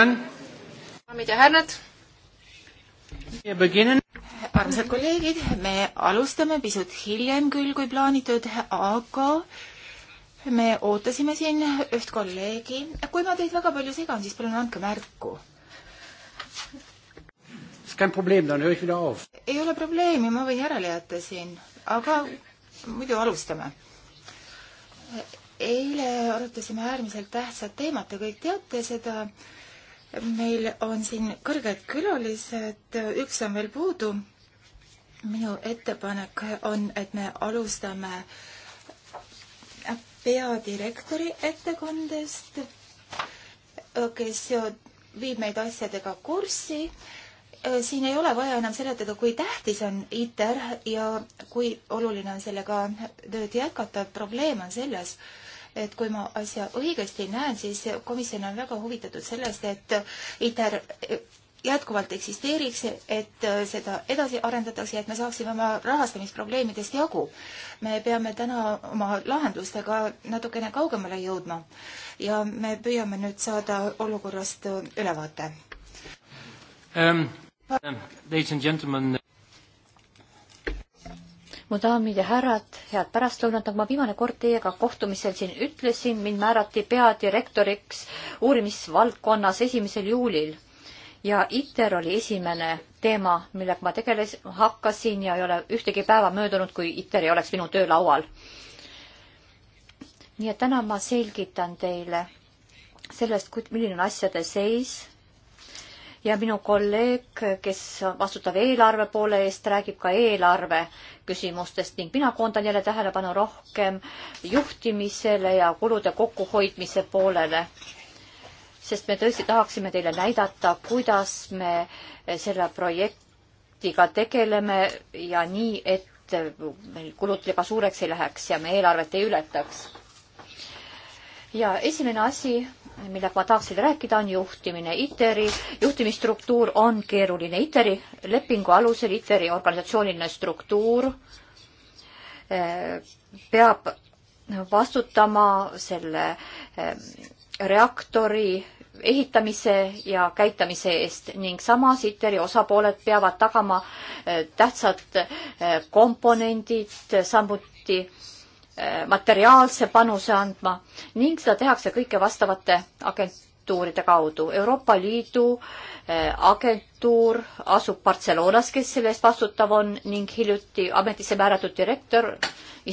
daamid ja härrad. armsad kolleegid, me alustame pisut hiljem küll kui plaanitud, aga me ootasime siin üht kolleegi. kui ma teid väga palju segan, siis palun andke märku. ei ole probleemi, ma võin järele jätta siin, aga muidu alustame eile arutasime äärmiselt tähtsat teemat ja kõik teate seda meil on siin kõrged külalised, üks on veel puudu. minu ettepanek on, et me alustame peadirektori ettekandest, kes viib meid asjadega kurssi. siin ei ole vaja enam seletada, kui tähtis on ITER ja kui oluline on sellega tööd jätkata. probleem on selles, et kui ma asja õigesti näen, siis komisjon on väga huvitatud sellest, et ITER jätkuvalt eksisteeriks, et seda edasi arendatakse ja et me saaksime oma rahastamisprobleemidest jagu. me peame täna oma lahendustega natukene kaugemale jõudma ja me püüame nüüd saada olukorrast ülevaate um,. Um, ladies and gentlemen mu daamid ja härrad, head pärastlõunat, nagu ma viimane kord teiega kohtumisel siin ütlesin, mind määrati peadirektoriks uurimisvaldkonnas esimesel juulil ja ITER oli esimene teema, millega ma tegeles-, hakkasin ja ei ole ühtegi päeva möödunud, kui ITER ei oleks minu töölaual. nii et täna ma selgitan teile sellest, milline on asjade seis ja minu kolleeg, kes vastutab eelarve poole eest, räägib ka eelarve küsimustest ning mina koondan jälle tähelepanu rohkem juhtimisele ja kulude kokkuhoidmise poolele. sest me tõesti tahaksime teile näidata, kuidas me selle projektiga tegeleme ja nii, et meil kulud liiga suureks ei läheks ja me eelarvet ei ületaks. ja esimene asi millega ma tahaksin rääkida, on juhtimine. ITER-i juhtimisstruktuur on keeruline. ITER-i lepingu alusel ITER-i organisatsiooniline struktuur eh, peab vastutama selle eh, reaktori ehitamise ja käitamise eest ning samas ITER-i osapooled peavad tagama eh, tähtsad komponendid, samuti Äh, materiaalse panuse andma ning seda tehakse kõike vastavate agentuuride kaudu. Euroopa Liidu äh, agentuur asub Barcelonas, kes selle eest vastutav on ning hiljuti ametisse määratud direktor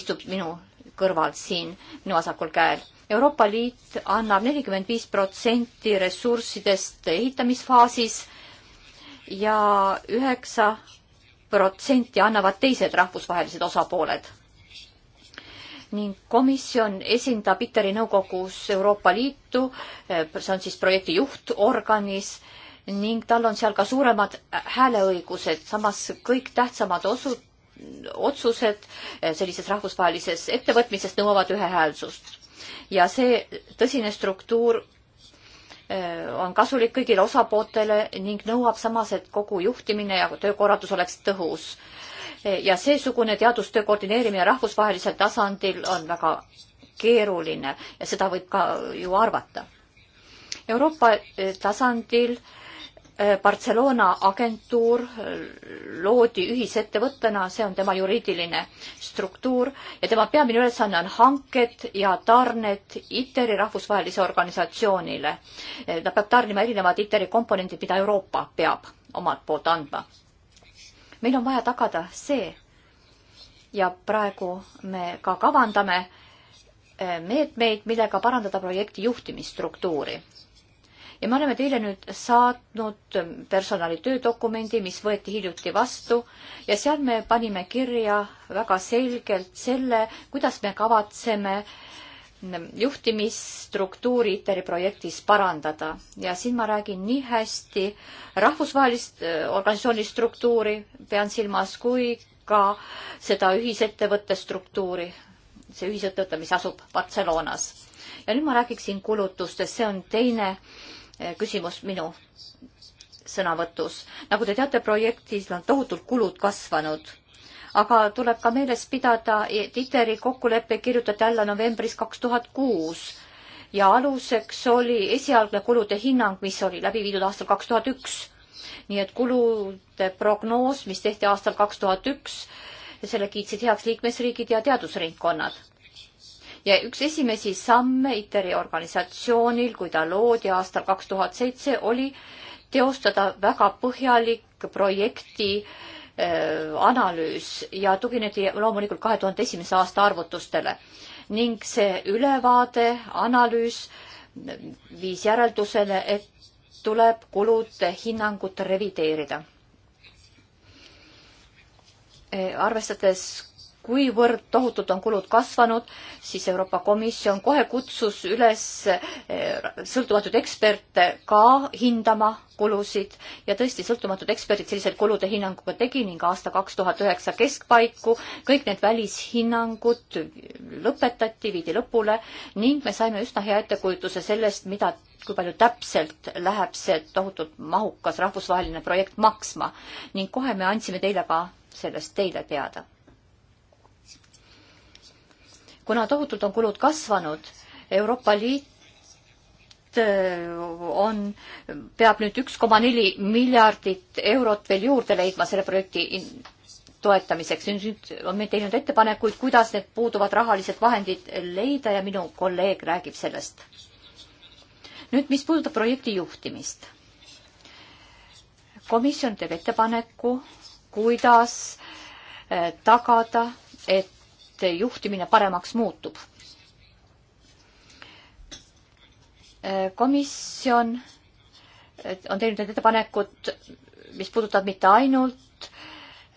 istub minu kõrval siin, minu vasakul käel. Euroopa Liit annab nelikümmend viis protsenti ressurssidest ehitamisfaasis ja üheksa protsenti annavad teised rahvusvahelised osapooled ning komisjon esindab ITER-i nõukogus Euroopa Liitu, eh, see on siis projekti juhtorganis ning tal on seal ka suuremad hääleõigused, samas kõik tähtsamad osud, otsused eh, sellises rahvusvahelises ettevõtmises nõuavad ühehäälsust. ja see tõsine struktuur eh, on kasulik kõigile osapooltele ning nõuab samas, et kogu juhtimine ja töökorraldus oleks tõhus ja seesugune teadustöö koordineerimine rahvusvahelisel tasandil on väga keeruline ja seda võib ka ju arvata. Euroopa eh, tasandil eh, Barcelona agentuur eh, loodi ühisettevõttena, see on tema juriidiline struktuur ja tema peamine ülesanne on hanked ja tarned ITER-i rahvusvahelise organisatsioonile. ta peab tarnima erinevad ITER-i komponendid, mida Euroopa peab omalt poolt andma meil on vaja tagada see ja praegu me ka kavandame eh, meetmeid, millega parandada projekti juhtimisstruktuuri. ja me oleme teile nüüd saatnud personali töödokumendi, mis võeti hiljuti vastu ja seal me panime kirja väga selgelt selle, kuidas me kavatseme äh, juhtimisstruktuuri ITER-i projektis parandada ja siin ma räägin nii hästi rahvusvahelist äh, organisatsiooni struktuuri, pean silmas, kui ka seda ühisettevõtte struktuuri, see ühisettevõte, mis asub Barcelonas. ja nüüd ma räägiksin kulutustest, see on teine äh, küsimus minu sõnavõtus. nagu te teate, projektis on tohutult kulud kasvanud aga tuleb ka meeles pidada, et ITER-i kokkulepe kirjutati alla novembris kaks tuhat kuus ja aluseks oli esialgne kulude hinnang, mis oli läbi viidud aastal kaks tuhat üks. nii et kulude prognoos, mis tehti aastal kaks tuhat üks, selle kiitsid heaks liikmesriigid ja teadusringkonnad. ja üks esimesi samme ITER-i organisatsioonil, kui ta loodi aastal kaks tuhat seitse, oli teostada väga põhjalik projekti äh, Äh, analüüs ja tugineti loomulikult kahe tuhande esimese aasta arvutustele ning see ülevaade, analüüs viis järeldusele, et tuleb kulude hinnangut revideerida. Äh, arvestades kuivõrd tohutult on kulud kasvanud, siis Euroopa Komisjon kohe kutsus üles eh, sõltumatuid eksperte ka hindama kulusid ja tõesti, sõltumatud eksperdid sellised kulude hinnanguga tegi ning aasta kaks tuhat üheksa keskpaiku kõik need välishinnangud lõpetati, viidi lõpule ning me saime üsna hea ettekujutuse sellest, mida kui palju täpselt läheb see tohutult mahukas rahvusvaheline projekt maksma ning kohe me andsime teile ka sellest teile teada kuna tohutult on kulud kasvanud, Euroopa Liit äh, on, peab nüüd üks koma neli miljardit eurot veel juurde leidma selle projekti toetamiseks. nüüd on meil teinud ettepanekuid, kuidas need puuduvad rahalised vahendid leida ja minu kolleeg räägib sellest. nüüd, mis puudutab projekti juhtimist. komisjon teeb ettepaneku, kuidas äh, tagada, et et juhtimine paremaks muutub. komisjon on teinud need ettepanekud, mis puudutab mitte ainult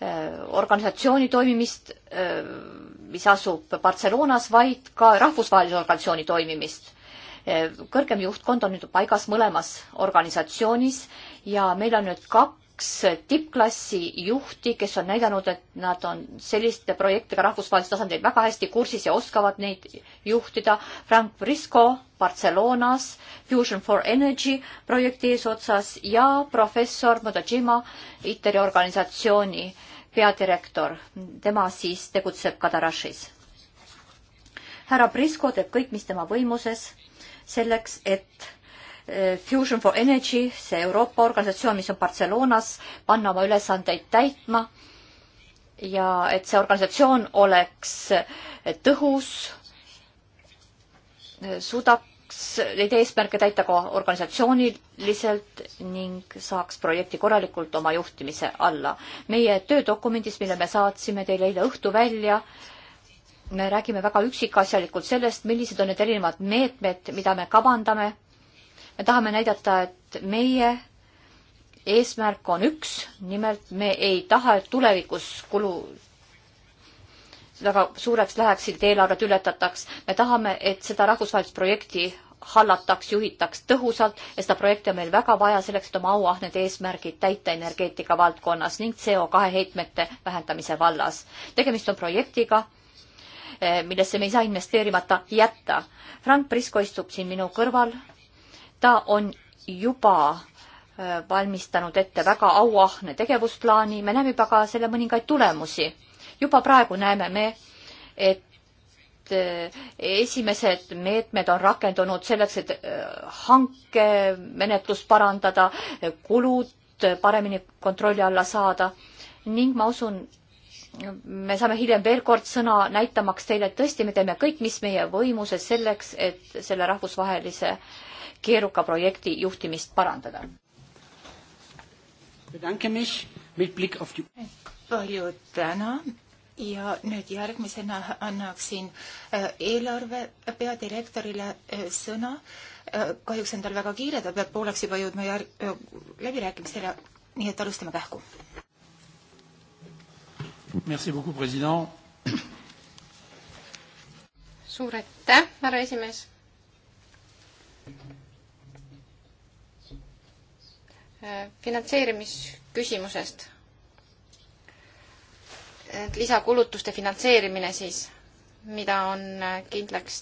äh, organisatsiooni toimimist, äh, mis asub Barcelonas, vaid ka rahvusvahelise organisatsiooni toimimist äh, kõrgem juhtkond on nüüd paigas mõlemas organisatsioonis ja meil on nüüd kaks kaks tippklassi juhti, kes on näidanud, et nad on selliste projektidega rahvusvahelisel tasandil väga hästi kursis ja oskavad neid juhtida. Frank Brisco Barcelonas Fusion for Energy projekti eesotsas ja professor Mudajima ITER-i organisatsiooni peadirektor. tema siis tegutseb Kadarashis. härra Brisco teeb kõik, mis tema võimuses selleks, et Fusion for Energy, see Euroopa organisatsioon, mis on Barcelonas, panna oma ülesandeid täitma ja et see organisatsioon oleks tõhus, suudaks neid eesmärke täita ka organisatsiooniliselt ning saaks projekti korralikult oma juhtimise alla. meie töödokumendis, mille me saatsime teile eile õhtu välja, me räägime väga üksikasjalikult sellest, millised on need erinevad meetmed, mida me kavandame me tahame näidata, et meie eesmärk on üks, nimelt me ei taha, et tulevikus kulu väga suureks läheksid, et eelarved ületataks. me tahame, et seda rahvusvahelist projekti hallataks, juhitaks tõhusalt ja seda projekti on meil väga vaja selleks, et oma auahned eesmärgid täita energeetika valdkonnas ning CO2 heitmete vähendamise vallas. tegemist on projektiga, eh, millesse me ei saa investeerimata jätta. Frank Prisko istub siin minu kõrval ta on juba äh, valmistanud ette väga auahne tegevusplaani, me näeme juba ka selle mõningaid tulemusi. juba praegu näeme me, et äh, esimesed meetmed on rakendunud selleks, et äh, hankemenetlust parandada, kulud paremini kontrolli alla saada ning ma usun, me saame hiljem veel kord sõna näitamaks teile, et tõesti, me teeme kõik, mis meie võimuses selleks, et selle rahvusvahelise äh, keeruka projekti juhtimist parandada. palju tänu ja nüüd järgmisena annaksin äh, eelarve peadirektorile äh, sõna. Äh, kahjuks on tal väga kiire, ta peab pooleks juba jõudma järg-, läbirääkimistele, nii et alustame kähku. suur aitäh, härra esimees finantseerimisküsimusest. et lisakulutuste finantseerimine siis, mida on kindlaks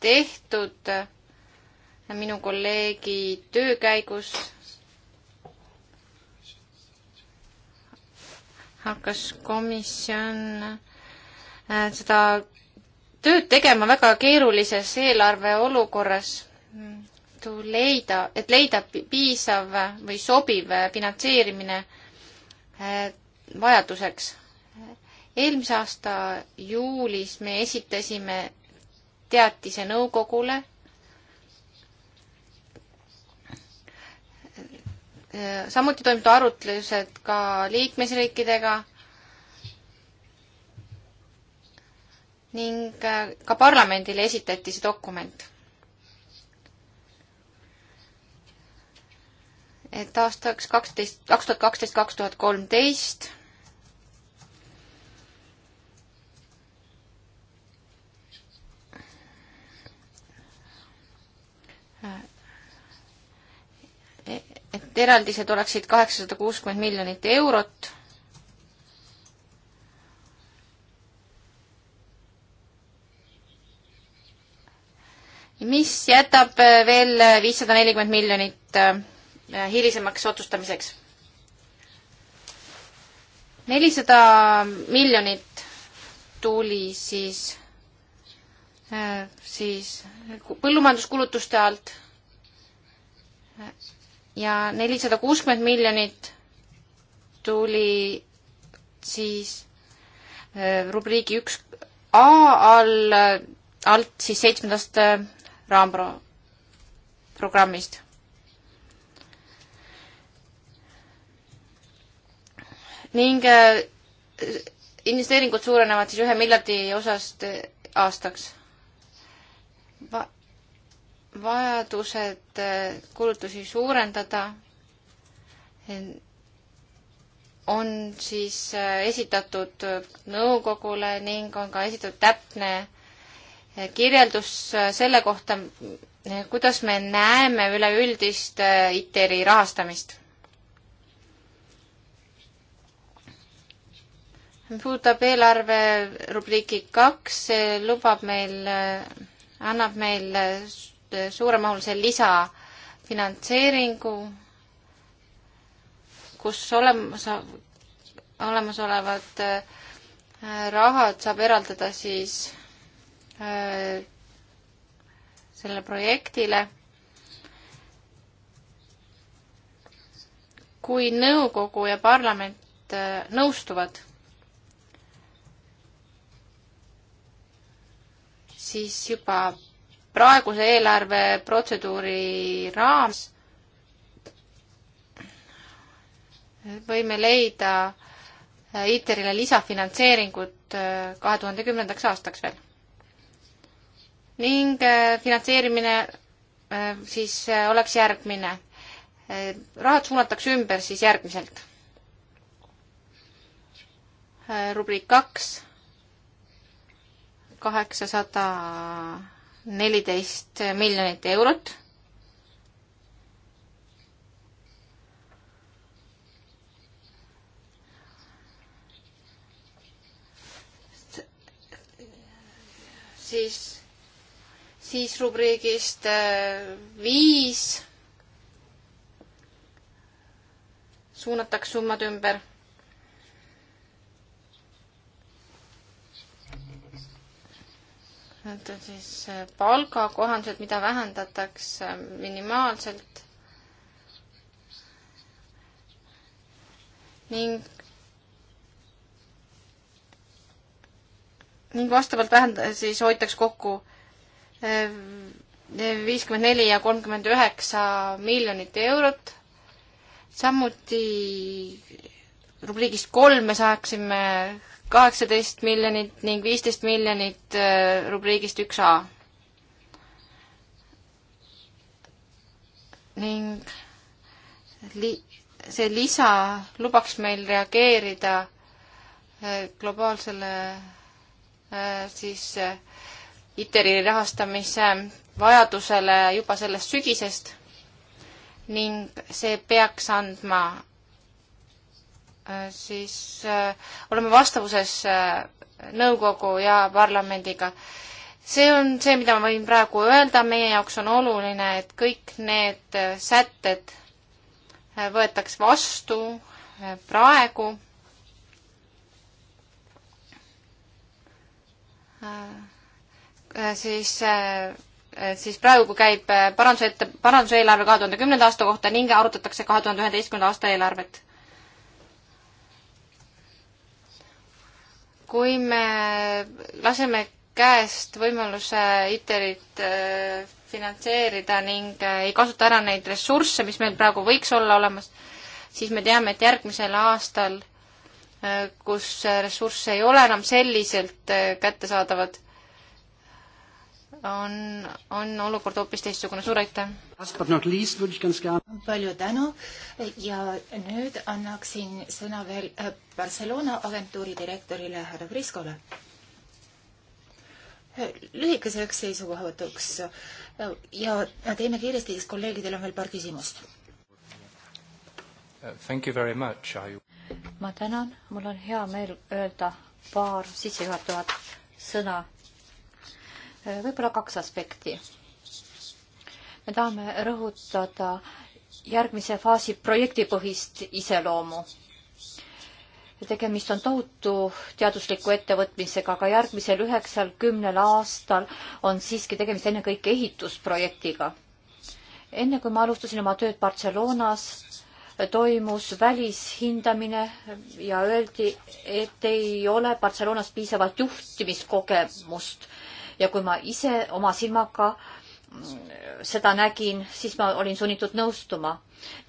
tehtud minu kolleegi töö käigus, hakkas komisjon äh, seda tööd tegema väga keerulises eelarve olukorras tõttu leida, et leida piisav või sobiv finantseerimine eh, vajaduseks. eelmise aasta juulis me esitasime teatise nõukogule eh, samuti toimuvad arutlused ka liikmesriikidega ning eh, ka parlamendile esitati see dokument. et aastaks kaksteist, kaks tuhat kaksteist, kaks tuhat kolmteist et eraldised oleksid kaheksasada kuuskümmend miljonit eurot. mis jätab veel viissada nelikümmend miljonit äh, Äh, hilisemaks otsustamiseks. nelisada miljonit tuli siis, äh, siis põllumajanduskulutuste alt ja nelisada kuuskümmend miljonit tuli siis äh, rubriigi üks A all, alt siis seitsmendast raampro-, programmist ning äh, investeeringud suurenevad siis ühe miljardi osast äh, aastaks Va. vajadused äh, kulutusi suurendada on siis esitatud nõukogule ning on ka esitatud täpne kirjeldus selle kohta, kuidas me näeme üleüldist ITER-i rahastamist puudutab eelarve rubriiki kaks, see lubab meil, annab meil suuremahulise lisafinantseeringu, kus olemas, olemasolevad äh, rahad saab eraldada siis äh, sellele projektile. kui nõukogu ja parlament äh, nõustuvad siis juba praeguse eelarveprotseduuri raames võime leida äh, ITER-ile lisafinantseeringut äh, kahe tuhande kümnendaks aastaks veel. ning äh, finantseerimine siis oleks järgmine. rahad suunatakse ümber siis järgmiselt. rubriik kaks kaheksasada neliteist miljonit eurot. siis, siis rubriigist äh, viis suunatakse summad ümber Need on siis äh, palgakohandused, mida vähendatakse minimaalselt. ning, ning vastavalt vähenda-, siis hoitaks kokku äh, viiskümmend neli ja kolmkümmend üheksa miljonit eurot. samuti rubriigist kolm me saaksime kaheksateist miljonit ning viisteist miljonit äh, rubriigist üks A. ning li-, see lisa lubaks meil reageerida äh, globaalsele äh, siis ITER-i rahastamise vajadusele juba sellest sügisest ning see peaks andma Äh, siis äh, oleme vastavuses äh, nõukogu ja parlamendiga. see on see, mida ma võin praegu öelda, meie jaoks on oluline, et kõik need sätted võetaks vastu praegu. siis, siis praegu, kui käib paranduse ette, paranduseelarve kahe tuhande kümnenda aasta kohta ning arutatakse kahe tuhande üheteistkümnenda aasta eelarvet kui me laseme käest võimaluse ITER-it äh, finantseerida ning äh, ei kasuta ära neid ressursse, mis meil praegu võiks olla olemas, siis me teame, et järgmisel aastal, äh, kus ressursse ei ole enam selliselt kättesaadavad on, on olukord hoopis teistsugune, suur aitäh! palju tänu ja nüüd annaksin sõna veel äh, Barcelona agentuuri direktorile härra Priskole. lühikeseks seisukohavõtuks ja teeme kiiresti, sest kolleegidel on veel paar küsimust. Uh, ma tänan, mul on hea meel öelda paar sissejuhatavat sõna võib-olla kaks aspekti. me tahame rõhutada järgmise faasi projektipõhist iseloomu. tegemist on tohutu teadusliku ettevõtmisega, aga järgmisel üheksal, kümnel aastal on siiski tegemist ennekõike ehitusprojektiga. enne kui ma alustasin oma tööd Barcelonas, toimus välishindamine ja öeldi, et ei ole Barcelonas piisavalt juhtimiskogemust ja kui ma ise oma silmaga mm, seda nägin, siis ma olin sunnitud nõustuma.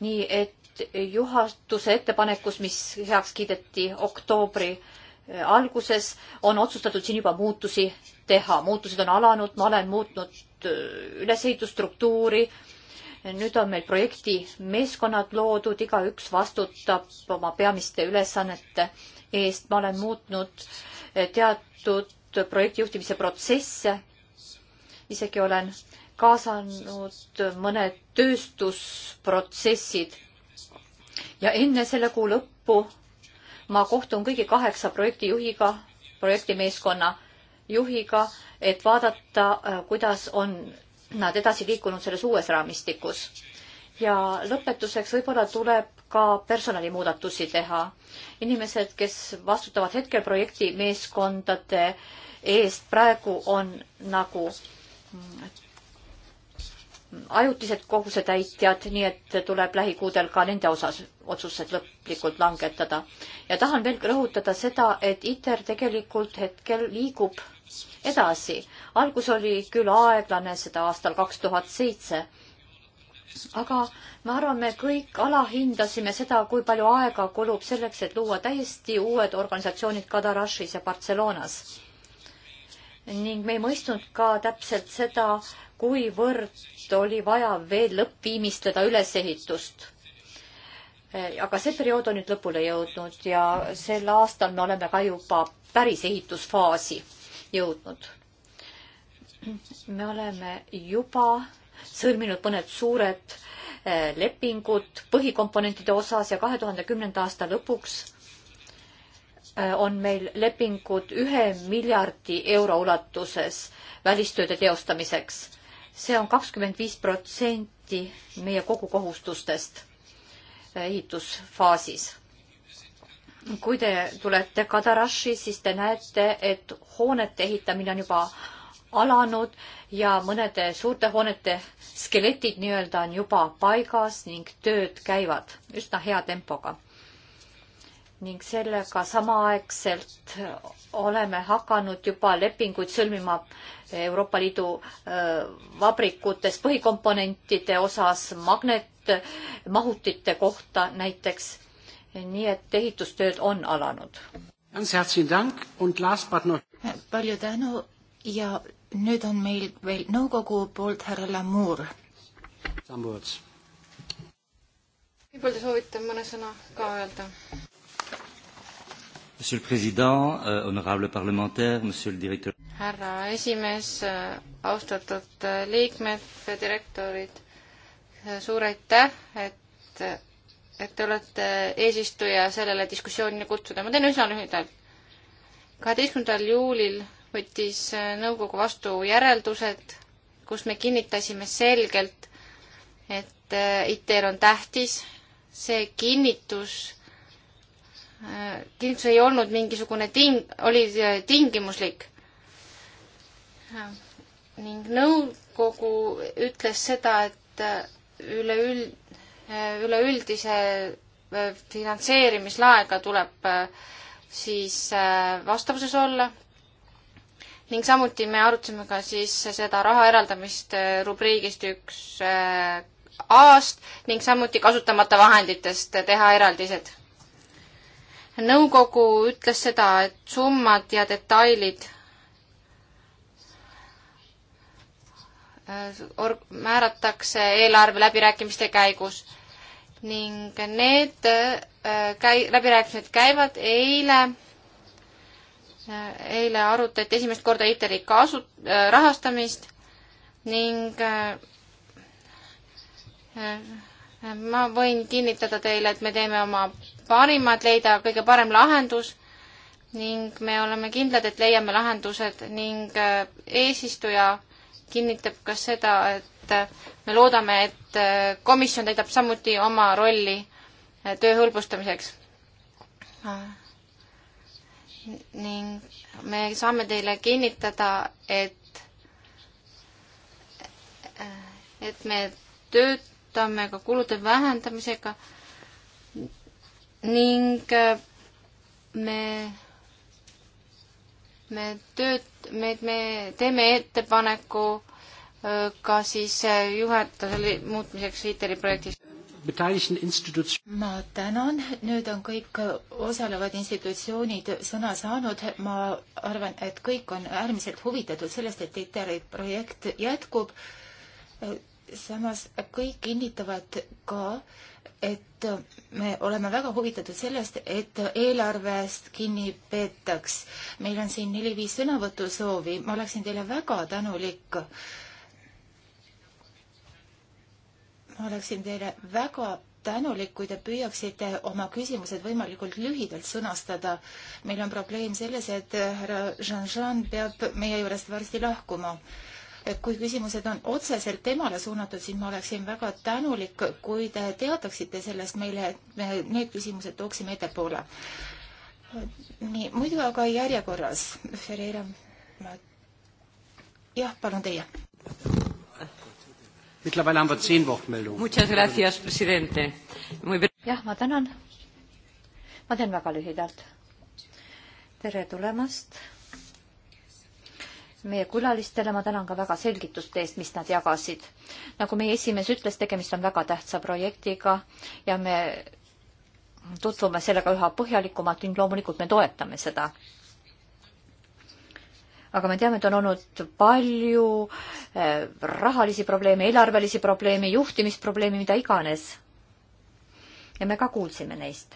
nii et juhatuse ettepanekus, mis heaks kiideti oktoobri eh, alguses, on otsustatud siin juba muutusi teha, muutused on alanud, ma olen muutnud eh, ülesehitusstruktuuri, nüüd on meil projekti meeskonnad loodud, igaüks vastutab oma peamiste ülesannete eest, ma olen muutnud eh, teatud uut projektijuhtimise protsesse. isegi olen kaasanud mõned tööstusprotsessid. ja enne selle kuu lõppu ma kohtun kõigi kaheksa projektijuhiga, projektimeeskonna juhiga, et vaadata, kuidas on nad edasi liikunud selles uues raamistikus. ja lõpetuseks võib-olla tuleb ka personalimuudatusi teha. inimesed, kes vastutavad hetkel projektimeeskondade eest, praegu on nagu mm, ajutised kohusetäitjad, nii et tuleb lähikuudel ka nende osas otsused lõplikult langetada. ja tahan veel rõhutada seda, et ITER tegelikult hetkel liigub edasi. algus oli küll aeglane, seda aastal kaks tuhat seitse aga ma arvan, me kõik alahindasime seda, kui palju aega kulub selleks, et luua täiesti uued organisatsioonid Kadarashis ja Barcelonas. ning me ei mõistnud ka täpselt seda, kuivõrd oli vaja veel lõppviimistleda ülesehitust. Eh, aga see periood on nüüd lõpule jõudnud ja sel aastal me oleme ka juba päris ehitusfaasi jõudnud. me oleme juba sõlminud mõned suured eh, lepingud põhikomponentide osas ja kahe tuhande kümnenda aasta lõpuks eh, on meil lepingud ühe miljardi euro ulatuses välistööde teostamiseks. see on kakskümmend viis protsenti meie kogukohustustest eh, ehitusfaasis. kui te tulete Kadarashi, siis te näete, et hoonete ehitamine on juba alanud ja mõnede suurte hoonete skeletid nii-öelda on juba paigas ning tööd käivad üsna hea tempoga. ning sellega samaaegselt oleme hakanud juba lepinguid sõlmima Euroopa Liidu vabrikutes põhikomponentide osas, magnetmahutite kohta näiteks. nii et ehitustööd on alanud. palju tänu ja nüüd on meil veel nõukogu poolt härra Lamour. võib-olla te soovite mõne sõna ka öelda? Monsieur le Président, euh, honorable parlementaire, Monsieur le Directeur. härra esimees, euh, austatud euh, liikmed, direktorid, euh, suur aitäh, et, et te olete eesistuja sellele diskussioonile kutsuda. ma teen üsna lühidalt. kaheteistkümnendal juulil võttis äh, nõukogu vastu järeldused, kus me kinnitasime selgelt, et äh, ITER on tähtis. see kinnitus, äh, kinnitus ei olnud mingisugune ting-, oli tingimuslik. ning nõukogu ütles seda, et üleüld-, üleüldise finantseerimislaega tuleb siis vastavuses olla ning samuti me arutasime ka siis seda raha eraldamist äh, rubriigist üks äh, A-st ning samuti kasutamata vahenditest teha eraldised. nõukogu ütles seda, et summad ja detailid äh, or-, määratakse eelarve läbirääkimiste käigus ning need käi-, läbirääkimised käivad eile eile arutati esimest korda ITER-i kasu-, äh, rahastamist ning äh, äh, ma võin kinnitada teile, et me teeme oma parima, et leida kõige parem lahendus ning me oleme kindlad, et leiame lahendused ning eesistuja kinnitab ka seda, et me loodame, et komisjon täidab samuti oma rolli töö hõlbustamiseks ning me saame teile kinnitada, et, et me töötame ka kulude vähendamisega ning me, me tööt-, me, me teeme ettepaneku ka siis juhatajale muutmiseks ITER-i projektis beteiligten Institutsioon. ma tänan, nüüd on kõik osalevad institutsioonid sõna saanud, ma arvan, et kõik on äärmiselt huvitatud sellest, et ITER-i projekt jätkub. samas kõik kinnitavad ka, et me oleme väga huvitatud sellest, et eelarvest kinni peetaks. meil on siin neli-viis sõnavõtusoovi, ma oleksin teile väga tänulik ma oleksin teile väga tänulik, kui te püüaksite oma küsimused võimalikult lühidalt sõnastada. meil on probleem selles, et härra Jean-Jean peab meie juurest varsti lahkuma. kui küsimused on otseselt temale suunatud, siis ma oleksin väga tänulik, kui te teataksite sellest meile, et me need küsimused tooksime ettepoole. nii, muidu aga järjekorras, Ferreira, ma jah, palun teie. Mittlerweile haben wir zehn Wortmeldungen. Muchas gracias, presidente. Muy... jah, ma tänan. ma teen väga lühidalt. tere tulemast meie külalistele, ma tänan ka väga selgituste eest, mis nad jagasid. nagu meie esimees ütles, tegemist on väga tähtsa projektiga ja me tutvume sellega üha põhjalikumalt ning loomulikult me toetame seda aga me teame, et on olnud palju eh, rahalisi probleeme, eelarvelisi probleeme, juhtimisprobleeme, mida iganes. ja me ka kuulsime neist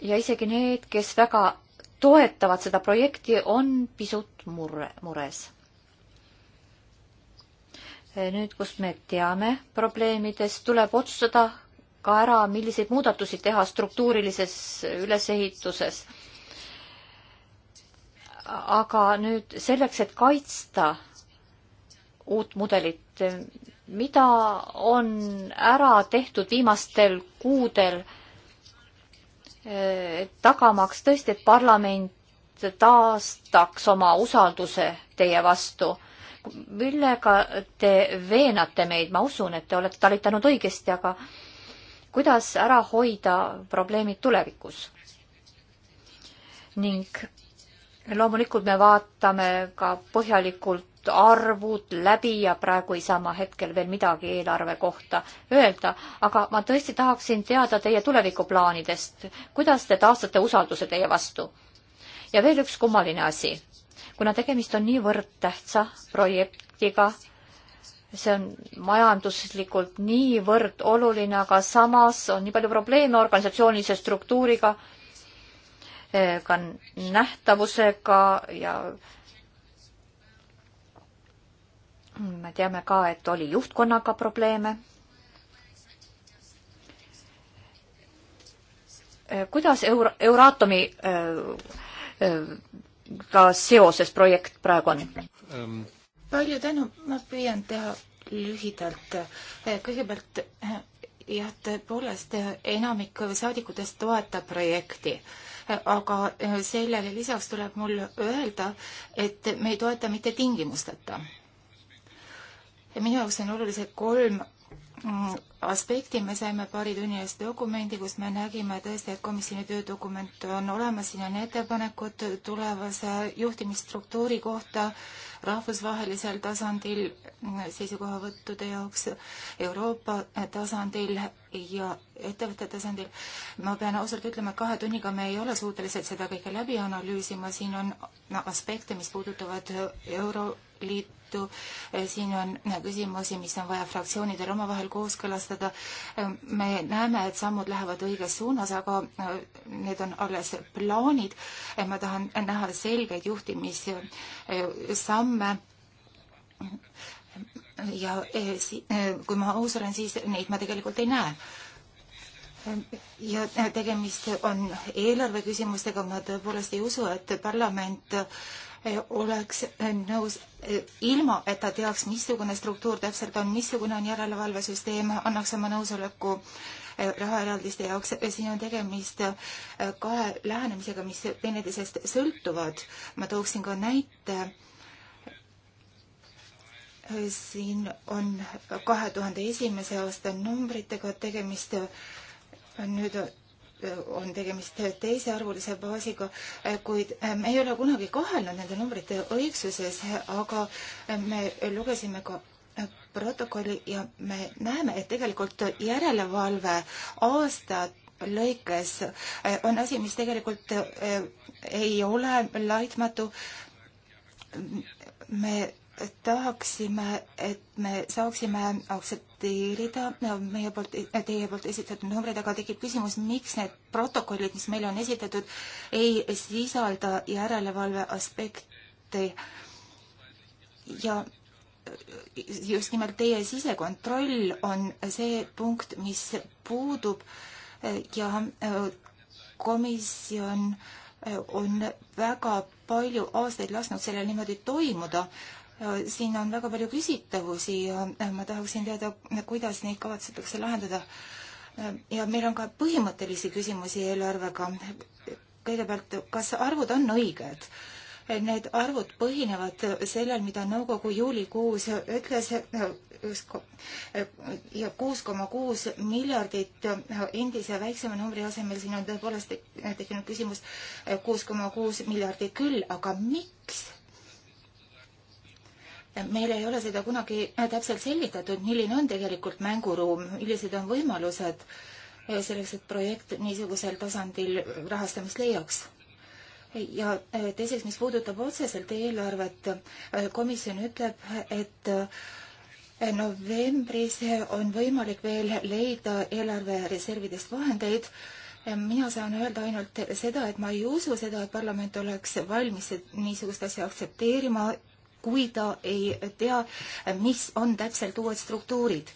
ja isegi need, kes väga toetavad seda projekti, on pisut murre, mures. Eh, nüüd, kus me teame probleemidest, tuleb otsustada, ka ära, milliseid muudatusi teha struktuurilises ülesehituses. aga nüüd selleks, et kaitsta uut mudelit, mida on ära tehtud viimastel kuudel, eh, tagamaks tõesti, et parlament taastaks oma usalduse teie vastu. millega te veenate meid, ma usun, et te olete talitanud õigesti, aga kuidas ära hoida probleemid tulevikus. ning loomulikult me vaatame ka põhjalikult arvud läbi ja praegu ei saa ma hetkel veel midagi eelarve kohta öelda, aga ma tõesti tahaksin teada teie tulevikuplaanidest, kuidas te taastate usalduse teie vastu? ja veel üks kummaline asi, kuna tegemist on niivõrd tähtsa projektiga, see on majanduslikult niivõrd oluline, aga samas on nii palju probleeme organisatsioonilise struktuuriga, eh, ka nähtavusega ja me teame ka, et oli juhtkonnaga probleeme. Eh, kuidas Euro-, Euraatomi eh, ka seoses projekt praegu on? Ähm, palju tänu, ma püüan teha lühidalt. kõigepealt jah, tõepoolest enamik saadikutest toetab projekti, aga sellele lisaks tuleb mul öelda, et me ei toeta mitte tingimusteta. minu jaoks on olulised kolm aspekti, me saime paari tunni eest dokumendi, kus me nägime tõesti, et komisjoni töödokument on olemas, siin on ettepanekud tulevase juhtimisstruktuuri kohta rahvusvahelisel tasandil seisukohavõttude jaoks, Euroopa tasandil ja ettevõtte tasandil. ma pean ausalt ütlema, et kahe tunniga me ei ole suutelised seda kõike läbi analüüsima, siin on no, aspekte, mis puudutavad Euroliit tõttu eh, siin on küsimusi, mis on vaja fraktsioonidel omavahel kooskõlastada. Eh, me näeme, et sammud lähevad õiges suunas, aga eh, need on alles plaanid. ma tahan näha selgeid juhtimissamme ja kui ma aus olen, siis neid ma tegelikult ei näe ja tegemist on eelarve küsimustega, ma tõepoolest ei usu, et parlament äh, oleks äh, nõus äh, ilma, et ta teaks, missugune struktuur täpselt on, missugune on järelevalvesüsteem, annaks oma nõusoleku äh, rahaeraldiste jaoks. siin on tegemist kahe lähenemisega, mis teineteisest sõltuvad. ma tooksin ka näite. siin on kahe tuhande esimese aasta numbritega tegemist. nüüd on tegemist teisearvulise baasiga, kuid me ei ole kunagi kahelnud nende numbrite õigsuses, aga me lugesime ka protokolli ja me näeme, et tegelikult järelevalve aastat lõikes on asi, mis tegelikult eh, ei ole laitmatu. me tahaksime, et me saaksime aktsepteerida meie poolt, teie poolt esitatud numbreid, aga tekib küsimus, miks need protokollid, mis meile on esitatud, ei sisalda järelevalve aspekte ja just nimelt teie sisekontroll on see punkt, mis puudub ja komisjon on väga palju aastaid lasknud sellel niimoodi toimuda Äh, siin on väga palju küsitavusi ja äh, ma tahaksin teada, kuidas neid kavatsetakse lahendada. Äh, ja meil on ka põhimõttelisi küsimusi eelarvega. kõigepealt, kas arvud on õiged? Need arvud põhinevad sellel, mida nõukogu juulikuus ütles ja kuus koma kuus miljardit endise väiksema numbri asemel, siin on tõepoolest tekkinud küsimus kuus koma kuus miljardit küll, aga miks meil ei ole seda kunagi täpselt selgitatud, milline on tegelikult mänguruum, millised on võimalused eh, selleks, et projekt niisugusel tasandil rahastamist leiaks. ja eh, teiseks, mis puudutab otseselt eelarvet, eh, komisjon ütleb, et novembris on võimalik veel leida eelarvereservidest vahendeid mina saan öelda ainult seda, et ma ei usu seda, et parlament oleks valmis niisugust asja aktsepteerima kui ta ei tea, mis on täpselt uued struktuurid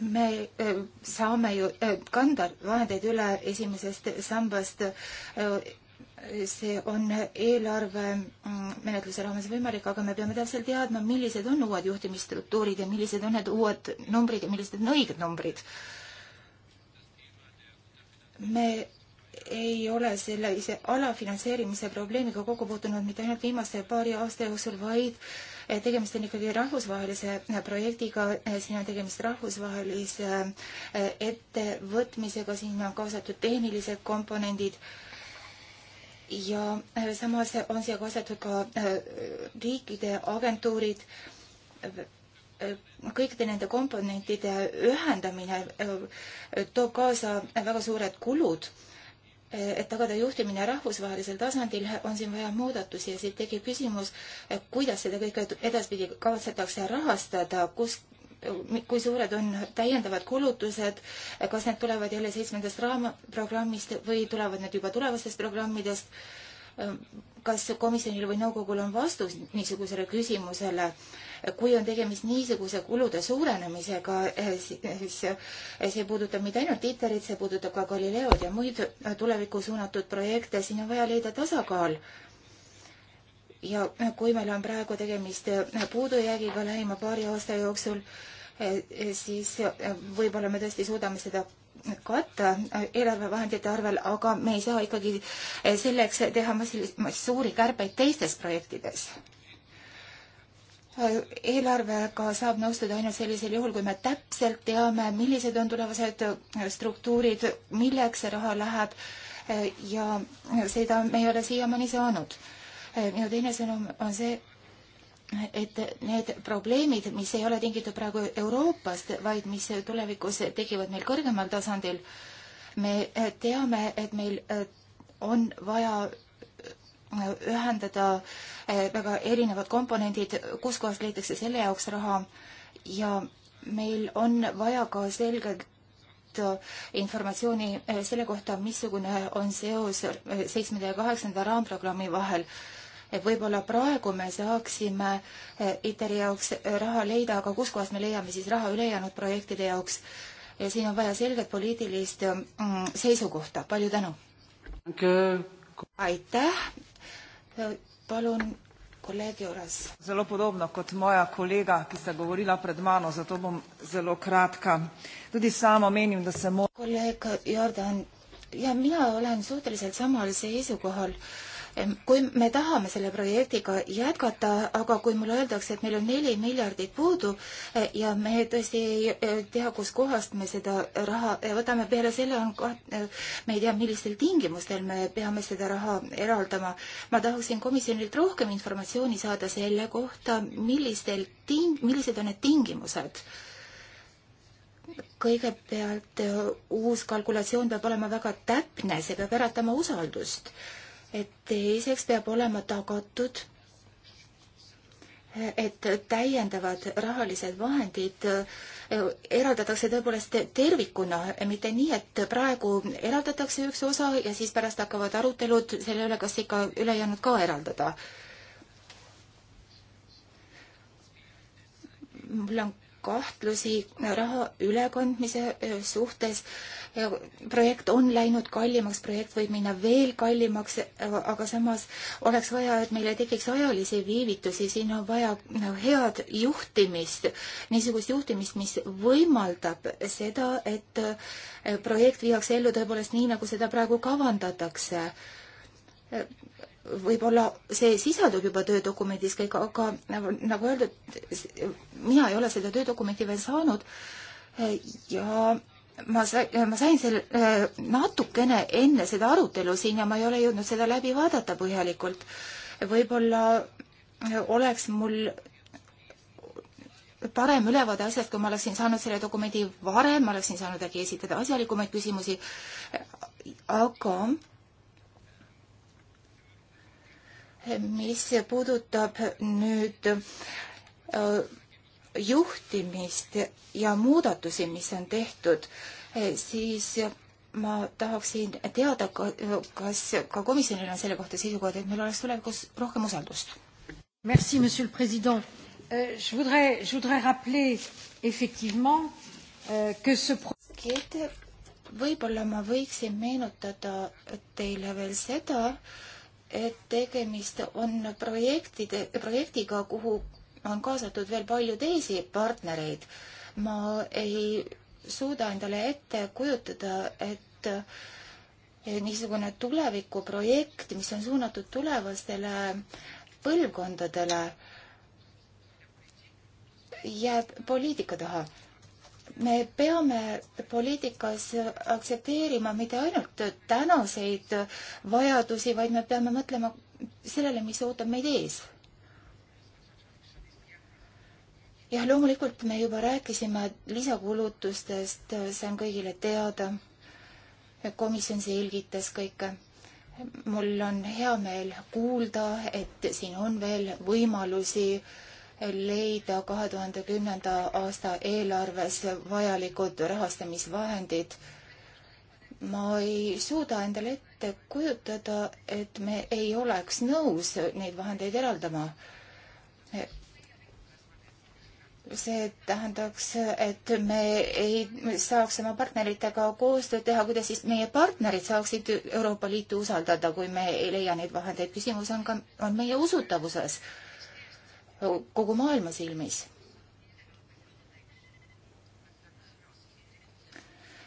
me äh, saame ju äh, kanda vahendeid üle esimesest sambast. Äh, see on eelarve mm, menetluse raames võimalik, aga me peame täpselt teadma, millised on uued juhtimisstruktuurid ja millised on need uued numbrid ja millised on õiged numbrid. me ei ole selle ise alafinantseerimise probleemiga kokku puutunud mitte ainult viimase paari aasta jooksul, vaid eh, tegemist on ikkagi rahvusvahelise eh, projektiga, eh, siin on tegemist rahvusvahelise ettevõtmisega, sinna on kaasatud tehnilised komponendid ja samas on siia kaasatud ka riikide agentuurid, kõikide nende komponentide ühendamine toob kaasa väga suured kulud et tagada juhtimine rahvusvahelisel tasandil, on siin vaja muudatusi ja siit tekib küsimus, kuidas seda kõike edaspidi kavatsetakse rahastada, kus kui suured on täiendavad kulutused, kas need tulevad jälle seitsmendast raamprogrammist või tulevad need juba tulevastest programmidest? kas komisjonil või nõukogul on vastus niisugusele küsimusele? kui on tegemist niisuguse kulude suurenemisega, eh, eh, siis eh, see puudutab mitte ainult ITER-it, see puudutab ka Galileod ja muid tulevikku suunatud projekte, siin on vaja leida tasakaal ja kui meil on praegu tegemist puudujäägiga lähima paari aasta jooksul, siis võib-olla me tõesti suudame seda katta eelarvevahendite arvel, aga me ei saa ikkagi selleks teha massilisi, suuri kärbeid teistes projektides eelarvega saab nõustuda ainult sellisel juhul, kui me täpselt teame, millised on tulevased äh, struktuurid, milleks see raha läheb äh, ja seda me ei ole siiamaani saanud. Äh, minu teine sõnum on see, et need probleemid, mis ei ole tingitud praegu Euroopast, vaid mis tulevikus tekivad meil kõrgemal tasandil, me teame, et meil on vaja ühendada eh, väga erinevad komponendid, kuskohast leitakse selle jaoks raha ja meil on vaja ka selgelt eh, informatsiooni eh, selle kohta, missugune on seos seitsmenda ja kaheksanda raamprogrammi vahel. võib-olla praegu me saaksime ITER-i jaoks raha leida, aga kuskohast me leiame siis raha ülejäänud projektide jaoks? ja siin on vaja selget poliitilist mm, seisukohta, palju tänu! aitäh palun, kolleeg Juras. zelo podobno kot moja kolega, ki sta govorila pred mano, zato bom zelo kratka. tudi sama menim, da se mora. kolleeg Jordan, ja mina olen suhteliselt samal seisukohal kui me tahame selle projektiga jätkata, aga kui mulle öeldakse, et meil on neli miljardit puudu e, ja me tõesti ei e, tea, kuskohast me seda raha e, võtame, peale selle on ka, me ei tea, millistel tingimustel me peame seda raha eraldama. ma tahaksin komisjonilt rohkem informatsiooni saada selle kohta, millistel ting-, millised on need tingimused kõigepealt uus kalkulatsioon peab olema väga täpne, see peab äratama usaldust et teiseks peab olema tagatud, et täiendavad rahalised vahendid eh, eraldatakse tõepoolest tervikuna, mitte nii, et praegu eraldatakse üks osa ja siis pärast hakkavad arutelud selle üle, kas ikka ülejäänud ka eraldada. mul on kahtlusi raha ülekandmise e, suhtes. E, projekt on läinud kallimaks, projekt võib minna veel kallimaks, e, aga samas oleks vaja, et meil ei tekiks ajalisi viivitusi, siin on vaja head juhtimist, niisugust juhtimist, mis võimaldab seda, et projekt viiakse ellu tõepoolest nii, nagu seda praegu kavandatakse võib-olla see sisaldub juba töödokumendis kõik, aga nagu, nagu öeldud, mina ei ole seda töödokumenti veel saanud ja ma sain, ma sain selle äh, natukene enne seda arutelu siin ja ma ei ole jõudnud seda läbi vaadata põhjalikult. võib-olla äh, oleks mul parem ülevaade asjast, kui ma oleksin saanud selle dokumendi varem, ma oleksin saanud äkki esitada asjalikumaid küsimusi, aga mis puudutab nüüd äh, juhtimist ja muudatusi, mis on tehtud, eh, siis ma tahaksin teada, kas ka komisjonil on selle kohta seisukohad, et meil oleks tulevikus rohkem usaldust? Merci, monsieur le president. Euh, je voudrais, je voudrais rappeler effectivement euh, que ce võib-olla ma võiksin meenutada teile veel seda, et et tegemist on projektide, projektiga, kuhu on kaasatud veel palju teisi partnereid. ma ei suuda endale ette kujutada, et niisugune tulevikuprojekt, mis on suunatud tulevastele põlvkondadele, jääb poliitika taha me peame poliitikas aktsepteerima mitte ainult tänaseid vajadusi, vaid me peame mõtlema sellele, mis ootab meid ees. jah, loomulikult me juba rääkisime lisakulutustest, see on kõigile teada. komisjon selgitas kõike. mul on hea meel kuulda, et siin on veel võimalusi äh, leida kahe tuhande kümnenda aasta eelarves vajalikud rahastamisvahendid. ma ei suuda endale ette kujutada, et me ei oleks nõus neid vahendeid eraldama. see tähendaks, et me ei saaks oma partneritega koostööd teha, kuidas siis meie partnerid saaksid Euroopa Liitu usaldada, kui me ei leia neid vahendeid. küsimus on ka, on meie usutavuses kogu maailma silmis.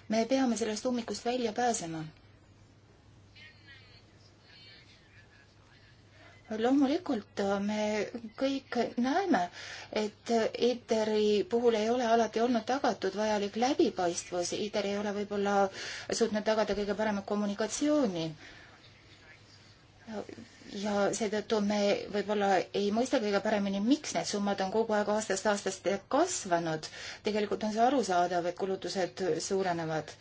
me peame sellest ummikust välja pääsema. loomulikult äh, me kõik näeme, et ITER-i puhul ei ole alati olnud tagatud vajalik läbipaistvus, ITER ei ole võib-olla suutnud tagada kõige paremat kommunikatsiooni ja seetõttu me võib-olla ei mõista kõige paremini, miks need summad on kogu aeg aastast aastast kasvanud. tegelikult on see arusaadav, et kulutused suurenevad.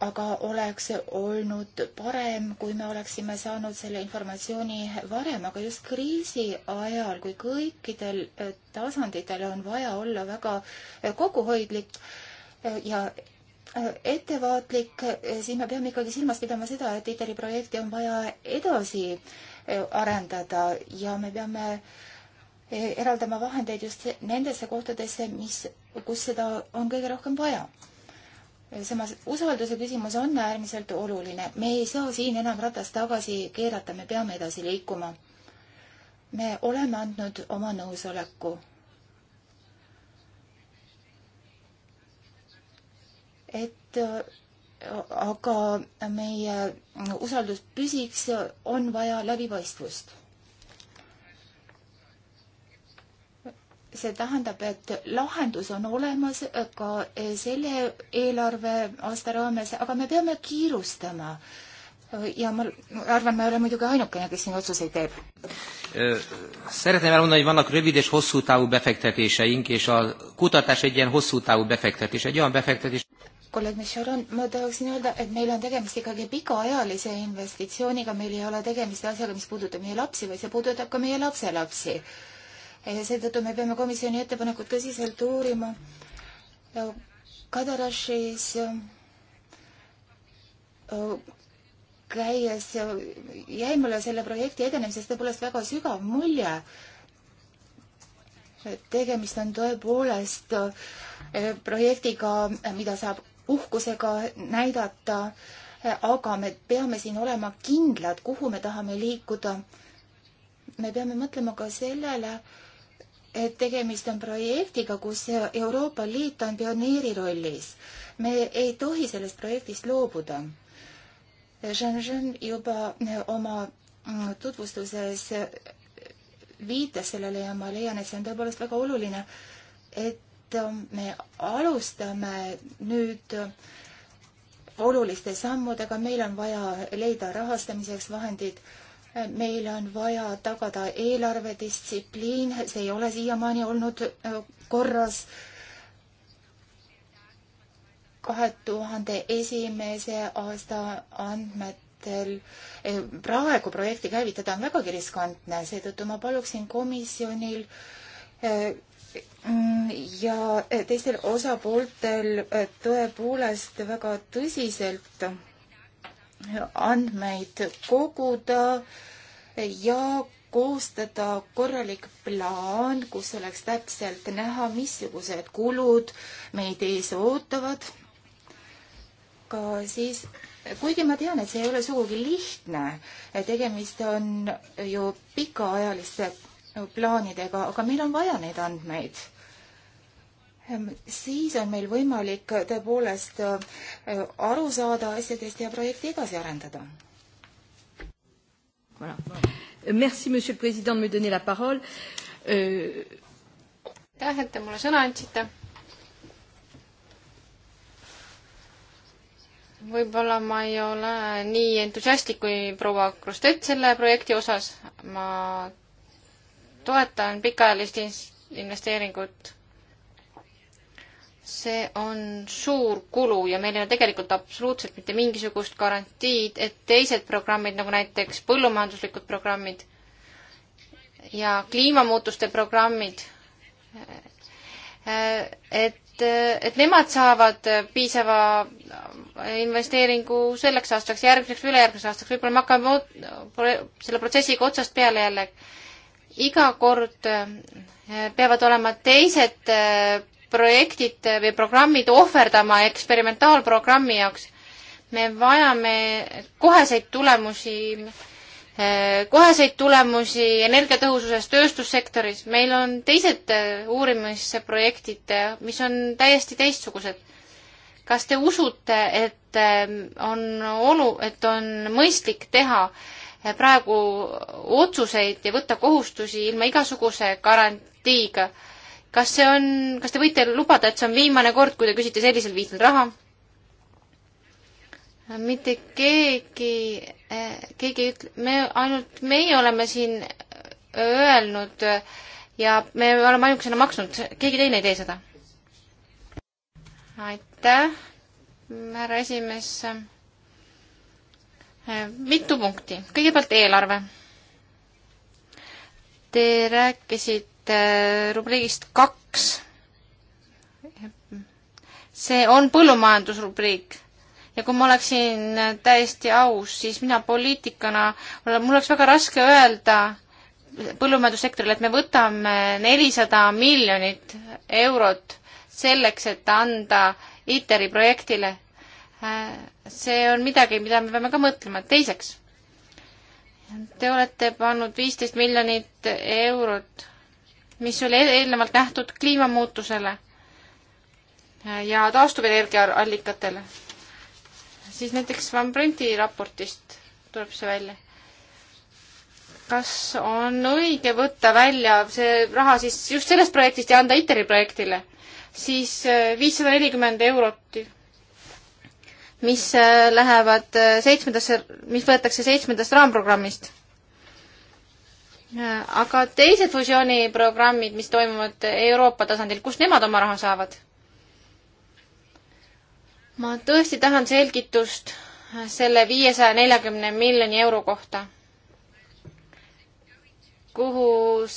aga oleks olnud parem, kui me oleksime saanud selle informatsiooni varem, aga just kriisi ajal, kui kõikidel tasanditel on vaja olla väga kokkuhoidlik ja ettevaatlik, siis me peame ikkagi silmas pidama seda, et ITER-i projekti on vaja edasi eh, arendada ja me peame eh, eraldama vahendeid just nendesse kohtadesse, mis, kus seda on kõige rohkem vaja. samas usalduse küsimus on äärmiselt oluline, me ei saa siin enam ratast tagasi keerata, me peame edasi liikuma. me oleme andnud oma nõusoleku et äh, aga meie usaldus püsiks, on vaja läbipaistvust. see tähendab, et lahendus on olemas ka selle eelarveaasta raames, aga me peame kiirustama ja ma arvan, ma ei ole muidugi ainukene, kes siin otsuseid teeb. Szeretném elmondani, hogy vannak rövid és hosszú távú befektetéseink, és a kutatás egy ilyen hosszú távú befektetés, egy olyan befektetés kolleeg Micharan, ma tahaksin öelda, et meil on tegemist ikkagi pikaajalise investitsiooniga, meil ei ole tegemist asjaga, mis puudutab meie lapsi, vaid see puudutab ka meie lapselapsi. seetõttu me peame komisjoni ettepanekut tõsiselt uurima. Kadarašis käies jäi mulle selle projekti edenemisest tõepoolest väga sügav mulje. tegemist on tõepoolest projektiga, mida saab uhkusega näidata, aga me peame siin olema kindlad, kuhu me tahame liikuda. me peame mõtlema ka sellele, et tegemist on projektiga, kus Euroopa Liit on pioneeri rollis. me ei tohi sellest projektist loobuda. Jean-Jean juba oma tutvustuses viitas sellele ja ma leian, et see on tõepoolest väga oluline, et et äh, me alustame nüüd oluliste sammudega, meil on vaja leida rahastamiseks vahendid, äh, meil on vaja tagada eelarvedistsipliin, see ei ole siiamaani olnud äh, korras. kahe tuhande esimese aasta andmetel praegu projekti käivitada on vägagi riskantne, seetõttu ma paluksin komisjonil Mm, ja eh, teistel osapooltel eh, tõepoolest väga tõsiselt andmeid koguda ja koostada korralik plaan, kus oleks täpselt näha, missugused kulud meid ees ootavad. ka siis, kuigi ma tean, et see ei ole sugugi lihtne, eh, tegemist on ju pikaajaliste plaanidega, aga meil on vaja neid andmeid Ehm, siis on meil võimalik tõepoolest äh, aru saada asjadest ja projekti edasi arendada. Voilà. Merci, monsieur le président, de me donner la parole. Euh, aitäh, et te mulle sõna andsite. võib-olla ma ei ole nii entusiastlik kui proua Krustet selle projekti osas. ma toetan pikaajalist investeeringut see on suur kulu ja meil ei ole tegelikult absoluutselt mitte mingisugust garantiid, et teised programmid, nagu näiteks põllumajanduslikud programmid ja kliimamuutuste programmid, et, et nemad saavad piisava investeeringu selleks aastaks, järgmiseks või ülejärgmiseks aastaks, võib-olla me hakkame selle protsessiga otsast peale jälle. iga kord eh, peavad olema teised eh, projektid või programmid ohverdama eksperimentaalprogrammi jaoks. me vajame koheseid tulemusi, eh, koheseid tulemusi energiatõhususes tööstussektoris. meil on teised eh, uurimisprojektid, eh, mis on täiesti teistsugused. kas te usute, et on olu, et on mõistlik teha praegu otsuseid ja võtta kohustusi ilma igasuguse garantiiga? kas see on, kas te võite lubada, et see on viimane kord, kui te küsite sellisel viisil raha? mitte keegi, keegi ei ütle, me, ainult meie oleme siin öelnud ja me oleme ainukesena maksnud, keegi teine ei tee seda. aitäh, härra esimees. mitu punkti, kõigepealt eelarve. Te rääkisite Äh, rubriigist kaks. see on põllumajandusrubriik ja kui ma oleksin täiesti aus, siis mina poliitikana, mul oleks väga raske öelda põllumajandussektorile, et me võtame nelisada miljonit eurot selleks, et anda ITER-i projektile. see on midagi, mida me peame ka mõtlema. teiseks, te olete pannud viisteist miljonit eurot mis oli eelnevalt nähtud kliimamuutusele ja taastuvenergia allikatele. siis näiteks Van Brenti raportist tuleb see välja. kas on õige võtta välja see raha siis just sellest projektist ja anda ITER-i projektile? siis äh, viissada nelikümmend eurot, mis äh, lähevad äh, seitsmendasse, mis võetakse seitsmendast raamprogrammist Äh, aga teised fusiooniprogrammid, mis toimuvad Euroopa tasandil, kust nemad oma raha saavad? ma tõesti tahan selgitust selle viiesaja neljakümne miljoni euro kohta. kuhu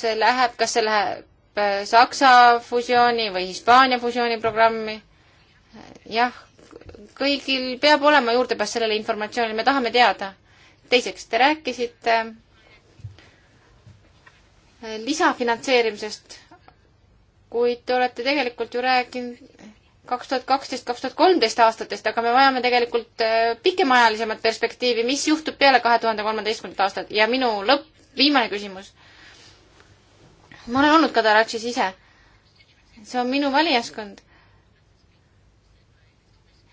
see läheb, kas see läheb äh, Saksa fusiooni või Hispaania fusiooni programmi? jah, kõigil peab olema juurdepääs sellele informatsioonile, me tahame teada. teiseks, te rääkisite äh, Eh, lisafinantseerimisest, kuid te olete tegelikult ju rääkinud kaks tuhat kaksteist, kaks tuhat kolmteist aastatest, aga me vajame tegelikult eh, pikemaajalisemat perspektiivi, mis juhtub peale kahe tuhande kolmeteistkümnendat aastat ja minu lõpp, viimane küsimus. ma olen olnud Kadaraxis ise. see on minu valijaskond.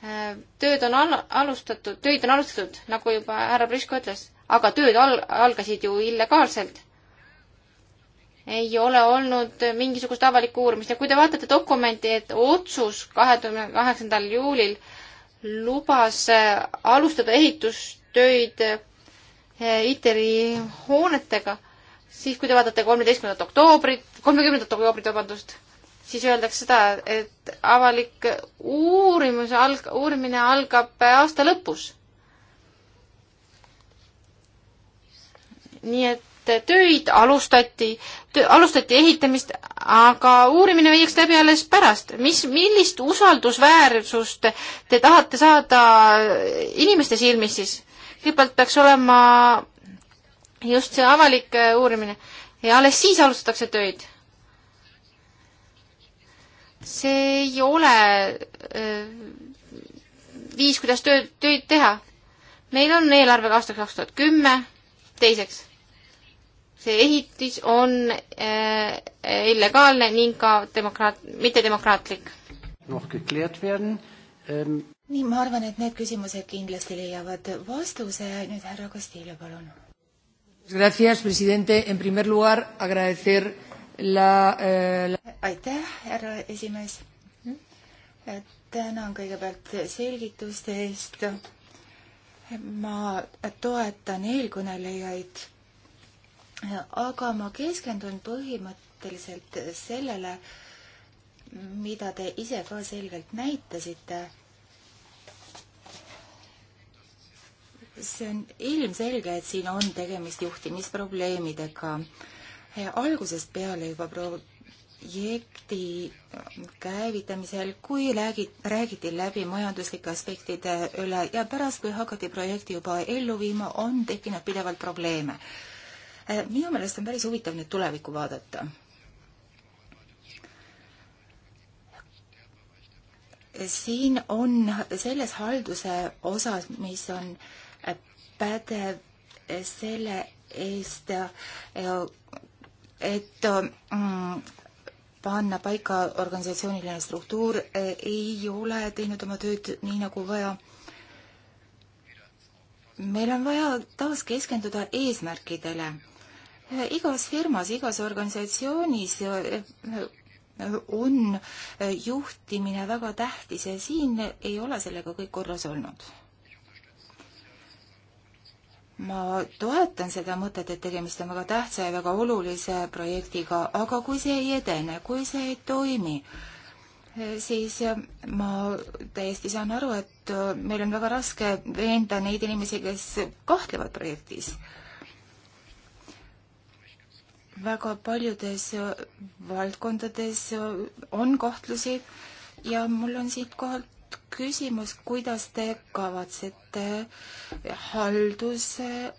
Eh, tööd on al-, alustatud, töid on alustatud, nagu juba härra Prisko ütles, aga tööd al-, algasid ju illegaalselt ei ole olnud mingisugust avalikku uurimist ja kui te vaatate dokumenti, et otsus kahe tuhande kaheksandal juulil lubas äh, alustada ehitustöid äh, ITER-i hoonetega, siis kui te vaatate kolmeteistkümnendat oktoobrit, kolmekümnendat oktoobrit, vabandust, siis öeldakse seda, et avalik uurimus alg-, uurimine algab äh, aasta lõpus. nii et et töid alustati tö,, alustati ehitamist, aga uurimine viiakse läbi alles pärast. mis, millist usaldusväärsust te tahate saada inimeste silmis siis? kõigepealt peaks olema just see avalik äh, uurimine ja alles siis alustatakse töid. see ei ole äh, viis, kuidas töö, töid teha. meil on eelarve aastaks kaks tuhat kümme, teiseks see ehitis on äh, illegaalne ning ka demokraat-, mittedemokraatlik. noh, kõik leiad werden ähm.... nii, ma arvan, et need küsimused kindlasti leiavad vastuse. nüüd härra Castillo, palun. Gracias, presidente. En primer lugar, agradecer la, eh, la... aitäh, härra esimees. tänan kõigepealt selgituste eest. ma toetan eelkõnelejaid aga ma keskendun põhimõtteliselt sellele, mida te ise ka selgelt näitasite. see on ilmselge, et siin on tegemist juhtimisprobleemidega. algusest peale juba projekti käivitamisel, kui räägi-, räägiti läbi majanduslike aspektide üle ja pärast, kui hakati projekti juba ellu viima, on tekkinud pidevalt probleeme Äh, minu meelest on päris huvitav nüüd tulevikku vaadata. siin on selles halduse osas, mis on äh, pädev selle eest, äh, et mm, panna paika organisatsiooniline struktuur, ei ole teinud oma tööd nii, nagu vaja. meil on vaja taas keskenduda eesmärkidele igas firmas, igas organisatsioonis eh, on eh, juhtimine väga tähtis ja siin ei ole sellega kõik korras olnud ma toetan seda mõtet, et tegemist on väga tähtsa ja väga olulise projektiga, aga kui see ei edene, kui see ei toimi, eh, siis ma täiesti saan aru, et meil on väga raske veenda neid inimesi, kes kahtlevad projektis väga paljudes äh, valdkondades äh, on kahtlusi ja mul on siitkohalt küsimus, kuidas te kavatsete halduse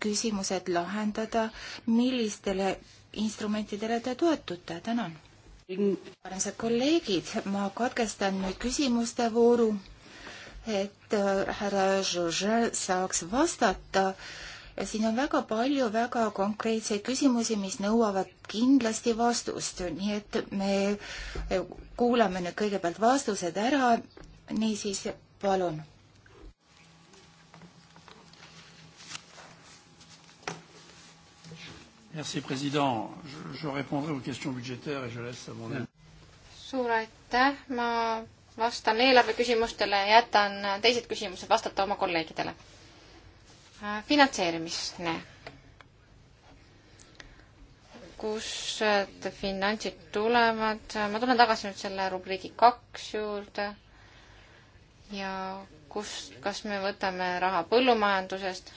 küsimused lahendada, millistele instrumentidele te toetute, tänan. armsad kolleegid, ma katkestan nüüd küsimuste vooru, et äh, härra Žužel saaks vastata äh, siin on väga palju väga konkreetseid küsimusi, mis nõuavad kindlasti vastust, nii et me kuulame nüüd kõigepealt vastused ära. niisiis, palun Merci, Président. Je, je répondrai aux questions budgétaires et je laisse à mon aide. Suur aitäh. Ma vastan eelarve küsimustele ja jätan teised küsimused vastata oma kolleegidele. Äh, finantseerimine, kust äh, finantsid tulevad, äh, ma tulen tagasi nüüd selle rubriigi kaks juurde ja kus, kas me võtame raha põllumajandusest,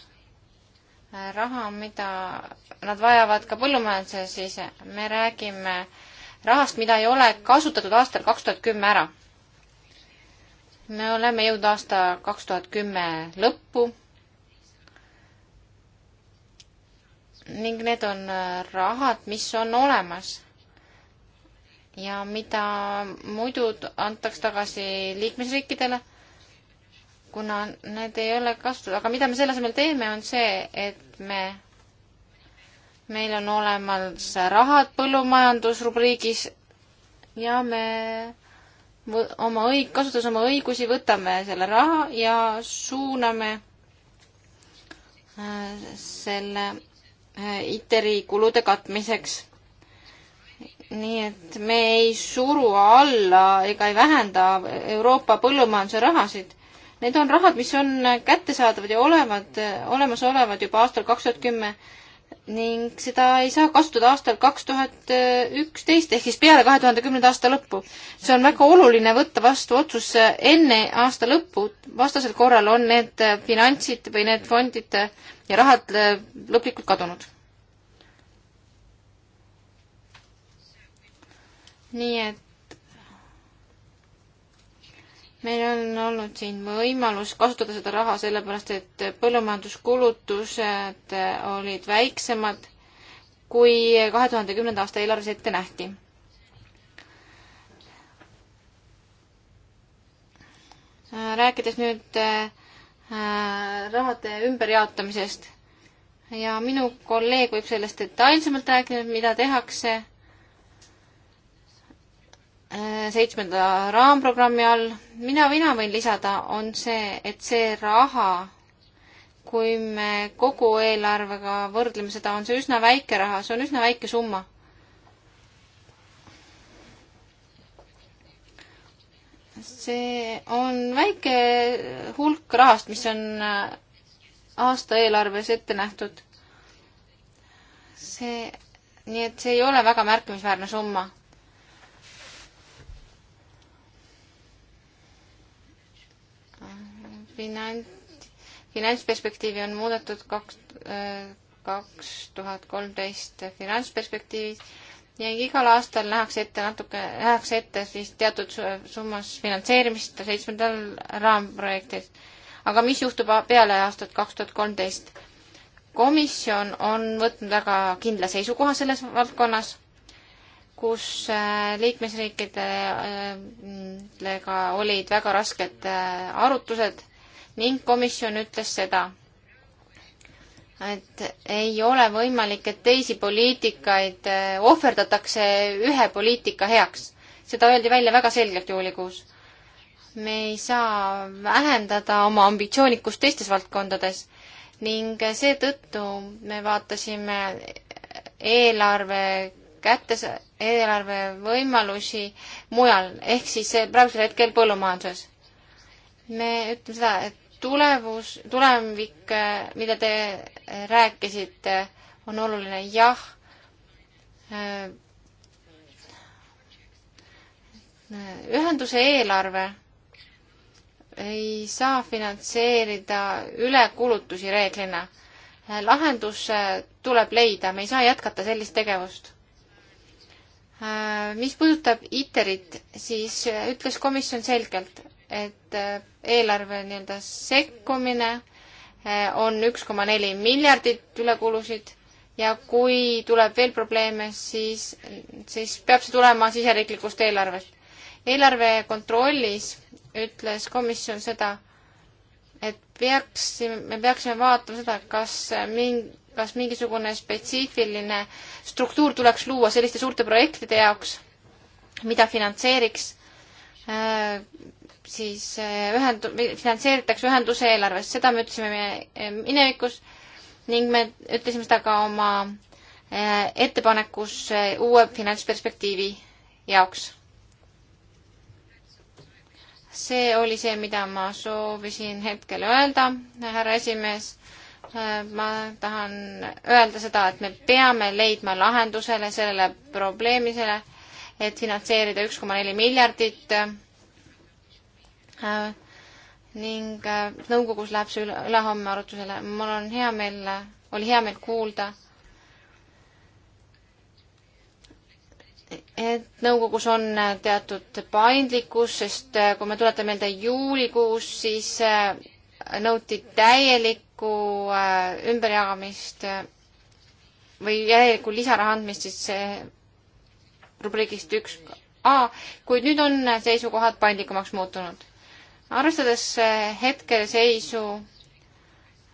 raha, mida nad vajavad ka põllumajanduses ise, me räägime rahast, mida ei ole kasutatud aastal kaks tuhat kümme ära. me oleme jõudnud aasta kaks tuhat kümme lõppu ning need on äh, rahad, mis on olemas ja mida muidu antaks tagasi liikmesriikidele, kuna need ei ole kasutada, aga mida me selle asemel teeme, on see, et me, meil on olemas rahad põllumajandusrubriigis ja me oma õig-, kasutades oma õigusi, võtame selle raha ja suuname äh, selle Äh, ITER-i kulude katmiseks. nii et me ei suru alla ega ei vähenda Euroopa põllumajanduse rahasid. Need on rahad, mis on kättesaadavad ja olevad, olemasolevad juba aastal kaks tuhat kümme ning seda ei saa kasutada aastal kaks tuhat üksteist ehk siis peale kahe tuhande kümnenda aasta lõppu. see on väga oluline võtta vastu otsus enne aasta lõppu, vastasel korral on need finantsid või need fondid ja rahad äh, lõplikult kadunud. nii et meil on olnud siin võimalus kasutada seda raha sellepärast, et põllumajanduskulutused olid väiksemad kui kahe tuhande kümnenda aasta eelarves ette nähti rääkides nüüd äh, Äh, rahade ümberjaotamisest. ja minu kolleeg võib sellest detailsemalt rääkida, mida tehakse äh, seitsmenda raamprogrammi all. mina, mina võin lisada, on see, et see raha, kui me kogu eelarvega võrdleme seda, on see üsna väike raha, see on üsna väike summa see on väike hulk rahast, mis on äh, aastaeelarves ette nähtud. see, nii et see ei ole väga märkimisväärne summa. finant, finantsperspektiivi on muudetud kaks, äh, kaks tuhat kolmteist finantsperspektiivis ja igal aastal nähakse ette natuke, nähakse ette siis teatud summas finantseerimist seitsmendal raamprojektis. aga mis juhtub peale aastat kaks tuhat kolmteist? komisjon on võtnud väga kindla seisukoha selles valdkonnas, kus äh, liikmesriikidega olid väga rasked äh, arutused ning komisjon ütles seda, et ei ole võimalik, et teisi poliitikaid eh, ohverdatakse ühe poliitika heaks. seda öeldi välja väga selgelt juulikuus. me ei saa vähendada oma ambitsioonikust teistes valdkondades ning seetõttu me vaatasime eelarve kättes, eelarve võimalusi mujal, ehk siis eh, praegusel hetkel põllumajanduses. me ütleme seda, et tulevus, tulevik, eh, mida te rääkisite, on oluline, jah, äh, ühenduse eelarve ei saa finantseerida ülekulutusi reeglina. lahendus äh, tuleb leida, me ei saa jätkata sellist tegevust äh, mis puudutab ITER-it, siis ütles komisjon selgelt, et eelarve nii-öelda sekkumine Eh, on üks koma neli miljardit ülekulusid ja kui tuleb veel probleeme, siis, siis peab see tulema siseriiklikust eelarvest. eelarve kontrollis ütles komisjon seda, et peaksime, me peaksime vaatama seda, kas mingi, kas mingisugune spetsiifiline struktuur tuleks luua selliste suurte projektide jaoks, mida finantseeriks eh, siis eh, ühend-, finantseeritakse ühenduse eelarvest, seda me ütlesime me eh, minevikus ning me ütlesime seda ka oma eh, ettepanekus uue finantsperspektiivi jaoks. see oli see, mida ma soovisin hetkel öelda, härra esimees. ma tahan öelda seda, et me peame leidma lahendusele sellele probleemisele, et finantseerida üks koma neli miljardit Äh, ning äh, nõukogus läheb see üle, ülehomme arutusele. mul on hea meel, äh, oli hea meel kuulda, et nõukogus on teatud paindlikkus, sest kui me tuletame meelde juulikuus, siis nõuti täielikku ümberjagamist või täielikku lisaraha andmist siis rubriigist üks A, kuid nüüd on seisukohad paindlikumaks muutunud arvestades äh, hetkeseisu,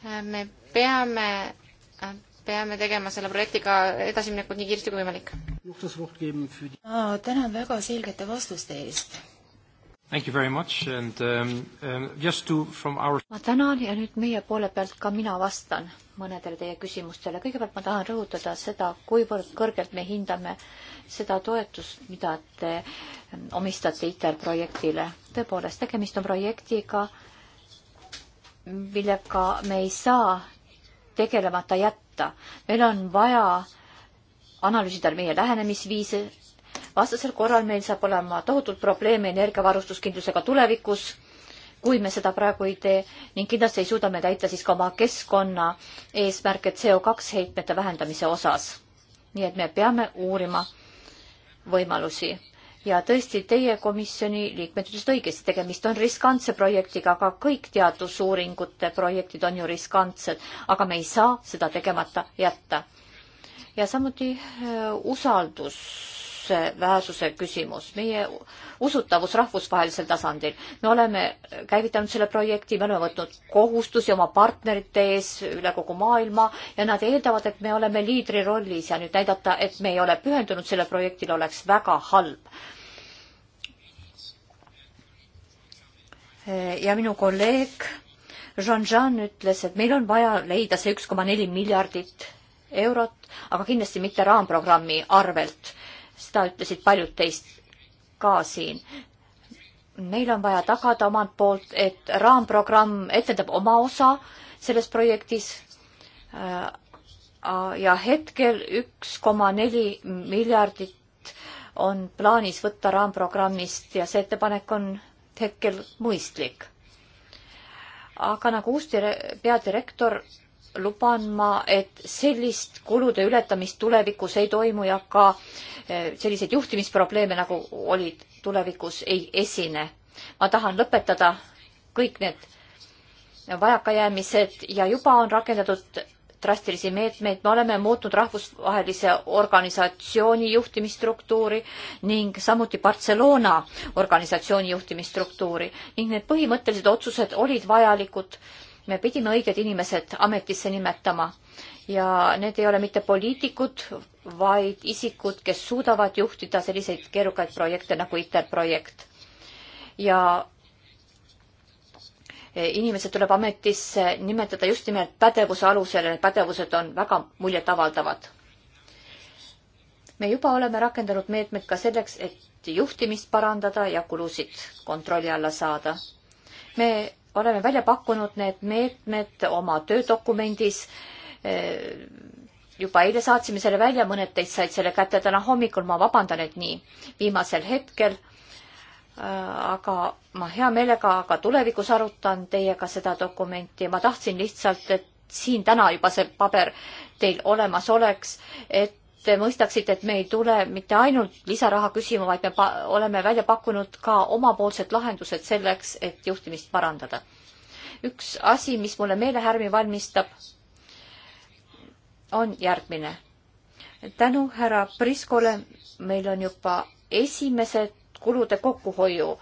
äh, me peame, äh, peame tegema selle projektiga edasiminekut nii kiiresti kui võimalik. ma tänan väga selgete vastuste eest Thank you very much and um, um, just to from our ma tänan ja nüüd meie poole pealt ka mina vastan mõnedele teie küsimustele. kõigepealt ma tahan rõhutada seda, kuivõrd kõrgelt me hindame seda toetust, mida te omistate ITER projektile. tõepoolest, tegemist on projektiga, millega me ei saa tegelemata jätta. meil on vaja analüüsida meie lähenemisviise, vastasel korral meil saab olema tohutult probleeme energiavarustuskindlusega tulevikus, kui me seda praegu ei tee ning kindlasti ei suuda me täita siis ka oma keskkonna eesmärke CO2 heitmete vähendamise osas. nii et me peame uurima võimalusi ja tõesti, teie komisjoni liikmed ütlesid õigesti, tegemist on riskantse projektiga, aga kõik teadusuuringute projektid on ju riskantsed, aga me ei saa seda tegemata jätta. ja samuti äh, usaldus usaldusväärsuse küsimus, meie usutavus rahvusvahelisel tasandil. me oleme käivitanud selle projekti, me oleme võtnud kohustusi oma partnerite ees üle kogu maailma ja nad eeldavad, et me oleme liidri rollis ja nüüd näidata, et me ei ole pühendunud sellele projektile, oleks väga halb. ja minu kolleeg Jean-Jean ütles, et meil on vaja leida see üks koma neli miljardit eurot, aga kindlasti mitte raamprogrammi arvelt seda ütlesid paljud teist ka siin. meil on vaja tagada omalt poolt, et raamprogramm etendab oma osa selles projektis äh, ja hetkel üks koma neli miljardit on plaanis võtta raamprogrammist ja see ettepanek on hetkel mõistlik. aga nagu uus dire-, peadirektor luban ma, et sellist kulude ületamist tulevikus ei toimu ja ka eh, selliseid juhtimisprobleeme, nagu olid tulevikus, ei esine. ma tahan lõpetada kõik need vajakajäämised ja juba on rakendatud drastilisi meetmeid, me oleme muutnud rahvusvahelise organisatsiooni juhtimisstruktuuri ning samuti Barcelona organisatsiooni juhtimisstruktuuri ning need põhimõttelised otsused olid vajalikud me pidime õiged inimesed ametisse nimetama ja need ei ole mitte poliitikud, vaid isikud, kes suudavad juhtida selliseid keerukaid projekte nagu ITER-projekt. ja inimesed tuleb ametisse nimetada just nimelt pädevuse alusel ja need pädevused on väga muljetavaldavad. me juba oleme rakendanud meetmed ka selleks, et juhtimist parandada ja kulusid kontrolli alla saada. me oleme välja pakkunud need meetmed oma töödokumendis. juba eile saatsime selle välja, mõned teist said selle kätte täna hommikul, ma vabandan, et nii viimasel hetkel. aga ma hea meelega ka tulevikus arutan teiega seda dokumenti ja ma tahtsin lihtsalt, et siin täna juba see paber teil olemas oleks, et te mõistaksite, et me ei tule mitte ainult lisaraha küsima, vaid me oleme välja pakkunud ka omapoolsed lahendused selleks, et juhtimist parandada. üks asi, mis mulle meelehärmi valmistab, on järgmine. tänu härra Priskole meil on juba esimesed kulude kokkuhoiu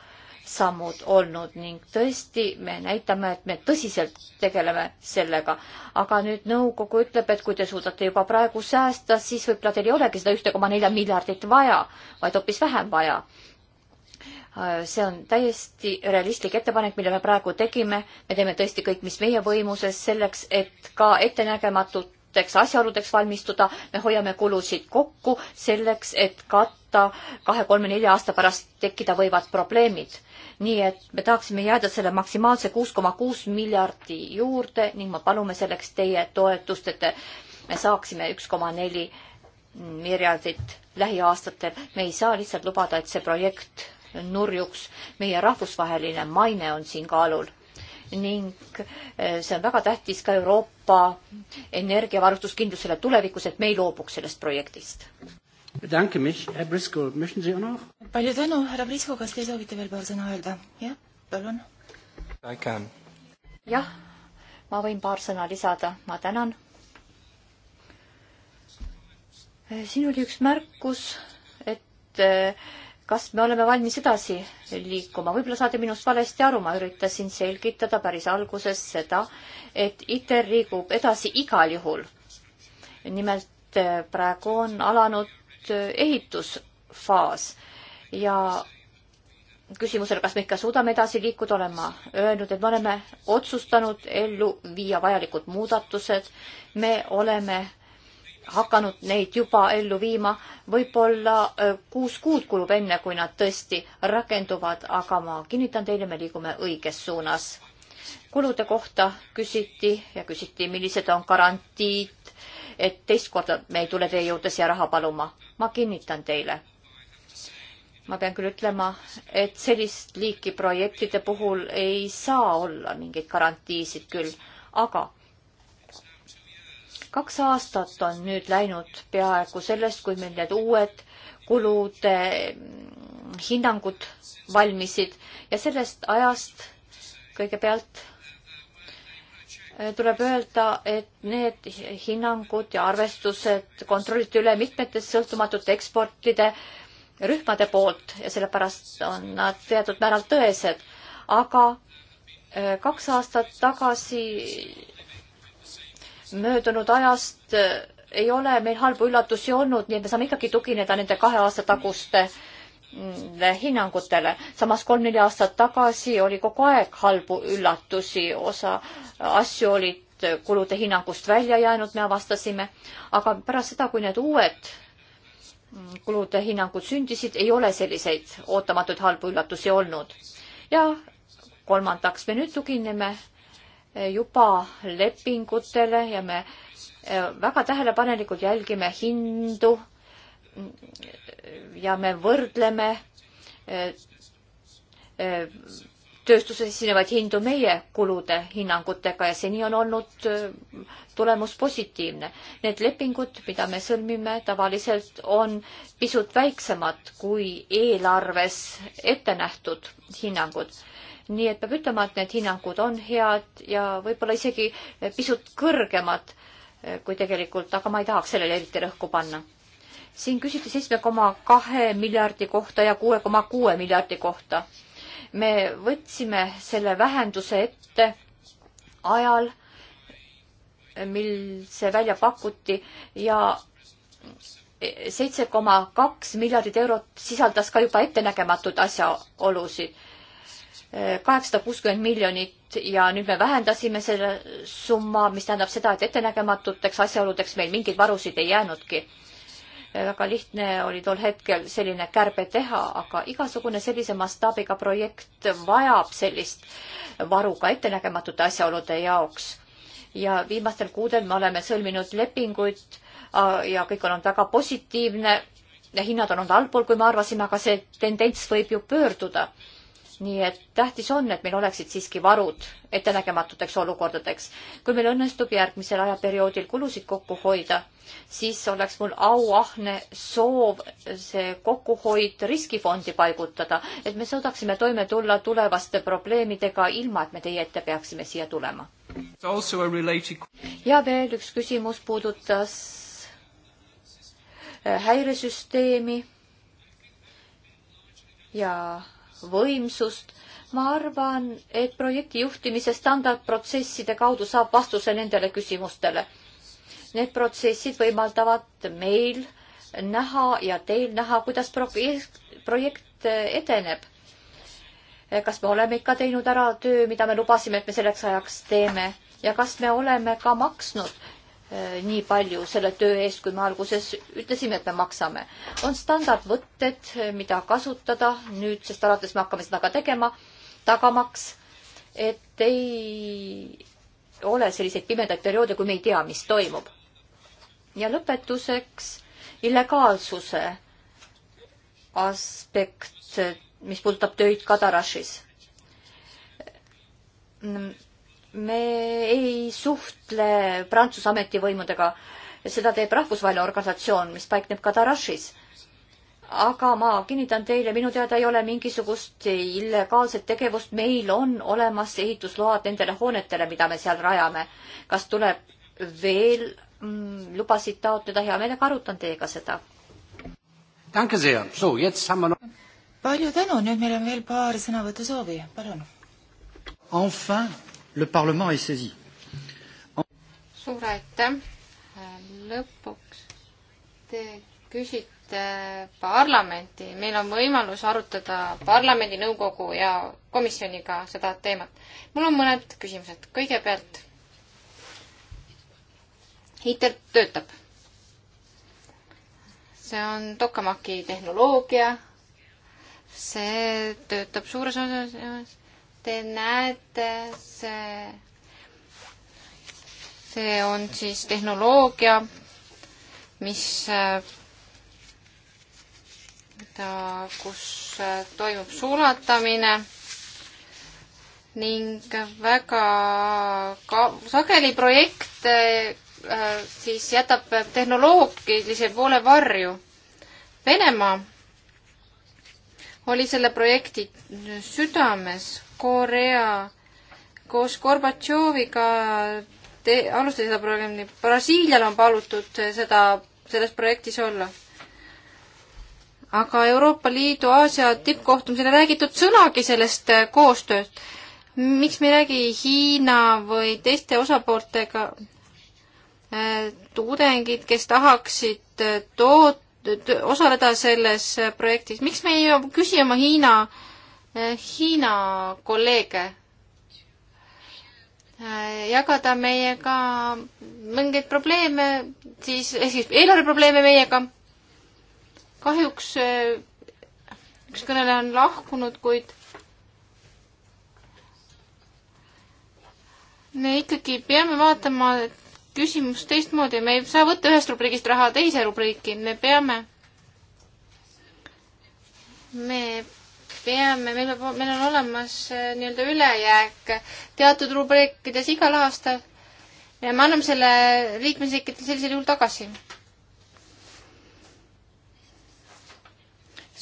sammud olnud ning tõesti, me näitame, et me tõsiselt tegeleme sellega. aga nüüd nõukogu ütleb, et kui te suudate juba praegu säästa, siis võib-olla teil ei olegi seda ühte koma nelja miljardit vaja, vaid hoopis vähem vaja. Äh, see on täiesti realistlik ettepanek, mille me praegu tegime. me teeme tõesti kõik, mis meie võimuses selleks, et ka ettenägematut uuteks asjaoludeks valmistuda, me hoiame kulusid kokku selleks, et katta kahe-kolme-nelja aasta pärast tekkida võivad probleemid nii et me tahaksime jääda selle maksimaalse kuus koma kuus miljardi juurde ning me palume selleks teie toetust, et me saaksime üks koma neli miljardit lähiaastatel. me ei saa lihtsalt lubada, et see projekt nurjuks. meie rahvusvaheline maine on siin kaalul ning eh, see on väga tähtis ka Euroopa energiavarustuskindlusele tulevikus, et me ei loobuks sellest projektist palju tänu, härra Prisko, kas te soovite veel paar sõna öelda? jah, palun. jah, ma võin paar sõna lisada, ma tänan. siin oli üks märkus, et eh, kas me oleme valmis edasi liikuma, võib-olla saate minust valesti aru, ma üritasin selgitada päris alguses seda, et ITER liigub edasi igal juhul. nimelt eh, praegu on alanud nüüd äh, ehitusfaas ja küsimusele, kas me ikka suudame edasi liikuda, olen ma öelnud, et me oleme otsustanud ellu viia vajalikud muudatused. me oleme hakanud neid juba ellu viima, võib-olla äh, kuus kuud kulub enne, kui nad tõesti rakenduvad, aga ma kinnitan teile, me liigume õiges suunas. kulude kohta küsiti ja küsiti, millised on garantiid et teist korda me ei tule teie juurde siia raha paluma. ma kinnitan teile. ma pean küll ütlema, et sellist liiki projektide puhul ei saa olla mingeid garantiisid küll, aga kaks aastat on nüüd läinud peaaegu sellest, kui meil need uued kulude hinnangud valmisid ja sellest ajast kõigepealt Äh, tuleb öelda, et need hinnangud ja arvestused kontrolliti üle mitmetes sõltumatute eksportide rühmade poolt ja sellepärast on nad teatud määral tõesed. aga äh, kaks aastat tagasi möödunud ajast äh, ei ole meil halbu üllatusi olnud, nii et me saame ikkagi tugineda nende kahe aasta taguste äh, Mm, hinnangutele. samas kolm-neli aastat tagasi oli kogu aeg halbu üllatusi, osa asju olid kulude hinnangust välja jäänud, me avastasime, aga pärast seda, kui need uued kulude hinnangud sündisid, ei ole selliseid ootamatuid halbu üllatusi olnud. ja kolmandaks, me nüüd tugineme juba lepingutele ja me eh, väga tähelepanelikult jälgime hindu ja me võrdleme eh, eh, tööstuses esinevaid hindu meie kulude hinnangutega ja seni on olnud eh, tulemus positiivne. Need lepingud, mida me sõlmime, tavaliselt on pisut väiksemad kui eelarves ette nähtud hinnangud. nii et peab ütlema, et need hinnangud on head ja võib-olla isegi pisut kõrgemad kui tegelikult, aga ma ei tahaks sellele eriti rõhku panna siin küsiti seitsme koma kahe miljardi kohta ja kuue koma kuue miljardi kohta. me võtsime selle vähenduse ette ajal, mil see välja pakuti ja seitse koma kaks miljardit eurot sisaldas ka juba ettenägematud asjaolusid. kaheksasada kuuskümmend miljonit ja nüüd me vähendasime selle summa, mis tähendab seda, et ettenägematuteks asjaoludeks meil mingeid varusid ei jäänudki Äh, väga lihtne oli tol hetkel selline kärbe teha, aga igasugune sellise mastaabiga projekt vajab sellist varu ka ettenägematute asjaolude jaoks. ja viimastel kuudel me oleme sõlminud lepinguid äh, ja kõik on olnud väga positiivne. hinnad on olnud allpool, kui me arvasime, aga see tendents võib ju pöörduda nii et tähtis on, et meil oleksid siiski varud ettenägematuteks olukordadeks. kui meil õnnestub järgmisel ajaperioodil kulusid kokku hoida, siis oleks mul auahne soov see kokkuhoid riskifondi paigutada, et me suudaksime toime tulla tulevaste probleemidega, ilma et me teie ette peaksime siia tulema. Related... ja veel üks küsimus puudutas äh, häiresüsteemi ja võimsust. ma arvan, et projekti juhtimise standardprotsesside kaudu saab vastuse nendele küsimustele. Need protsessid võimaldavad meil näha ja teil näha, kuidas projekt, projekt edeneb. kas me oleme ikka teinud ära töö, mida me lubasime, et me selleks ajaks teeme ja kas me oleme ka maksnud Eh, nii palju selle töö eest, kui me alguses ütlesime, et me maksame. on standardvõtted, eh, mida kasutada nüüd, sest alates me hakkame seda ka tegema, tagamaks, et ei ole selliseid pimedaid perioode, kui me ei tea, mis toimub. ja lõpetuseks illegaalsuse aspekt, eh, mis puudutab töid Kadarashis mm, me ei suhtle Prantsuse ametivõimudega, seda teeb rahvusvaheline organisatsioon, mis paikneb Kadarashis. aga ma kinnitan teile, minu teada ei ole mingisugust illegaalset tegevust, meil on olemas ehitusload nendele hoonetele, mida me seal rajame. kas tuleb veel mm, lubasid taotleda, hea meelega arutan teiega seda. palju tänu, nüüd meil on veel paar sõnavõtusoovi, palun. Enfin le Parlement est saisi. suur aitäh. lõpuks te küsite parlamenti, meil on võimalus arutada parlamendi, nõukogu ja komisjoniga seda teemat. mul on mõned küsimused. kõigepealt, ITER töötab. see on Tokamaki tehnoloogia. see töötab suures osas te näete, see, see on siis tehnoloogia, mis, mida, kus toimub sulatamine ning väga ka-, sageli projekt äh, siis jätab tehnoloogilise poole varju. Venemaa oli selle projekti südames Korea koos Gorbatšoviga te-, alustas seda programmi, Brasiilial on palutud seda, selles projektis olla. aga Euroopa Liidu Aasia tippkohtumisel ei räägitud sõnagi sellest äh, koostööst. miks me ei räägi Hiina või teiste osapooltega, äh, tudengid, kes tahaksid äh, toot-, osaleda selles projektis, miks me ei küsi oma Hiina äh, Eh, Hiina kolleege eh, jagada meiega mingeid probleeme, siis, eh, siis eelarveprobleeme meiega. kahjuks üks kõneleja on lahkunud, kuid me ikkagi peame vaatama küsimust teistmoodi, me ei saa võtta ühest rubriigist raha teise rubriiki, me peame, me peame, meil peab, meil on olemas äh, nii-öelda ülejääk teatud rubriikides igal aastal ja me anname selle liikmesriikidele sellisel juhul tagasi.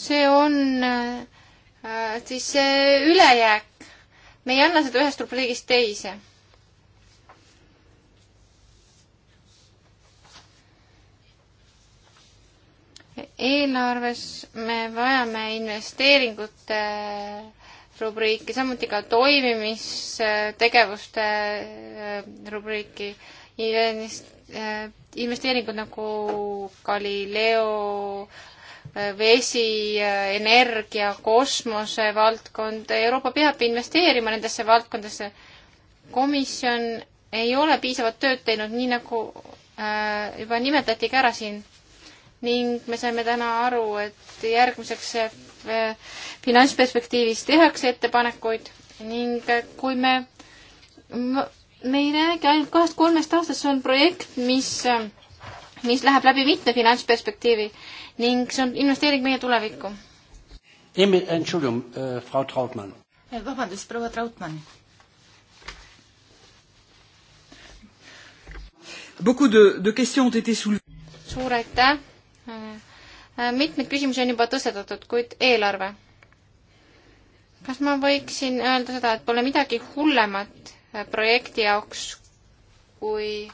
see on äh, siis see ülejääk. me ei anna seda ühest rubriigist teise eelarves me vajame investeeringute rubriiki, samuti ka toimimistegevuste äh, rubriiki, äh, investeeringud nagu Galileo, äh, vesi, energia, kosmose valdkond, Euroopa peab investeerima nendesse valdkondadesse. komisjon ei ole piisavat tööd teinud, nii nagu juba nimetati ka ära siin ning me saime täna aru, et järgmiseks eh, finantsperspektiivis tehakse ettepanekuid ning eh, kui me, me ei räägi ainult kahest-kolmest aastast, see on projekt, mis, eh, mis läheb läbi mitme finantsperspektiivi ning see on investeering meie tulevikku. Äh, äh, vabandust, proua Trautmann. Beaucoup de, de questions ont été soulevées. Suur aitäh Äh, mitmeid küsimusi on juba tõstetatud, kuid eelarve. kas ma võiksin öelda seda, et pole midagi hullemat äh, projekti jaoks, kui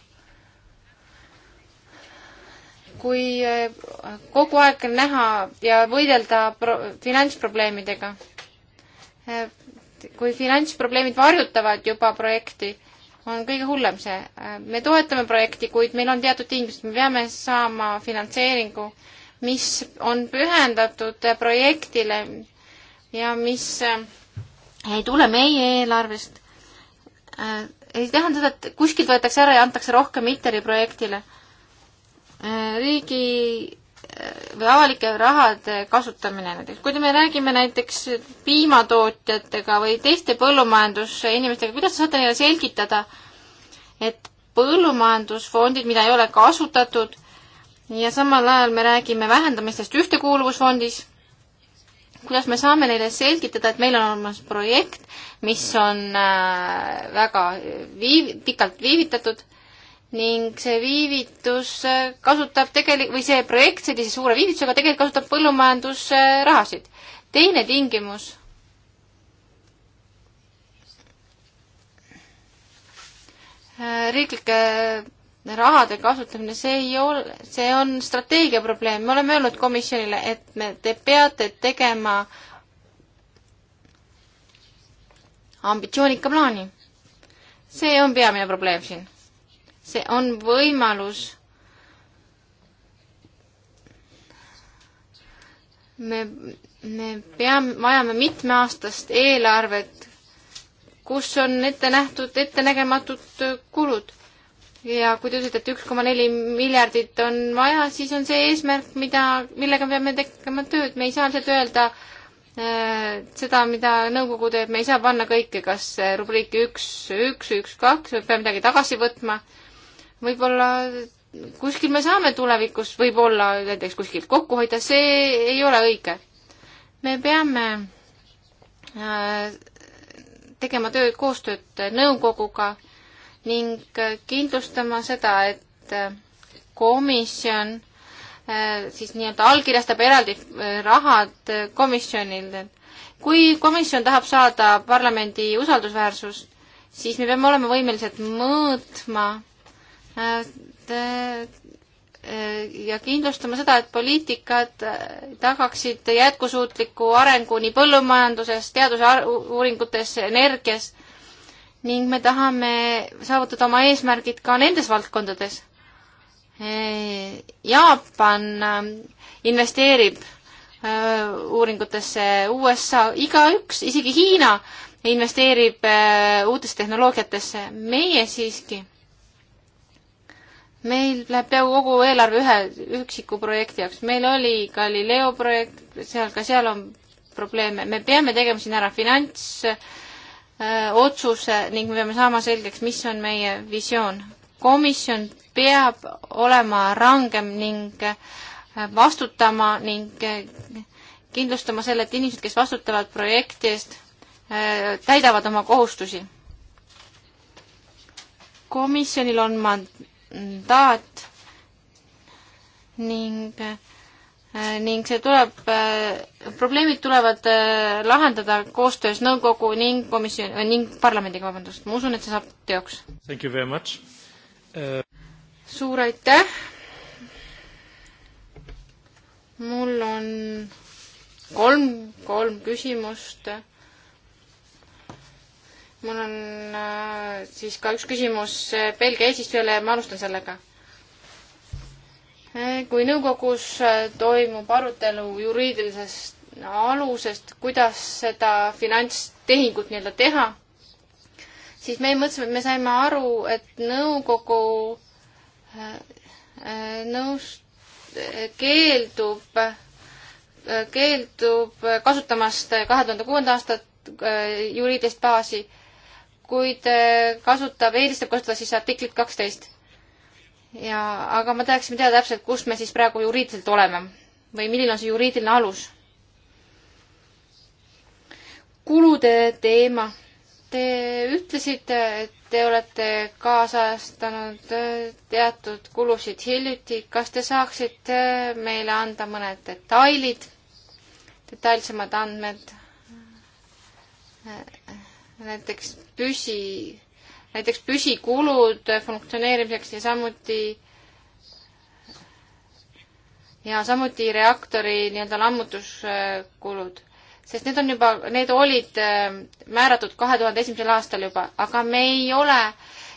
kui äh, kogu aeg näha ja võidelda pro-, finantsprobleemidega. kui finantsprobleemid varjutavad juba projekti, on kõige hullem see. me toetame projekti, kuid meil on teatud tingimused, me peame saama finantseeringu, mis on pühendatud projektile ja mis äh, ei tule meie eelarvest. Äh, ei tähenda seda, et kuskilt võetakse ära ja antakse rohkem ITER-i projektile. Äh, riigi või avalike rahade kasutamine näiteks. kui me räägime näiteks piimatootjatega või teiste põllumajandusinimestega, kuidas te saate neile selgitada, et põllumajandusfondid, mida ei ole kasutatud ja samal ajal me räägime vähendamistest ühtekuuluvusfondis, kuidas me saame neile selgitada, et meil on olemas projekt, mis on äh, väga viiv-, pikalt viivitatud ning see viivitus äh, kasutab tegelikult, või see projekt sellise suure viivitusega tegelikult kasutab põllumajandusrahasid. teine tingimus äh, riiklike rahade kasutamine, see ei ole, see on strateegia probleem, me oleme öelnud komisjonile, et me, te peate tegema ambitsioonika plaani. see on peamine probleem siin see on võimalus. me, me peame, vajame mitmeaastast eelarvet, kus on ette nähtud ettenägematud kulud. ja kui te ütlete, et üks koma neli miljardit on vaja, siis on see eesmärk, mida, millega peame tegema tööd, me ei saa lihtsalt öelda äh, seda, mida nõukogu teeb, me ei saa panna kõike kas rubriiki üks, üks, üks, kaks, me peame midagi tagasi võtma äh, võib-olla kuskil me saame tulevikus võib-olla näiteks kuskilt kokku hoida, see ei ole õige. me peame äh, tegema tööd, koostööd nõukoguga ning kindlustama seda, et äh, komisjon äh, siis nii-öelda allkirjastab eraldi rahad komisjonil. kui komisjon tahab saada parlamendi usaldusväärsust, siis me peame olema võimelised mõõtma Äh, äh, ja kindlustama seda, et poliitikad äh, tagaksid jätkusuutliku arengu nii põllumajanduses, teadusuuringutes, energias ning me tahame saavutada oma eesmärgid ka nendes valdkondades. Jaapan investeerib uuringutesse, USA, igaüks, isegi Hiina investeerib uutesse tehnoloogiatesse, meie siiski meil läheb peaaegu kogu eelarve ühe üksiku projekti jaoks. meil oli Galileo projekt, seal, ka seal on probleeme. me peame tegema siin ära finantsotsuse äh, ning me peame saama selgeks, mis on meie visioon. komisjon peab olema rangem ning äh, vastutama ning äh, kindlustama selle, et inimesed, kes vastutavad projekti eest, täidavad oma kohustusi komisjonil on mand-, mandaat ning, äh, ning see tuleb, äh, probleemid tulevad äh, lahendada koostöös nõukogu ning komisjon, ning parlamendiga, vabandust. ma usun, et see saab teoks. Thank you very much uh.... suur aitäh. mul on kolm, kolm küsimust mul on äh, siis ka üks küsimus äh, Belgia eesistujale ja ma alustan sellega. Äh, kui nõukogus toimub arutelu juriidilisest alusest, kuidas seda finantstehingut nii-öelda teha, siis meie mõtlesime, et me saime aru, et nõukogu nõus, keeldub, keeldub kasutamast kahe tuhande kuuenda aasta juriidilist baasi kuid kasutab, eelistab kasutada siis artiklit kaksteist. ja, aga ma tahaksin teada täpselt, kus me siis praegu juriidiliselt oleme või milline on see juriidiline alus. kulude teema. Te ütlesite, et te olete kaasajastanud äh, teatud kulusid hiljuti. kas te saaksite meile anda mõned detailid, detailsemad andmed? Äh, näiteks püsi, näiteks püsikulud funktsioneerimiseks ja samuti ja samuti reaktori nii-öelda lammutuskulud, sest need on juba, need olid äh, määratud kahe tuhande esimesel aastal juba, aga me ei ole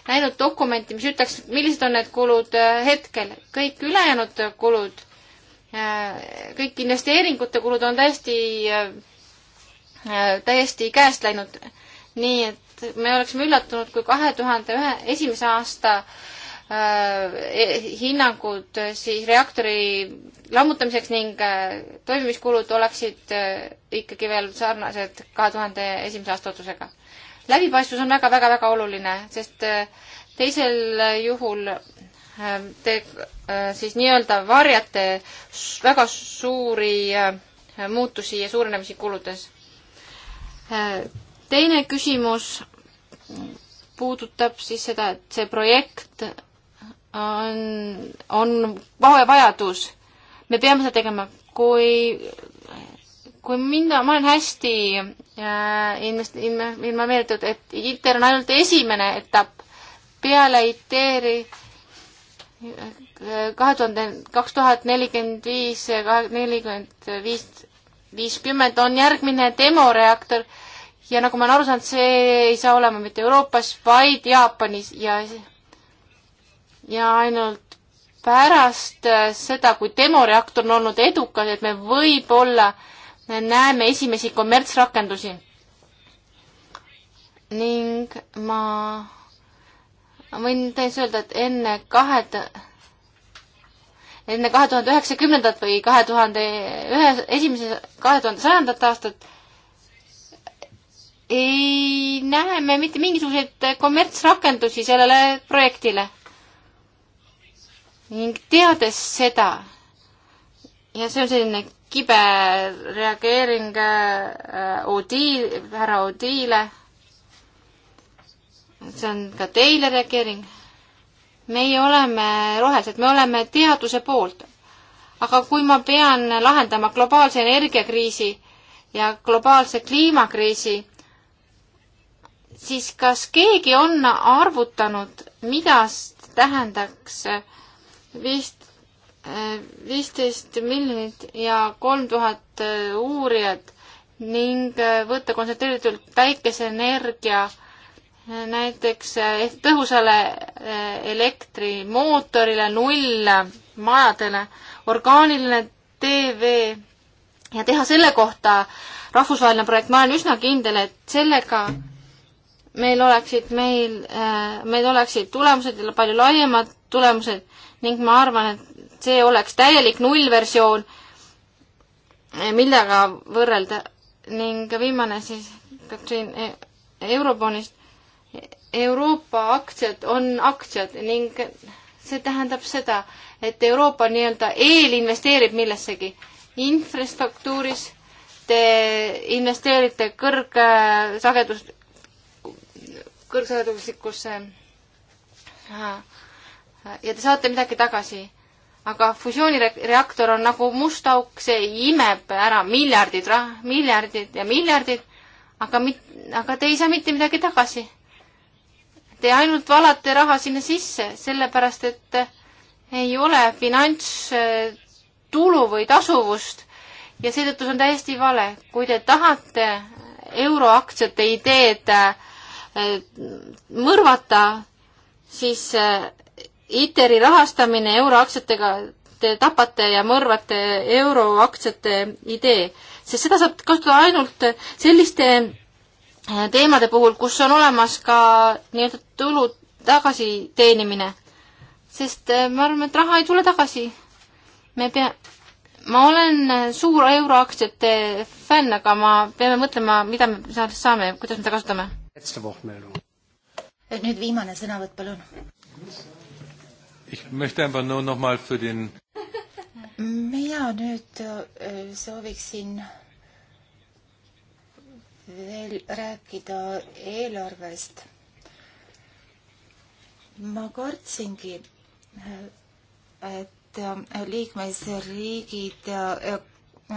näinud dokumenti, mis ütleks, millised on need kulud äh, hetkel. kõik ülejäänud kulud, äh, kõik investeeringute kulud on täiesti, täiesti käest läinud nii et me oleksime üllatunud, kui kahe tuhande ühe, esimese aasta äh, e-, hinnangud äh, siis reaktori lammutamiseks ning äh, toimimiskulud oleksid äh, ikkagi veel sarnased kahe tuhande esimese aasta otsusega. läbipaistvus on väga-väga-väga oluline, sest äh, teisel äh, juhul ähm, te siis nii-öelda varjate väga suuri muutusi ja suurenemisi kuludes teine küsimus puudutab siis seda, et see projekt on, on vajadus. me peame seda tegema, kui, kui mina, ma olen hästi äh, invest-, informeeritud, et ITER on ainult esimene etapp peale ITER-i äh, kahe tuhande, kaks tuhat nelikümmend viis, nelikümmend viis, viiskümmend on järgmine demoreaktor ja nagu ma olen aru saanud, see ei saa olema mitte Euroopas, vaid Jaapanis ja, ja ainult pärast äh, seda, kui demoreaktor on olnud edukas, et me võib-olla näeme esimesi kommertsrakendusi. ning ma võin täiesti öelda, et enne kahe, enne kahe tuhande üheksakümnendat või kahe tuhande ühe, esimese, kahe tuhande sajandat aastat ei näe me mitte mingisuguseid kommertsrakendusi sellele projektile. ning teades seda, ja see on selline kibe reageering äh, Odiil, härra Odiile, see on ka teile reageering, meie oleme rohelised, me oleme teaduse poolt. aga kui ma pean lahendama globaalse energiakriisi ja globaalse kliimakriisi, siis kas keegi on arvutanud, mida tähendaks vist äh, viisteist miljonit ja kolm tuhat äh, uurijat ning äh, võtta kontsentreeritult päikeseenergia näiteks tõhusale elektrimootorile, null majadele, orgaaniline TV ja teha selle kohta rahvusvaheline projekt, ma olen üsna kindel, et sellega meil oleksid meil, äh, meil oleksid tulemused ja palju laiemad tulemused ning ma arvan, et see oleks täielik nullversioon, äh, millega võrrelda ning viimane siis Katrin e, Europonist. Euroopa aktsiad on aktsiad ning see tähendab seda, et Euroopa nii-öelda eelinvesteerib millessegi infrastruktuuris, te investeerite kõrgsagedust kõrgsageduslikkusse. Äh, ja te saate midagi tagasi. aga fusioonireaktor on nagu must auk, see imeb ära miljardid, miljardid ja miljardid, aga mit-, aga te ei saa mitte midagi tagasi. Te ainult valate raha sinna sisse, sellepärast et äh, ei ole finantstulu äh, või tasuvust ja seetõttu see on täiesti vale. kui te tahate euroaktsiate ideed äh, Äh, mõrvata, siis äh, ITER-i rahastamine euroaktsiatega te tapate ja mõrvate euroaktsiate idee, sest seda saab kasutada ainult selliste äh, teemade puhul, kus on olemas ka nii-öelda tulu tagasiteenimine. sest ma arvan, et raha ei tule tagasi. me pea-, ma olen suur euroaktsiate fänn, aga ma, peame mõtlema, mida me sellest saame, kuidas me seda kasutame nüüd viimane sõnavõtt, palun. mina nüüd äh, sooviksin veel rääkida eelarvest. ma kartsingi, äh, et äh, liikmesriigid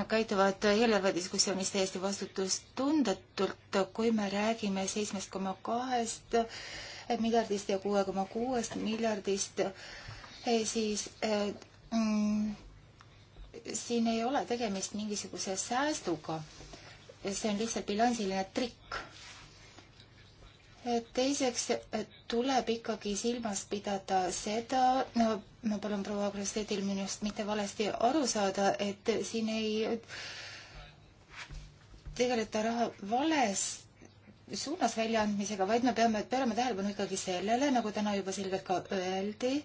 käituvad eelarvediskussioonis täiesti vastutustundetult, kui me räägime seitsmest koma kahest miljardist ja kuue koma kuuest miljardist, eh, siis eh, mm, siin ei ole tegemist mingisuguse säästuga. see on lihtsalt bilansiline trikk teiseks tuleb ikkagi silmas pidada seda, no ma palun proua Krostetil minust mitte valesti aru saada, et siin ei tegeleta raha vales suunas väljaandmisega, vaid me peame pöörama tähelepanu ikkagi sellele, nagu täna juba selgelt ka öeldi,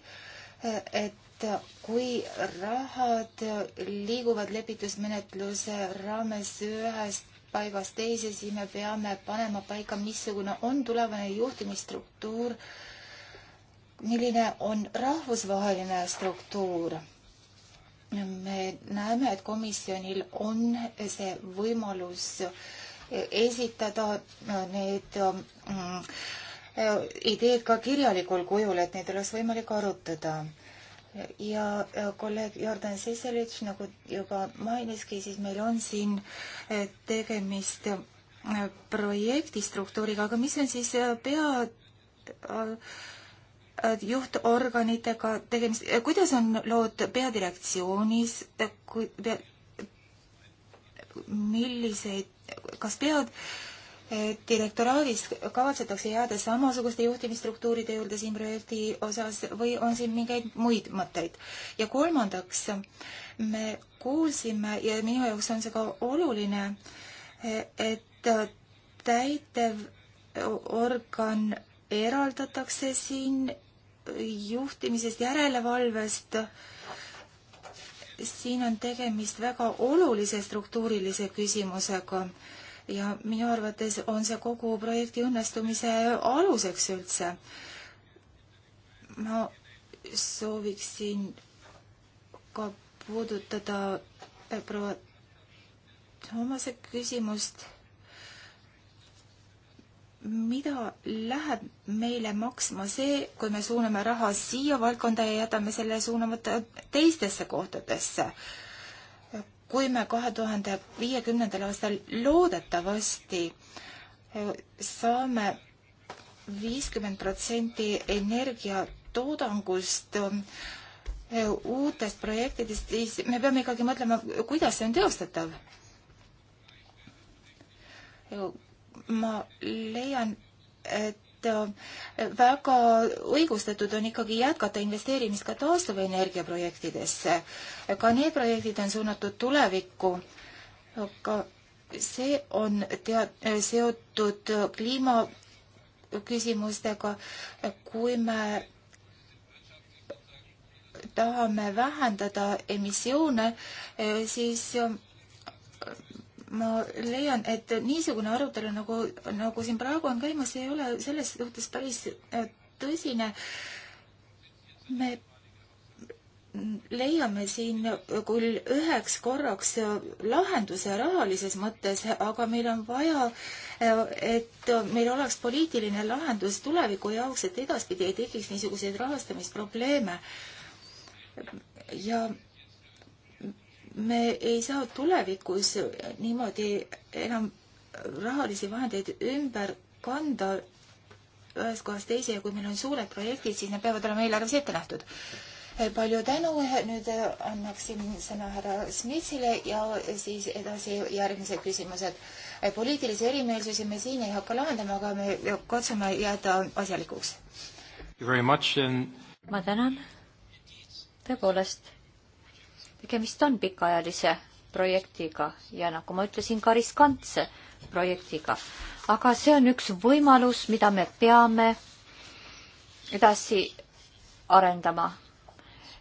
et kui rahad liiguvad lepitusmenetluse raames ühest paigast teise, siis me peame panema paika, missugune on tulevane juhtimisstruktuur, milline on rahvusvaheline struktuur. me näeme, et komisjonil on see võimalus esitada need mm, ideed ka kirjalikul kujul, et neid oleks võimalik arutada ja äh, kolleeg Jordan Siselits, nagu juba mainiski, siis meil on siin äh, tegemist äh, projekti struktuuriga, aga mis on siis pea juhtorganitega tegemist, kuidas on lood peadirektsioonis, kui, milliseid, kas pead direktoraadis kavatsetakse jääda samasuguste juhtimisstruktuuride juurde siin projekti osas või on siin mingeid muid mõtteid? ja kolmandaks, me kuulsime ja minu jaoks on see ka oluline, et täitev organ eraldatakse siin juhtimisest, järelevalvest. siin on tegemist väga olulise struktuurilise küsimusega ja minu arvates on see kogu projekti õnnestumise aluseks üldse. ma sooviksin ka puudutada äh, proua Toomase küsimust mida läheb meile maksma see, kui me suuname raha siia valdkonda ja jätame selle suunamata teistesse kohtadesse? kui me kahe tuhande viiekümnendal aastal loodetavasti eh, saame viiskümmend protsenti energiatoodangust eh, uutest projektidest, siis me peame ikkagi mõtlema, kuidas see on teostatav. Eh, ma leian, et et äh, väga õigustatud on ikkagi jätkata investeerimist ka taastuvenergia projektidesse. ka need projektid on suunatud tulevikku, aga see on tead-, seotud kliimaküsimustega, kui me tahame vähendada emissioone, äh, siis äh, ma leian, et niisugune arutelu nagu, nagu siin praegu on käimas, ei ole selles suhtes päris äh, tõsine. me leiame siin küll üheks korraks lahenduse rahalises mõttes, aga meil on vaja, äh, et meil oleks poliitiline lahendus tuleviku jaoks, et edaspidi ei tekiks niisuguseid rahastamisprobleeme. ja me ei saa tulevikus niimoodi enam rahalisi vahendeid ümber kanda ühest kohast teise ja kui meil on suured projektid, siis need peavad olema eelarves ette nähtud. palju tänu, nüüd annaksin sõna härra Smitsile ja siis edasi järgmised küsimused. poliitilisi erimeelsusi me siin ei hakka lahendama, aga me katsume jääda asjalikuks. ma tänan, tõepoolest tegemist on pikaajalise projektiga ja nagu ma ütlesin, ka riskantse projektiga. aga see on üks võimalus, mida me peame edasi arendama.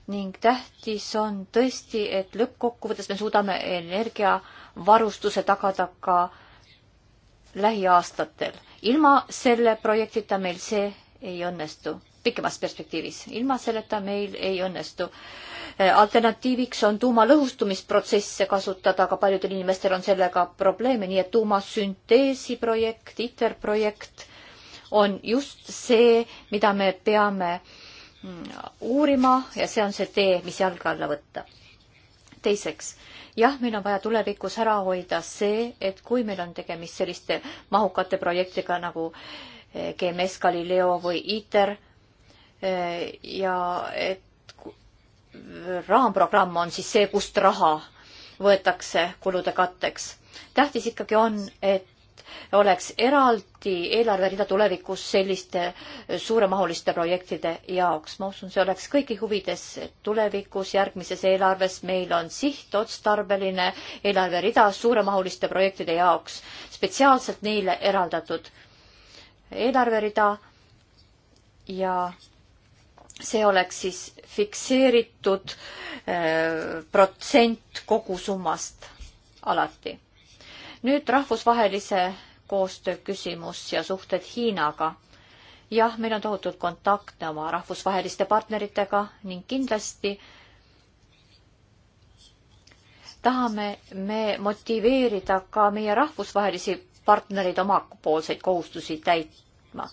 ning tähtis on tõesti, et lõppkokkuvõttes me suudame energiavarustuse tagada ka lähiaastatel. ilma selle projektita meil see ei õnnestu, pikemas perspektiivis. ilma selleta meil ei õnnestu Eh, alternatiiviks on tuumalõhustumisprotsesse kasutada, aga paljudel inimestel on sellega probleeme, nii et tuumasünteesi projekt, ITER projekt on just see, mida me peame mm, uurima ja see on see tee, mis jalge alla võtta. teiseks, jah, meil on vaja tulevikus ära hoida see, et kui meil on tegemist selliste mahukate projektidega nagu eh, GMS Galileo või ITER eh, ja et raamprogramm on siis see, kust raha võetakse kulude katteks. tähtis ikkagi on, et oleks eraldi eelarverida tulevikus selliste suuremahuliste projektide jaoks. ma usun, see oleks kõigi huvides, et tulevikus järgmises eelarves meil on sihtotstarbeline eelarverida suuremahuliste projektide jaoks, spetsiaalselt neile eraldatud eelarverida ja see oleks siis fikseeritud äh, protsent kogusummast alati. nüüd rahvusvahelise koostöö küsimus ja suhted Hiinaga. jah, meil on tohutult kontakte oma rahvusvaheliste partneritega ning kindlasti tahame me motiveerida ka meie rahvusvahelisi partnereid omapoolseid kohustusi täitma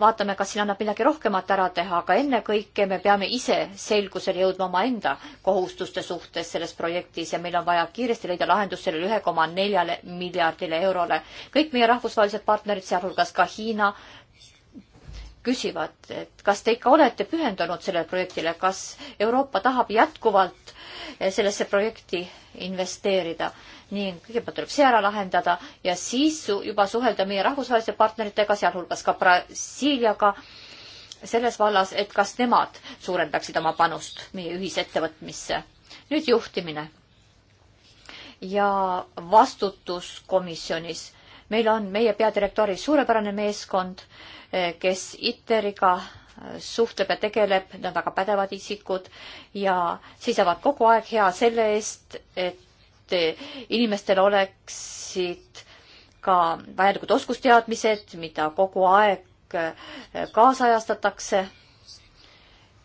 vaatame, kas siin annab midagi rohkemat ära teha, aga ennekõike me peame ise selgusele jõudma omaenda kohustuste suhtes selles projektis ja meil on vaja kiiresti leida lahendus sellele ühe koma neljale miljardile eurole. kõik meie rahvusvahelised partnerid, sealhulgas ka Hiina, küsivad, et kas te ikka olete pühendunud sellele projektile, kas Euroopa tahab jätkuvalt sellesse projekti investeerida ning kõigepealt tuleb see ära lahendada ja siis juba suhelda meie rahvusvaheliste partneritega, sealhulgas ka Brasiiliaga, selles vallas, et kas nemad suurendaksid oma panust meie ühisettevõtmisse. nüüd juhtimine ja vastutus komisjonis. meil on meie peadirektoris suurepärane meeskond, kes ITER-iga suhtleb ja tegeleb, nad on väga pädevad isikud ja seisavad kogu aeg hea selle eest, et et inimestel oleksid ka vajalikud oskusteadmised, mida kogu aeg eh, kaasajastatakse.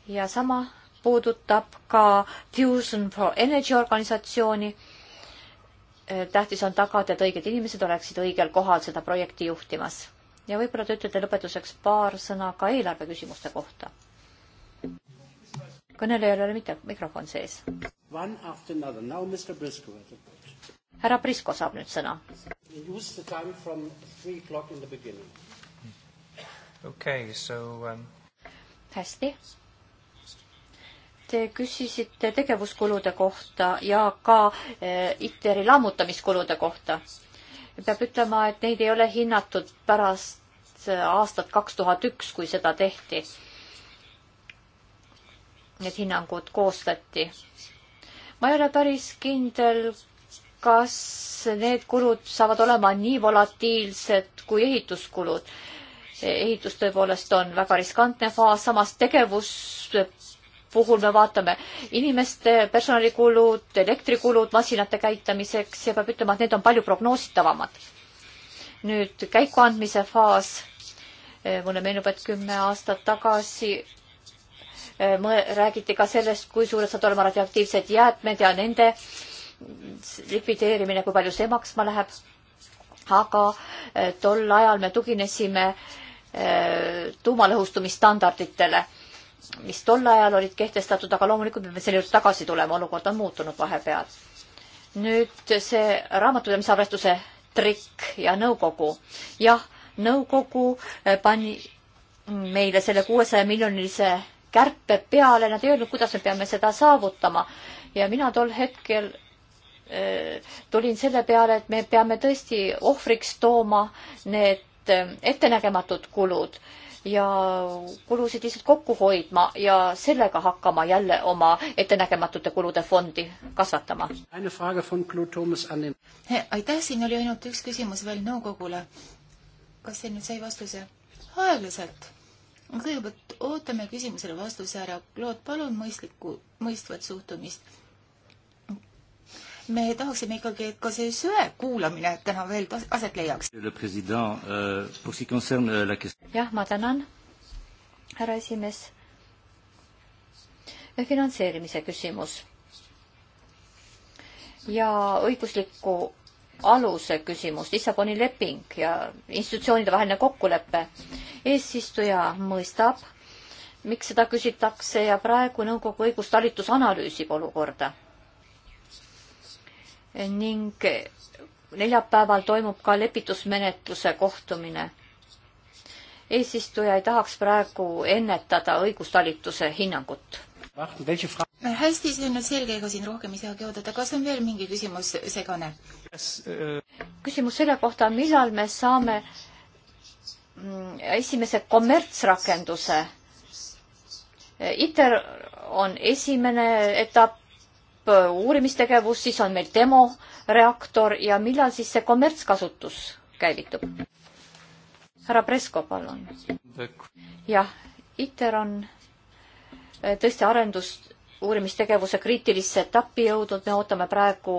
ja sama puudutab ka Fusion for Energy organisatsiooni. Eh, tähtis on tagada, et õiged inimesed oleksid õigel kohal seda projekti juhtimas. ja võib-olla te ütlete lõpetuseks paar sõna ka eelarve küsimuste kohta. kõnelejal ei ole mitte mikrofon sees one after another. Now Mr. Briscoe at the point. härra Brisko saab nüüd sõna. Use the time from three o'clock in the beginning. Okay, so um... hästi. Te küsisite tegevuskulude kohta ja ka eh, ITER-i lammutamiskulude kohta. peab ütlema, et neid ei ole hinnatud pärast eh, aastat kaks tuhat üks, kui seda tehti. Need hinnangud koostati ma ei ole päris kindel, kas need kulud saavad olema nii volatiilsed kui ehituskulud. ehitus tõepoolest on väga riskantne faas, samas tegevus puhul me vaatame inimeste personalikulud, elektrikulud masinate käitamiseks ja peab ütlema, et need on palju prognoositavamad. nüüd käikuandmise faas, mulle meenub, et kümme aastat tagasi Äh, räägiti ka sellest, kui suured saavad olema radioaktiivsed jäätmed ja nende likvideerimine, kui palju see maksma läheb. aga äh, tol ajal me tuginesime äh, tuumalõhustumisstandarditele, mis tol ajal olid kehtestatud, aga loomulikult me peame selle juurde tagasi tulema, olukord on muutunud vahepeal. nüüd see raamatupidamisarvestuse trikk ja nõukogu. jah, nõukogu pani meile selle kuuesaja miljonilise kärpe peale, nad ei öelnud, kuidas me peame seda saavutama. ja mina tol hetkel äh, tulin selle peale, et me peame tõesti ohvriks tooma need äh, ettenägematud kulud ja kulusid lihtsalt kokku hoidma ja sellega hakkama jälle oma ettenägematute kulude fondi kasvatama. aitäh, siin oli ainult üks küsimus veel nõukogule. kas see nüüd sai vastuse? aeglaselt kõigepealt ootame küsimusele vastuse ära. Claude, palun mõistlikku, mõistvat suhtumist. me tahaksime ikkagi, et ka see söe kuulamine täna veel aset leiaks. Euh, euh, jah, ma tänan, härra esimees. finantseerimise küsimus ja õigusliku aluse küsimus, Lissaboni leping ja institutsioonide vaheline kokkulepe. eesistuja mõistab, miks seda küsitakse ja praegu nõukogu õigustalitus analüüsib olukorda. ning neljapäeval toimub ka lepitusmenetluse kohtumine. eesistuja ei tahaks praegu ennetada õigustalituse hinnangut hästi, see on nüüd selge, ega siin rohkem ei saagi oodata. kas on veel mingi küsimus segane? Äh, küsimus selle kohta, millal me saame mm, esimese kommertsrakenduse. ITER on esimene etapp äh, uurimistegevus, siis on meil demoreaktor ja millal siis see kommertskasutus käivitub? härra Presko, palun. jah, ITER on tõesti arendust, uurimistegevuse kriitilisse etappi jõudnud, me ootame praegu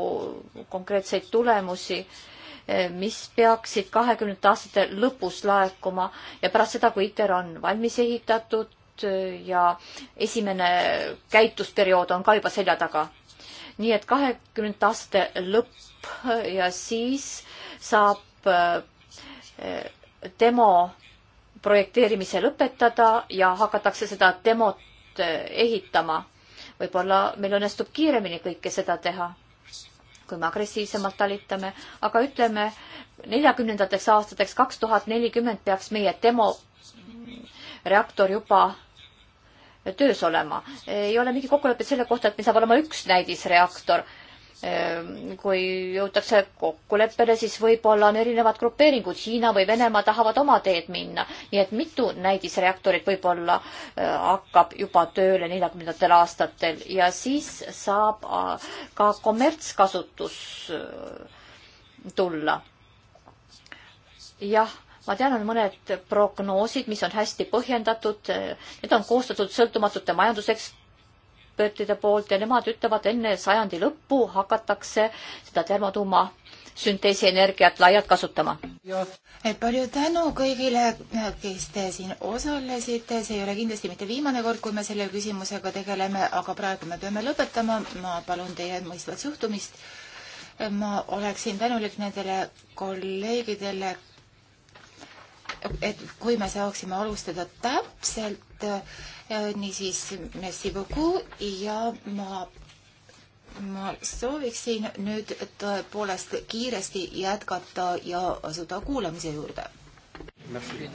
konkreetseid tulemusi, eh, mis peaksid kahekümnendate aastate lõpus laekuma ja pärast seda, kui ITER on valmis ehitatud eh, ja esimene käitusperiood on ka juba selja taga. nii et kahekümnendate aastate lõpp eh, ja siis saab demo projekteerimise lõpetada ja hakatakse seda demot nüüd eh, ehitama. võib-olla meil õnnestub kiiremini kõike seda teha, kui me agressiivsemalt talitame, aga ütleme, neljakümnendateks aastateks, kaks tuhat nelikümmend peaks meie demoreaktor juba töös olema. ei ole mingit kokkulepet selle kohta, et meil saab olema üks näidisreaktor Ehm, kui jõutakse kokkuleppele, siis võib-olla on erinevad grupeeringud, Hiina või Venemaa tahavad oma teed minna, nii et mitu näidisreaktorit võib-olla eh, hakkab juba tööle neljakümnendatel aastatel ja siis saab eh, ka kommertskasutus eh, tulla. jah ma tean, on mõned prognoosid, mis on hästi põhjendatud, need on koostatud sõltumatute majandusekspert-, ekspertide poolt ja nemad ütlevad, enne sajandi lõppu hakatakse seda termotuuma sünteesi energiat laialt kasutama. palju tänu kõigile, kes te siin osalesite, see ei ole kindlasti mitte viimane kord, kui me selle küsimusega tegeleme, aga praegu me peame lõpetama, ma palun teie mõistvat suhtumist. ma oleksin tänulik nendele kolleegidele, et kui me saaksime alustada täpselt, niisiis merci beaucoup ja ma, ma sooviksin nüüd tõepoolest kiiresti jätkata ja asuda kuulamise juurde. Merci.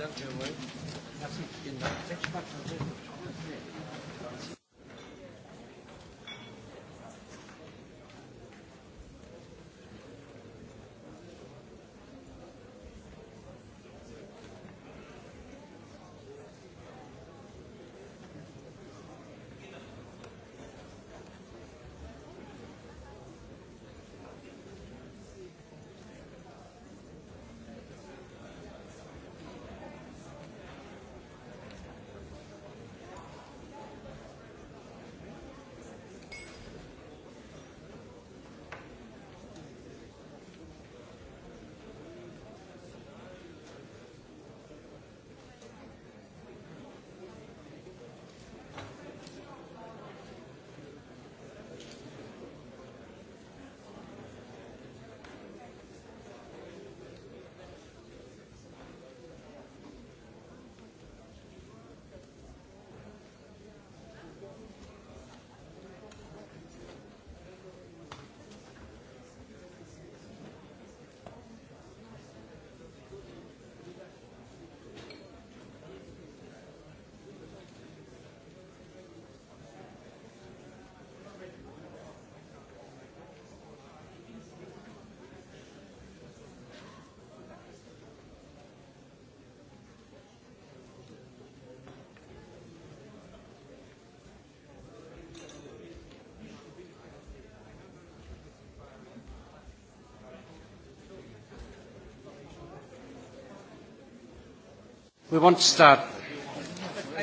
We want to start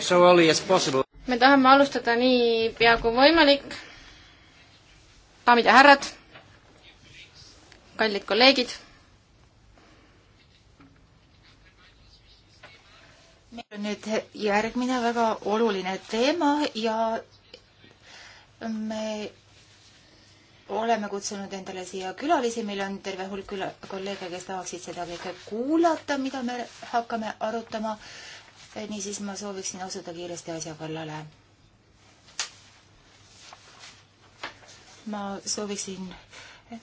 so early as possible. me tahame alustada nii pea kui võimalik. daamid ja härrad, kallid kolleegid. meil on nüüd järgmine väga oluline teema ja me oleme kutsunud endale siia külalisi, meil on terve hulk küla-, kolleege, kes tahaksid seda kõike kuulata, mida me hakkame arutama. Eh, niisiis ma sooviksin asuda kiiresti asja kallale. ma sooviksin eh,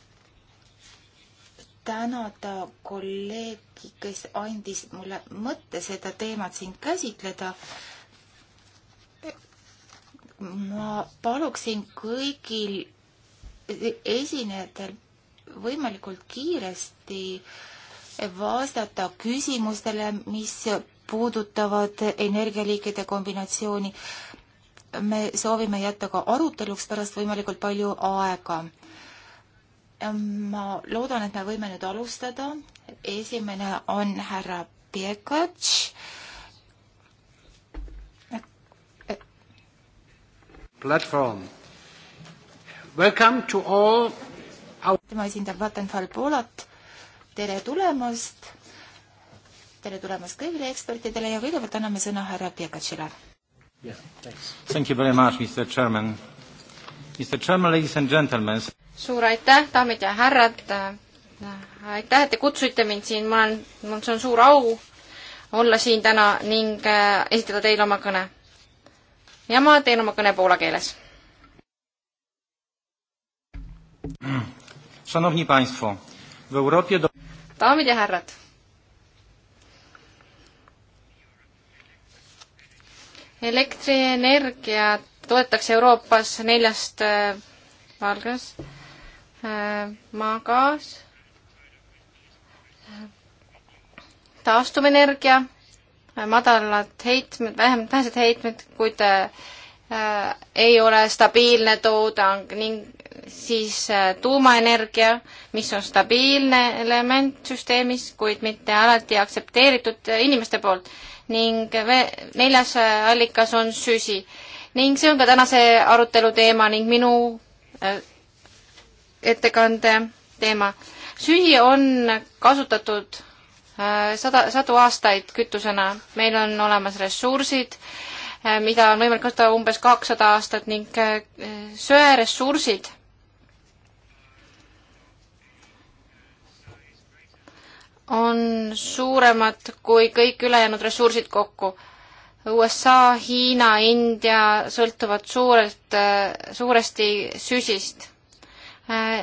tänada kolleegi, kes andis mulle mõtte seda teemat siin käsitleda eh, ma paluksin kõigil esinejatel võimalikult kiiresti vastata küsimustele, mis puudutavad energialiikide kombinatsiooni. me soovime jätta ka aruteluks pärast võimalikult palju aega. ma loodan, et me võime nüüd alustada. esimene on härra Piekatš. platvorm Welcome to all our... tema esindab Vattenfall Poolat. tere tulemast, tere tulemast kõigile ekspertidele ja kõigepealt anname sõna härra Piekatšile. Yeah, thanks. Thank you very much, Mr Chairman. Mr Chairman, ladies and gentlemen. suur aitäh, daamid ja härrad. aitäh, et te kutsusite mind siin, ma olen, mul see on suur au olla siin täna ning äh, esitada teile oma kõne. ja ma teen oma kõne poola keeles Szanowni Państwo, w Europie... Do... Daamid ja härrad. elektrienergia toetakse Euroopas neljast äh, valges äh,, maagaas äh,, taastuvenergia äh,, madalad heitmed, vähem, vähesed heitmed, kuid äh, äh ei ole stabiilne toodang ning siis äh, tuumaenergia, mis on stabiilne element süsteemis, kuid mitte alati aktsepteeritud äh, inimeste poolt ning neljas äh, allikas on süsi. ning see on ka tänase arutelu teema ning minu ettekande teema. süsi on kasutatud sada, sadu aastaid kütusena, meil on olemas ressursid, mida on võimalik kasutada umbes kakssada aastat ning söeressursid on suuremad kui kõik ülejäänud ressursid kokku. USA, Hiina, India sõltuvad suurelt, suuresti süsist.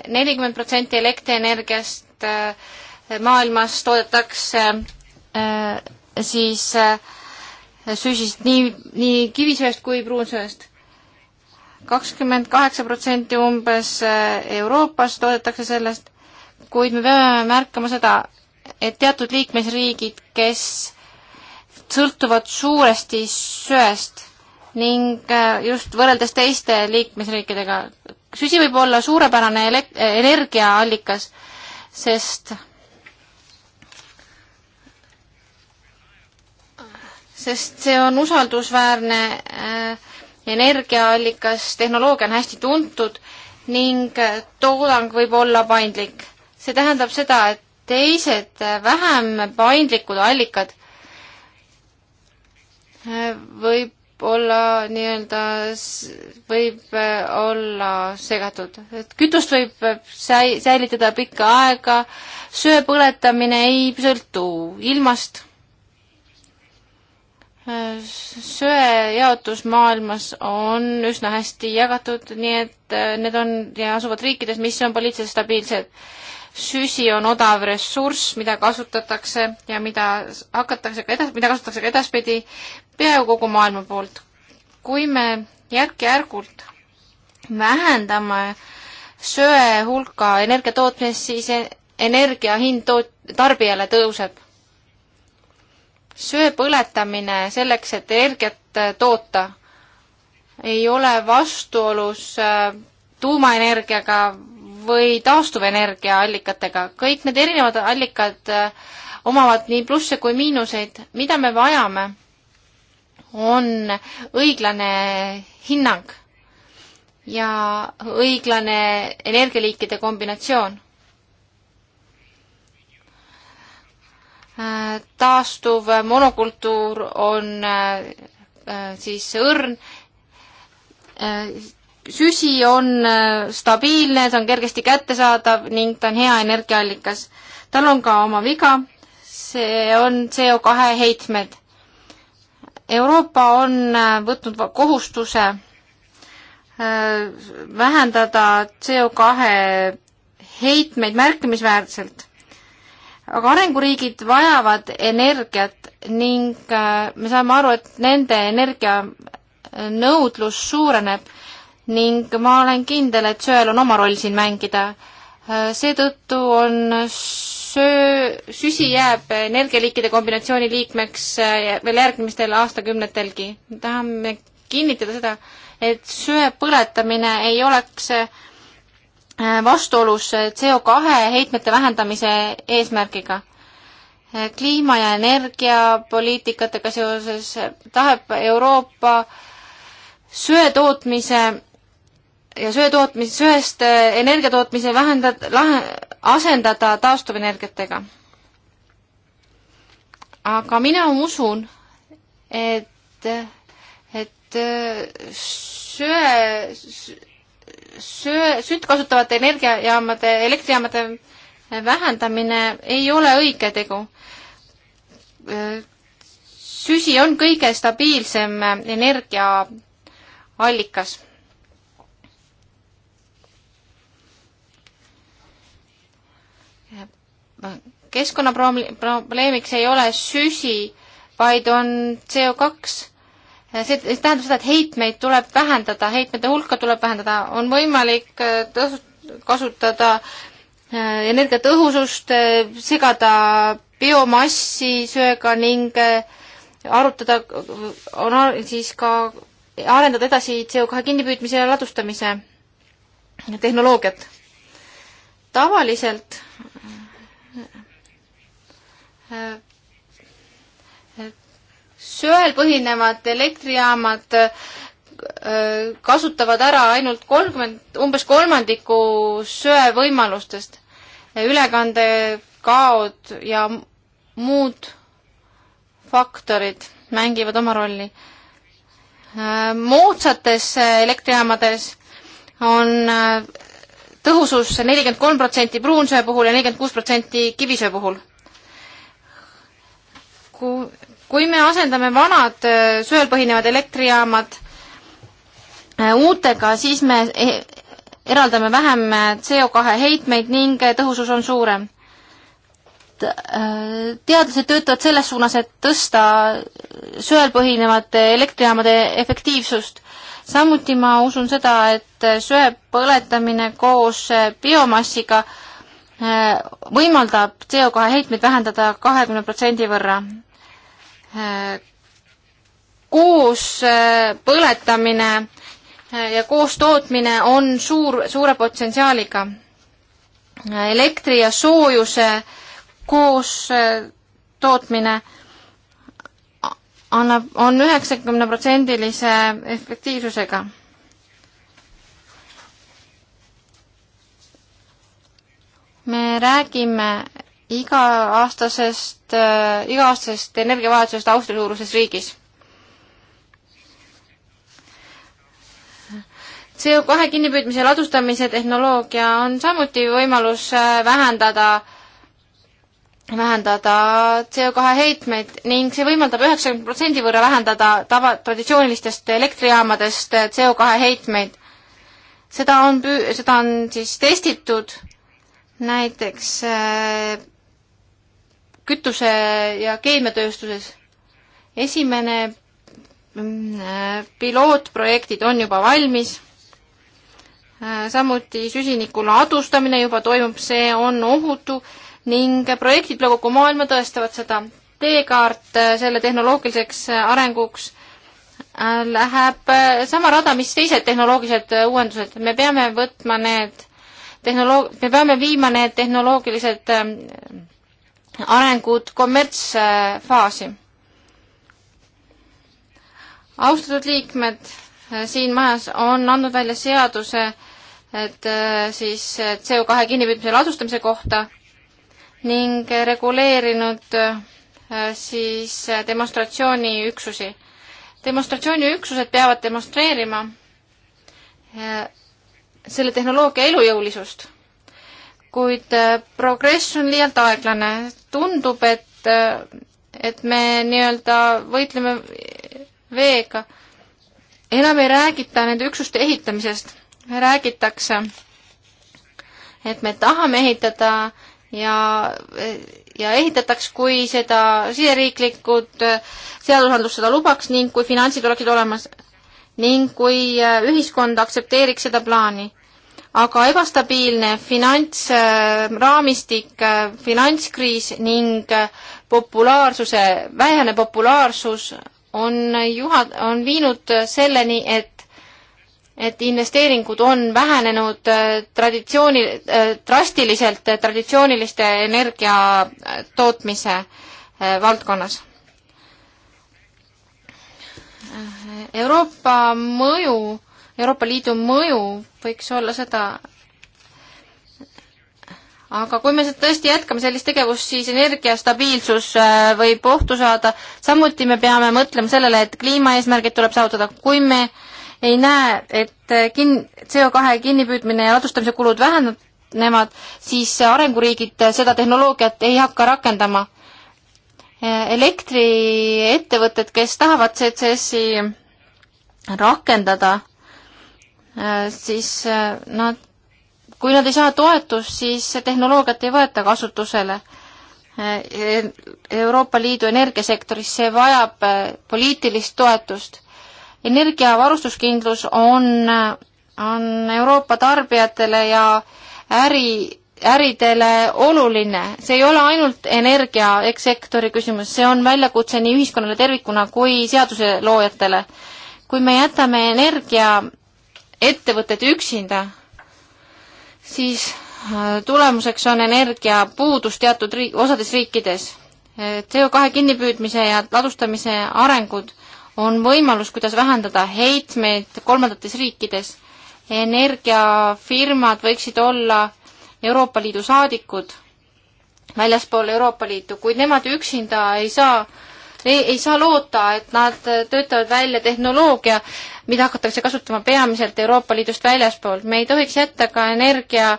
nelikümmend protsenti elektrienergiast äh, maailmas toodetakse äh, siis äh, süsist nii, nii kivisöest kui pruunsöest kakskümmend kaheksa protsenti umbes Euroopas toodetakse sellest, kuid me peame märkama seda, et teatud liikmesriigid, kes sõltuvad suuresti söest ning äh, just võrreldes teiste liikmesriikidega, süsi võib olla suurepärane elek-, energiaallikas, sest sest see on usaldusväärne äh, energiaallikas, tehnoloogia on hästi tuntud ning äh, toodang võib olla paindlik. see tähendab seda, et teised vähem paindlikud allikad võib olla nii-öelda, võib olla segatud, et kütust võib äh, säi-, säilitada pikka aega, söe põletamine ei sõltu ilmast, äh, söe jaotus maailmas on üsna hästi jagatud, nii et äh, need on ja asuvad riikides, mis on poliitiliselt stabiilsed süsi on odav ressurss, mida kasutatakse ja mida hakatakse ka edas-, mida kasutatakse ka edaspidi peaaegu kogu maailma poolt. kui me järk-järgult vähendame söe hulka energia tootmises, siis e-, energia hind toot-, tarbijale tõuseb. söe põletamine selleks, et energiat äh, toota, ei ole vastuolus äh, tuumaenergiaga või taastuvenergiaallikatega. kõik need erinevad allikad äh, omavad nii plusse kui miinuseid. mida me vajame, on õiglane hinnang ja õiglane energialiikide kombinatsioon. Äh, taastuv monokultuur on äh, siis õrn süsi on äh, stabiilne, see on kergesti kättesaadav ning ta on hea energiaallikas. tal on ka oma viga, see on CO2 heitmed. Euroopa on äh, võtnud kohustuse äh, vähendada CO2 heitmeid märkimisväärselt. aga arenguriigid vajavad energiat ning me saame aru, et nende energia nõudlus suureneb ning ma olen kindel, et söel on oma roll siin mängida. Äh, seetõttu on söö, süsi jääb energialiikide kombinatsiooni liikmeks äh, veel järgmistel aastakümnetelgi. tahame kinnitada seda, et söe põletamine ei oleks äh, vastuolus CO2 heitmete vähendamise eesmärgiga kliima- ja energiapoliitikatega seoses tahab Euroopa söetootmise ja söötootmis, söest äh, energiatootmise vähendad, lahe, asendada taastuvenergiatega. aga mina usun, et, et äh, söe, söe, sütt kasutavate energiajaamade, elektrijaamade vähendamine ei ole õige tegu. Äh, süsi on kõige stabiilsem energiaallikas keskkonnaprobleemiks ei ole süsi, vaid on CO2. see tähendab seda, et heitmeid tuleb vähendada, heitmete hulka tuleb vähendada, on võimalik äh, tõs-, kasutada äh, energiatõhusust, äh, segada biomassi söega ning arutada, on siis ka arendada edasi CO2 kinnipüüdmise ja ladustamise tehnoloogiat. tavaliselt söel põhinevad elektrijaamad äh, kasutavad ära ainult kolmkümmend, umbes kolmandiku söe võimalustest. ülekandekaod ja muud faktorid mängivad oma rolli. Äh, moodsates äh, elektrijaamades on tõhusus nelikümmend kolm protsenti pruunsöe puhul ja nelikümmend kuus protsenti kivisöe puhul kui, kui me asendame vanad äh, sööl põhinevad elektrijaamad äh, uutega, siis me e, eraldame vähem äh, CO2 heitmeid ning tõhusus on suurem. teadlased töötavad selles suunas, et tõsta sööl põhinevate elektrijaamade efektiivsust. samuti ma usun seda, et söe põletamine koos biomassiga võimaldab CO2 heitmeid vähendada kahekümne protsendi võrra koos äh, põletamine äh, ja koostootmine on suur, suure potentsiaaliga. elektri ja soojuse koostootmine äh, annab, on üheksakümneprotsendilise efektiivsusega. me räägime iga-aastasest äh,, iga-aastasest energiavahetusest Austria suuruses riigis. CO kahe kinnipüüdmise ladustamise tehnoloogia on samuti võimalus äh, vähendada, vähendada CO kahe heitmeid ning see võimaldab üheksakümne protsendi võrra vähendada tava, traditsioonilistest elektrijaamadest äh, CO kahe heitmeid. seda on, seda on siis testitud näiteks äh, kütuse- ja keemiatööstuses. esimene mm, äh, pilootprojektid on juba valmis, äh, samuti süsiniku ladustamine juba toimub, see on ohutu ning projektid üle kogu maailma tõestavad seda. teekaart äh, selle tehnoloogiliseks arenguks läheb sama rada, mis teised tehnoloogilised uuendused, me peame võtma need tehnoloog-, me peame viima need tehnoloogilised arengut kommertsfaasi. austatud liikmed eh, siin majas on andnud välja seaduse, et eh, siis eh, CO kahe kinnipüüdmise ladustamise kohta ning reguleerinud siis demonstratsiooniüksusi. demonstratsiooniüksused peavad demonstreerima selle tehnoloogia elujõulisust kuid äh, progress on liialt aeglane. tundub, et, äh, et me nii-öelda võitleme veega. enam ei räägita nende üksuste ehitamisest, räägitakse, et me tahame ehitada ja, ja ehitataks, kui seda siseriiklikud äh, seadusandlus seda lubaks ning kui finantsid oleksid olemas ning kui ühiskond aktsepteeriks seda plaani aga ebastabiilne finantsraamistik, äh, äh, finantskriis ning äh, populaarsuse, vähene populaarsus on juha-, on viinud selleni, et et investeeringud on vähenenud traditsiooni, drastiliselt traditsiooniliste energia tootmise valdkonnas. Euroopa mõju Euroopa Liidu mõju võiks olla seda, aga kui me tõesti jätkame sellist tegevust, siis energia stabiilsus äh, võib ohtu saada. samuti me peame mõtlema sellele, et kliimaeesmärgid tuleb saavutada, kui me ei näe, et äh, kin-, CO2 kinnipüüdmine ja ladustamise kulud vähenevad, siis arenguriigid äh, seda tehnoloogiat ei hakka rakendama. elektriettevõtted, kes tahavad CCS-i rakendada, Äh, siis äh, nad, kui nad ei saa toetust, siis tehnoloogiat ei võeta kasutusele. Äh, e-, Euroopa Liidu energiasektoris see vajab poliitilist toetust. energiavarustuskindlus on, on Euroopa tarbijatele ja äri äridele oluline, see ei ole ainult energia sektori küsimus, see on väljakutse nii ühiskonnale tervikuna kui seaduseloojatele. kui me jätame energia ettevõtted üksinda, siis äh, tulemuseks on energiapuudus teatud riik, osades riikides. CO2 kinnipüüdmise ja ladustamise arengud on võimalus, kuidas vähendada heitmeid kolmandates riikides. energiafirmad võiksid olla Euroopa Liidu saadikud väljaspool Euroopa Liitu, kuid nemad üksinda ei saa ei, ei saa loota, et nad töötavad välja tehnoloogia, mida hakatakse kasutama peamiselt Euroopa Liidust väljaspool. me ei tohiks jätta ka energia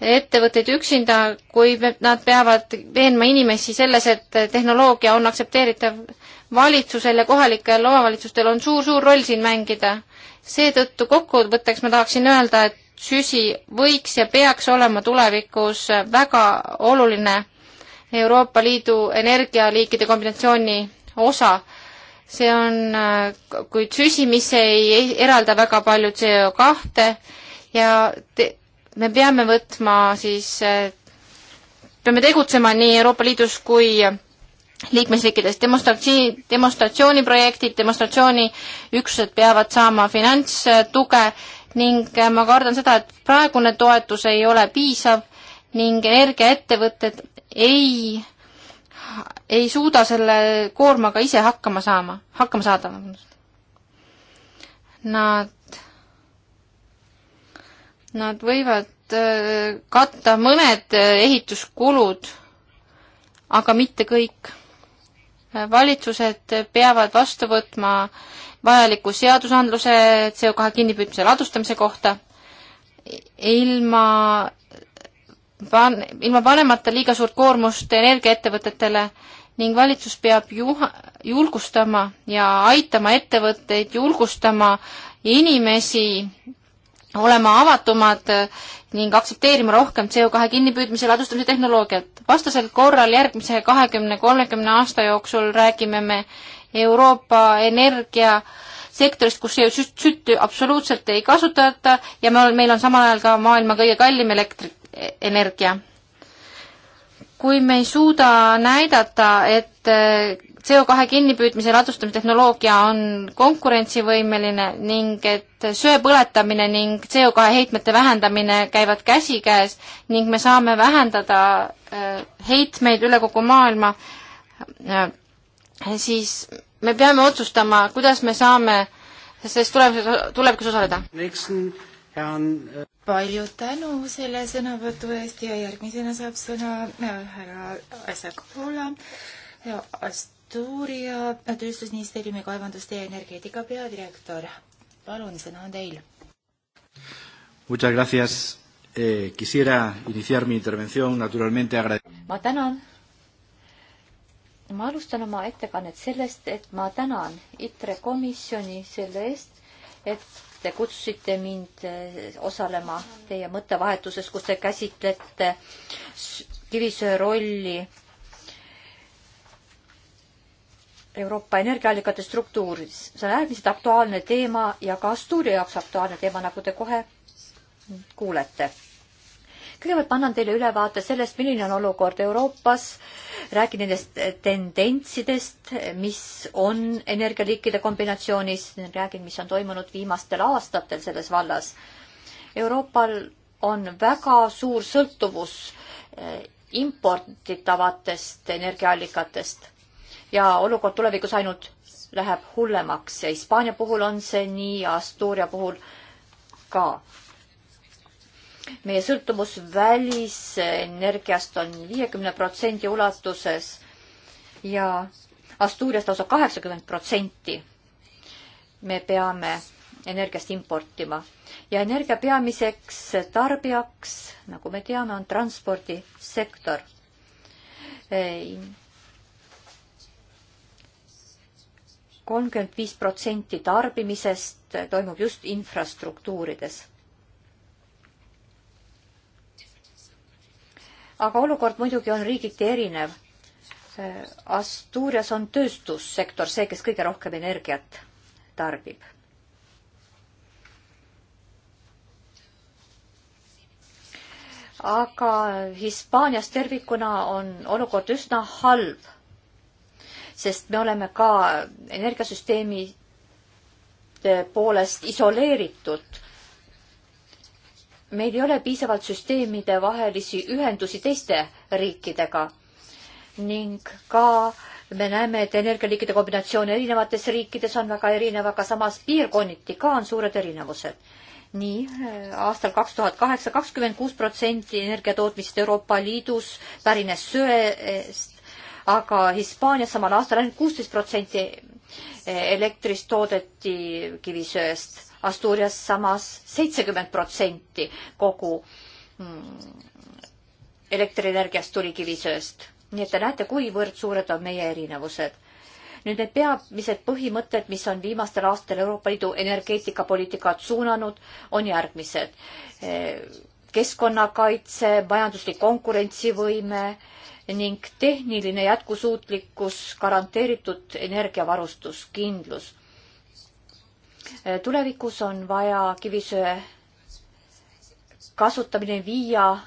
ettevõtteid üksinda, kui nad peavad veenma inimesi selles, et tehnoloogia on aktsepteeritav. valitsusel ja kohalikel omavalitsustel on suur-suur roll siin mängida. seetõttu kokkuvõtteks ma tahaksin öelda, et süsi võiks ja peaks olema tulevikus väga oluline Euroopa Liidu energialiikide kombinatsiooni osa. see on, äh, kuid süsi, mis ei eralda väga palju CO kahte ja te, me peame võtma siis, äh, peame tegutsema nii Euroopa Liidus kui liikmesriikides demonstratsiooni, demonstratsiooniprojektid, demonstratsiooniüksused peavad saama finantstuge ning äh, ma kardan seda, et praegune toetus ei ole piisav ning energiaettevõtted ei, ei suuda selle koormaga ise hakkama saama, hakkama saada. Nad, nad võivad äh, katta mõned äh, ehituskulud, aga mitte kõik. valitsused peavad vastu võtma vajaliku seadusandluse CO2 kinnipüüdmise ladustamise kohta ilma van-, ilma panemata liiga suurt koormust energiaettevõtetele ning valitsus peab juha-, julgustama ja aitama ettevõtteid, julgustama inimesi olema avatumad ning aktsepteerima rohkem CO2 kinnipüüdmise ladustamise tehnoloogiat. vastasel korral järgmise kahekümne, kolmekümne aasta jooksul räägime me Euroopa energiasektorist, kus CO2 süttu absoluutselt ei kasutata ja me, meil on samal ajal ka maailma kõige kallim elektrit energia. kui me ei suuda näidata, et äh, CO2 kinnipüüdmise ladustamistehnoloogia on konkurentsivõimeline ning et söe põletamine ning CO2 heitmete vähendamine käivad käsikäes ning me saame vähendada äh, heitmeid üle kogu maailma, äh, siis me peame otsustama, kuidas me saame selles tulevikus, tulevikus osaleda. Äh, palju tänu selle sõnavõtu eest ja järgmisena saab sõna äh, härra Aisak Poola, äh, Asturia Tööstusministeeriumi kaevanduste ja energeetika peadirektor. palun, sõna on teil. Muchas gracias eh, quisiera iniciar mi intervención naturalmente ma tänan. ma alustan oma ettekannet sellest, et ma tänan ITRE komisjoni selle eest, et te kutsusite mind eh, osalema teie mõttevahetuses, kus te käsitlete kivisöe rolli Euroopa energiaallikate struktuuris. see on äärmiselt aktuaalne teema ja ka Astuuria jaoks aktuaalne teema, nagu te kohe kuulete kõigepealt ma annan teile ülevaate sellest, milline on olukord Euroopas, räägin nendest tendentsidest, mis on energialiikide kombinatsioonis, räägin, mis on toimunud viimastel aastatel selles vallas. Euroopal on väga suur sõltuvus eh, imporditavatest energiaallikatest ja olukord tulevikus ainult läheb hullemaks ja Hispaania puhul on see nii, Asturia puhul ka meie sõltuvus välisenergiast on viiekümne protsendi ulatuses ja Asturias lausa kaheksakümmend protsenti me peame energiast importima ja energia peamiseks tarbijaks, nagu me teame, on transpordisektor. kolmkümmend viis protsenti tarbimisest toimub just infrastruktuurides aga olukord muidugi on riigiti erinev. Äh, Asturias on tööstussektor see, kes kõige rohkem energiat tarbib. aga Hispaanias tervikuna on olukord üsna halb, sest me oleme ka energiasüsteemi poolest isoleeritud meil ei ole piisavalt süsteemide vahelisi ühendusi teiste riikidega ning ka me näeme, et energialiikide kombinatsioon erinevates riikides on väga erinev, aga samas piirkonniti ka on suured erinevused. nii äh, aastal kaks tuhat kaheksa kakskümmend kuus protsenti energiatootmist Euroopa Liidus pärines söest, aga Hispaanias samal aastal ainult kuusteist protsenti äh, elektrist toodeti kivisöest Asturias samas seitsekümmend protsenti kogu mm, elektrienergiast tuli kivisööst. nii et te näete, kuivõrd suured on meie erinevused. nüüd need peamised põhimõtted, mis on viimastel aastatel Euroopa Liidu energeetikapoliitikat suunanud, on järgmised. keskkonnakaitse, majanduslik konkurentsivõime ning tehniline jätkusuutlikkus, garanteeritud energiavarustuskindlus tulevikus on vaja kivisöe kasutamine viia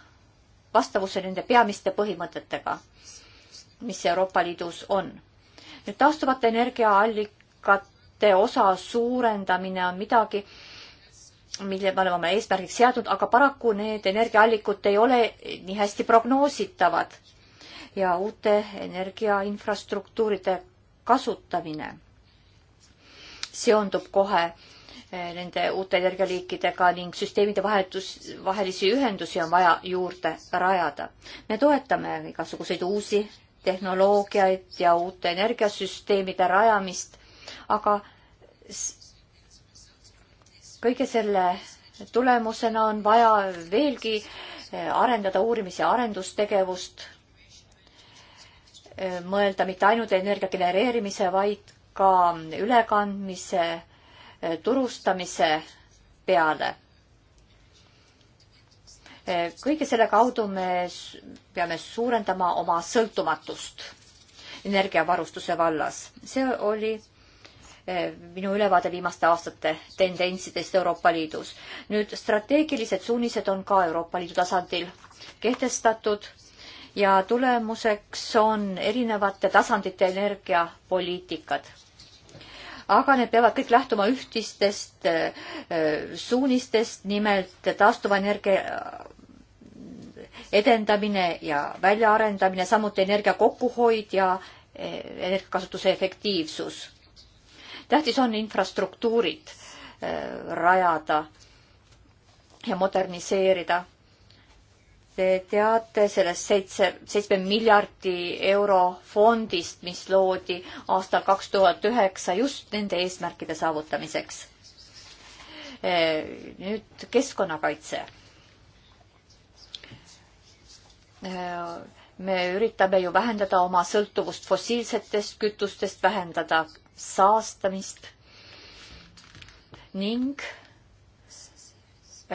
vastavusse nende peamiste põhimõtetega, mis Euroopa Liidus on. nüüd taastuvate energiaallikate osa suurendamine on midagi, mille me oleme oma eesmärgiks seadnud, aga paraku need energiaallikud ei ole nii hästi prognoositavad ja uute energiainfrastruktuuride kasutamine seondub kohe eh, nende uute energialiikidega ning süsteemide vahetus, vahelisi ühendusi on vaja juurde rajada. me toetame igasuguseid uusi tehnoloogiaid ja uute energiasüsteemide rajamist, aga kõige selle tulemusena on vaja veelgi eh, arendada uurimis- ja arendustegevust, eh, mõelda mitte ainult energia genereerimise, vaid ka ülekandmise, eh, turustamise peale. Eh, kõige selle kaudu me peame suurendama oma sõltumatust energiavarustuse vallas. see oli eh, minu ülevaade viimaste aastate tendentsidest Euroopa Liidus. nüüd strateegilised suunised on ka Euroopa Liidu tasandil kehtestatud ja tulemuseks on erinevate tasandite energiapoliitikad aga need peavad kõik lähtuma ühtistest äh, suunistest, nimelt taastuvenergia edendamine ja väljaarendamine, samuti energia kokkuhoid ja äh, energiakasutuse efektiivsus. tähtis on infrastruktuurid äh, rajada ja moderniseerida Te teate sellest seitse, seitsme miljardi euro fondist, mis loodi aastal kaks tuhat üheksa just nende eesmärkide saavutamiseks. Eh, nüüd keskkonnakaitse. Eh, me üritame ju vähendada oma sõltuvust fossiilsetest kütustest, vähendada saastamist ning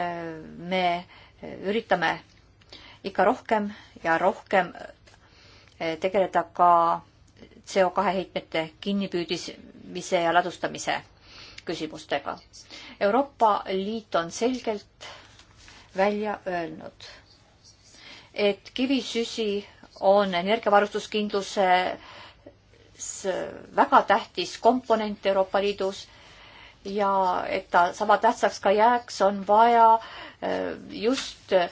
eh, me üritame ikka rohkem ja rohkem eh, tegeleda ka CO2 heitmete kinnipüüdise ja ladustamise küsimustega. Euroopa Liit on selgelt välja öelnud, et kivisüsi on energiavarustuskindluses väga tähtis komponent Euroopa Liidus ja et ta sama tähtsaks ka jääks, on vaja äh, just äh,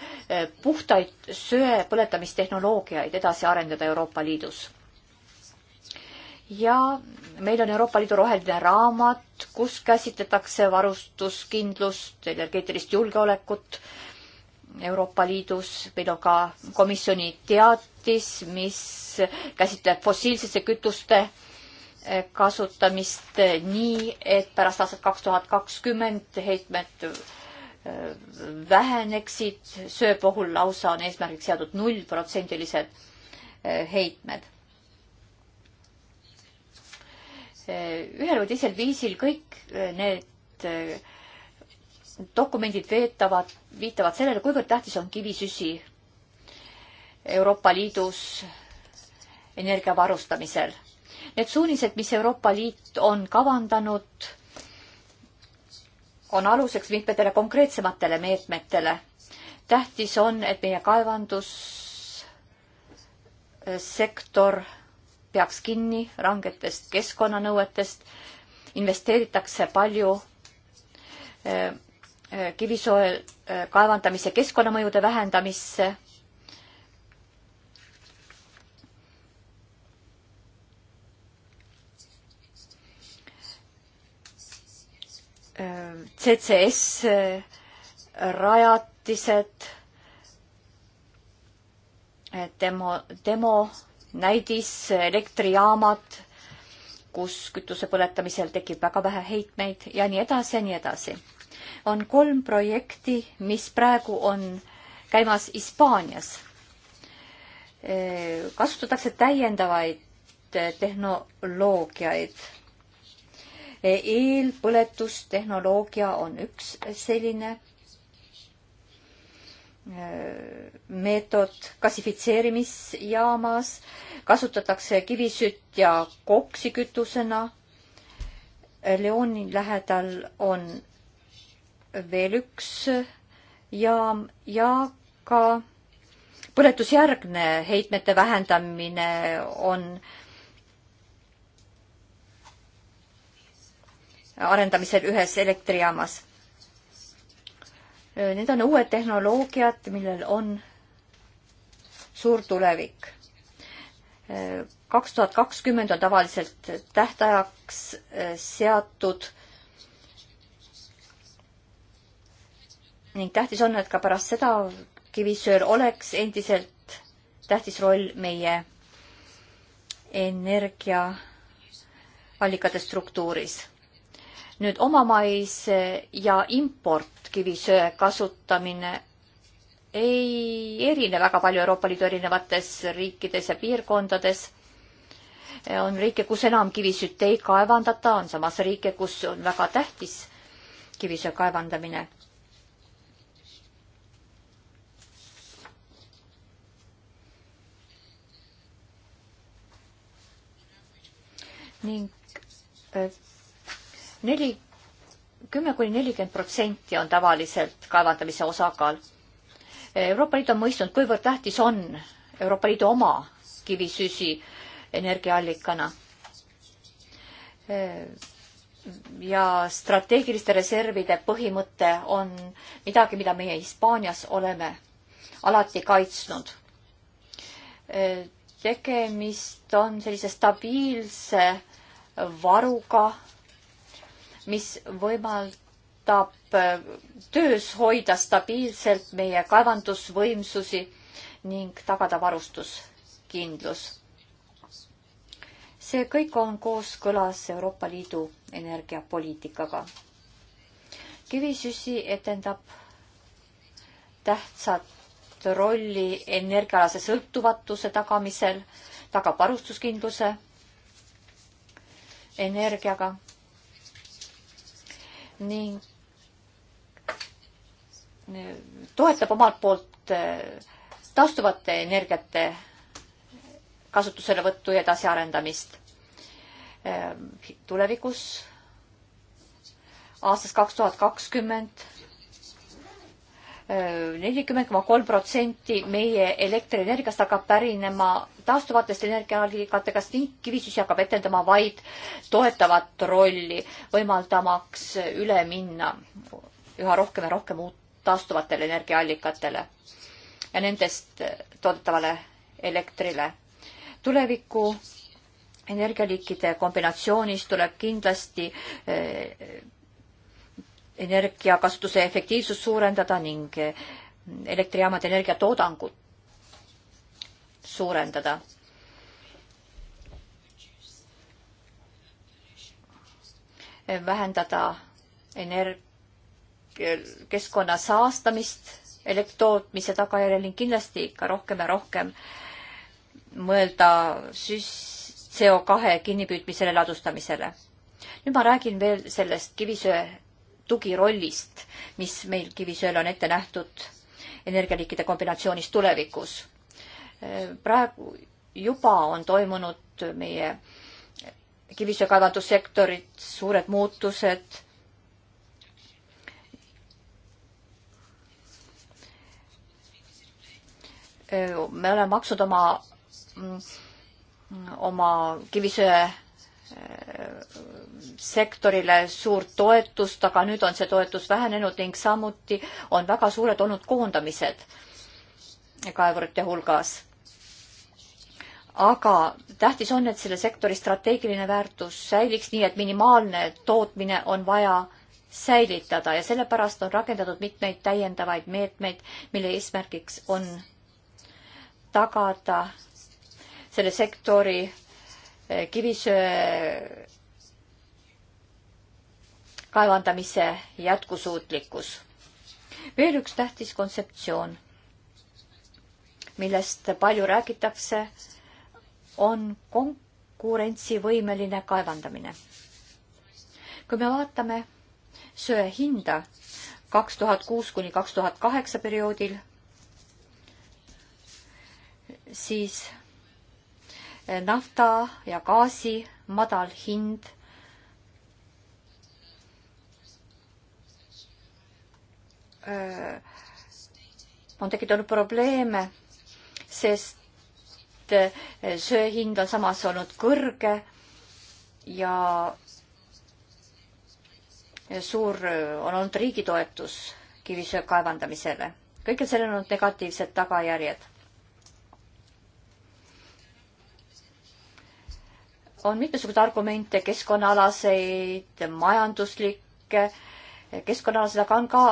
puhtaid söe põletamistehnoloogiaid edasi arendada Euroopa Liidus. ja meil on Euroopa Liidu roheline raamat, kus käsitletakse varustuskindlust, energeetilist julgeolekut Euroopa Liidus. meil on ka komisjoni teatis, mis käsitleb fossiilsete kütuste äh, kasutamist nii, et pärast aastat kaks tuhat kakskümmend heitmed äh, väheneksid, söö puhul lausa on eesmärgiks seatud nullprotsendilised äh, heitmed. Äh, ühel või teisel viisil kõik need dokumendid veetavad, viitavad sellele, kuivõrd tähtis on kivisüsi Euroopa Liidus energia varustamisel Need suunised, mis Euroopa Liit on kavandanud, on aluseks mitmetele konkreetsematele meetmetele. tähtis on, et meie kaevandussektor peaks kinni rangetest keskkonnanõuetest, investeeritakse palju eh, eh, kivisöe eh, kaevandamise keskkonnamõjude vähendamisse CCS äh, rajatised, äh, demo, demo, näidis, äh, elektrijaamad, kus kütuse põletamisel tekib väga vähe heitmeid ja nii edasi ja nii edasi. on kolm projekti, mis praegu on käimas Hispaanias. kasutatakse täiendavaid tehnoloogiaid eelpõletustehnoloogia on üks selline äh, meetod gassifitseerimisjaamas, kasutatakse kivisütt ja koksi kütusena. Leoni lähedal on veel üks jaam ja ka põletusjärgne heitmete vähendamine on äh, arendamisel ühes elektrijaamas. Need on uued tehnoloogiad, millel on suur tulevik. kaks tuhat kakskümmend on tavaliselt tähtajaks seatud ning tähtis on, et ka pärast seda kivisööl oleks endiselt tähtis roll meie energiaallikate struktuuris nüüd omamaise ja importkivisöe kasutamine ei erine väga palju Euroopa Liidu erinevates riikides ja piirkondades. on riike, kus enam kivisütt ei kaevandata, on samas riike, kus on väga tähtis kivisöe kaevandamine ning äh, neli, kümme kuni nelikümmend protsenti on tavaliselt kaevandamise osakaal. Euroopa Liit on mõistnud, kuivõrd tähtis on Euroopa Liidu oma kivisüsi energiaallikana. ja strateegiliste reservide põhimõte on midagi, mida meie Hispaanias oleme alati kaitsnud. tegemist on sellise stabiilse varuga mis võimaldab äh, töös hoida stabiilselt meie kaevandusvõimsusi ning tagada varustuskindlus. see kõik on kooskõlas Euroopa Liidu energiapoliitikaga. kivisüsi etendab tähtsat rolli energiaalase sõltuvatuse tagamisel, tagab varustuskindluse energiaga ning toetab omalt poolt eh, taastuvate energiate kasutuselevõttu ja edasiarendamist. Eh, tulevikus aastast kaks tuhat kakskümmend nelikümmend koma kolm protsenti meie elektrienergiast hakkab pärinema taastuvatest energiaallikatest ning kivisüsi hakkab etendama vaid toetavat rolli, võimaldamaks üle minna üha rohkem ja rohkem uut taastuvatele energiaallikatele ja nendest toodetavale elektrile. tuleviku energialiikide kombinatsioonist tuleb kindlasti eh, energiakasutuse efektiivsust suurendada ning elektrijaamade energiatoodangut suurendada. vähendada energ-, keskkonna saastamist elektrootmise tagajärjel ning kindlasti ikka rohkem ja rohkem mõelda süs-, CO kahe kinnipüüdmisele ladustamisele. nüüd ma räägin veel sellest kivisöe tugirollist, mis meil kivisöel on ette nähtud energialiikide kombinatsioonis tulevikus. praegu juba on toimunud meie kivisöekaevandussektorid, suured muutused me oleme maksnud oma, oma kivisöe sektorile suurt toetust, aga nüüd on see toetus vähenenud ning samuti on väga suured olnud koondamised kaevurite hulgas. aga tähtis on, et selle sektori strateegiline väärtus säiliks, nii et minimaalne tootmine on vaja säilitada ja sellepärast on rakendatud mitmeid täiendavaid meetmeid, mille eesmärgiks on tagada selle sektori kivisöe äh, kaevandamise jätkusuutlikkus. veel üks tähtis kontseptsioon, millest palju räägitakse, on konkurentsivõimeline kaevandamine. kui me vaatame söe hinda kaks tuhat kuus kuni kaks tuhat kaheksa perioodil, siis nafta ja gaasi madal hind. on tekitanud probleeme, sest söe hind on samas olnud kõrge ja suur on olnud riigi toetus kivisöe kaevandamisele. kõigil sellel on negatiivsed tagajärjed on mitmesuguseid argumente, keskkonnaalaseid, majanduslikke, keskkonnaalased, aga on ka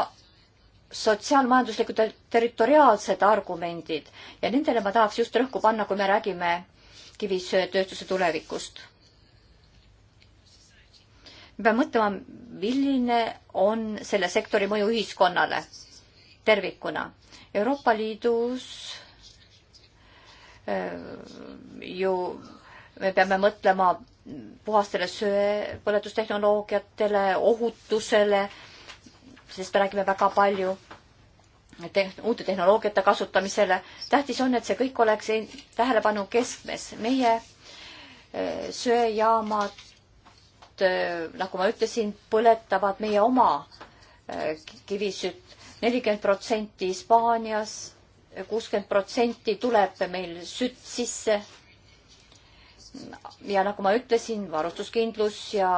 sotsiaalmajanduslikud territoriaalsed argumendid ja nendele ma tahaks just rõhku panna, kui me räägime kivisöetööstuse tulevikust. me peame mõtlema, milline on selle sektori mõju ühiskonnale tervikuna. Euroopa Liidus äh, ju me peame mõtlema puhastele söepõletustehnoloogiatele, ohutusele, sest me räägime väga palju te uute tehnoloogiate kasutamisele. tähtis on, et see kõik oleks tähelepanu keskmes. meie eh, söejaamad, eh, nagu ma ütlesin, põletavad meie oma eh, kivisütt. nelikümmend protsenti Hispaanias, kuuskümmend protsenti tuleb meil sütt sisse ja nagu ma ütlesin, varustuskindlus ja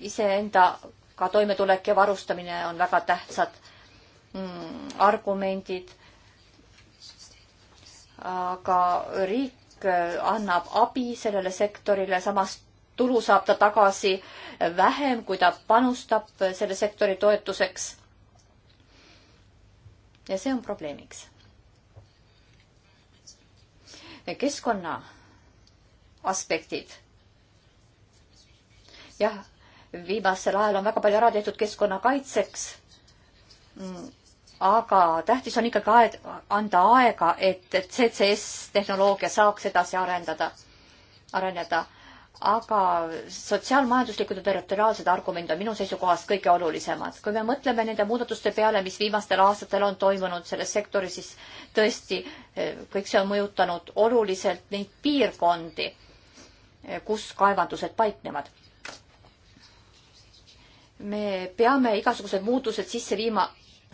iseendaga toimetulek ja varustamine on väga tähtsad mm, argumendid. aga riik äh, annab abi sellele sektorile, samas tulu saab ta tagasi äh, vähem, kui ta panustab äh, selle sektori toetuseks. ja see on probleemiks. keskkonna aspektid. jah, viimasel ajal on väga palju ära tehtud keskkonnakaitseks. Mm, aga tähtis on ikkagi aed, anda aega, et, et CCS tehnoloogia saaks edasi arendada, areneda. aga sotsiaalmajanduslikud ja territoriaalsed argumendid on minu seisukohast kõige olulisemad. kui me mõtleme nende muudatuste peale, mis viimastel aastatel on toimunud selles sektoris, siis tõesti eh, kõik see on mõjutanud oluliselt neid piirkondi kus kaevandused paiknevad. me peame igasugused muutused sisse viima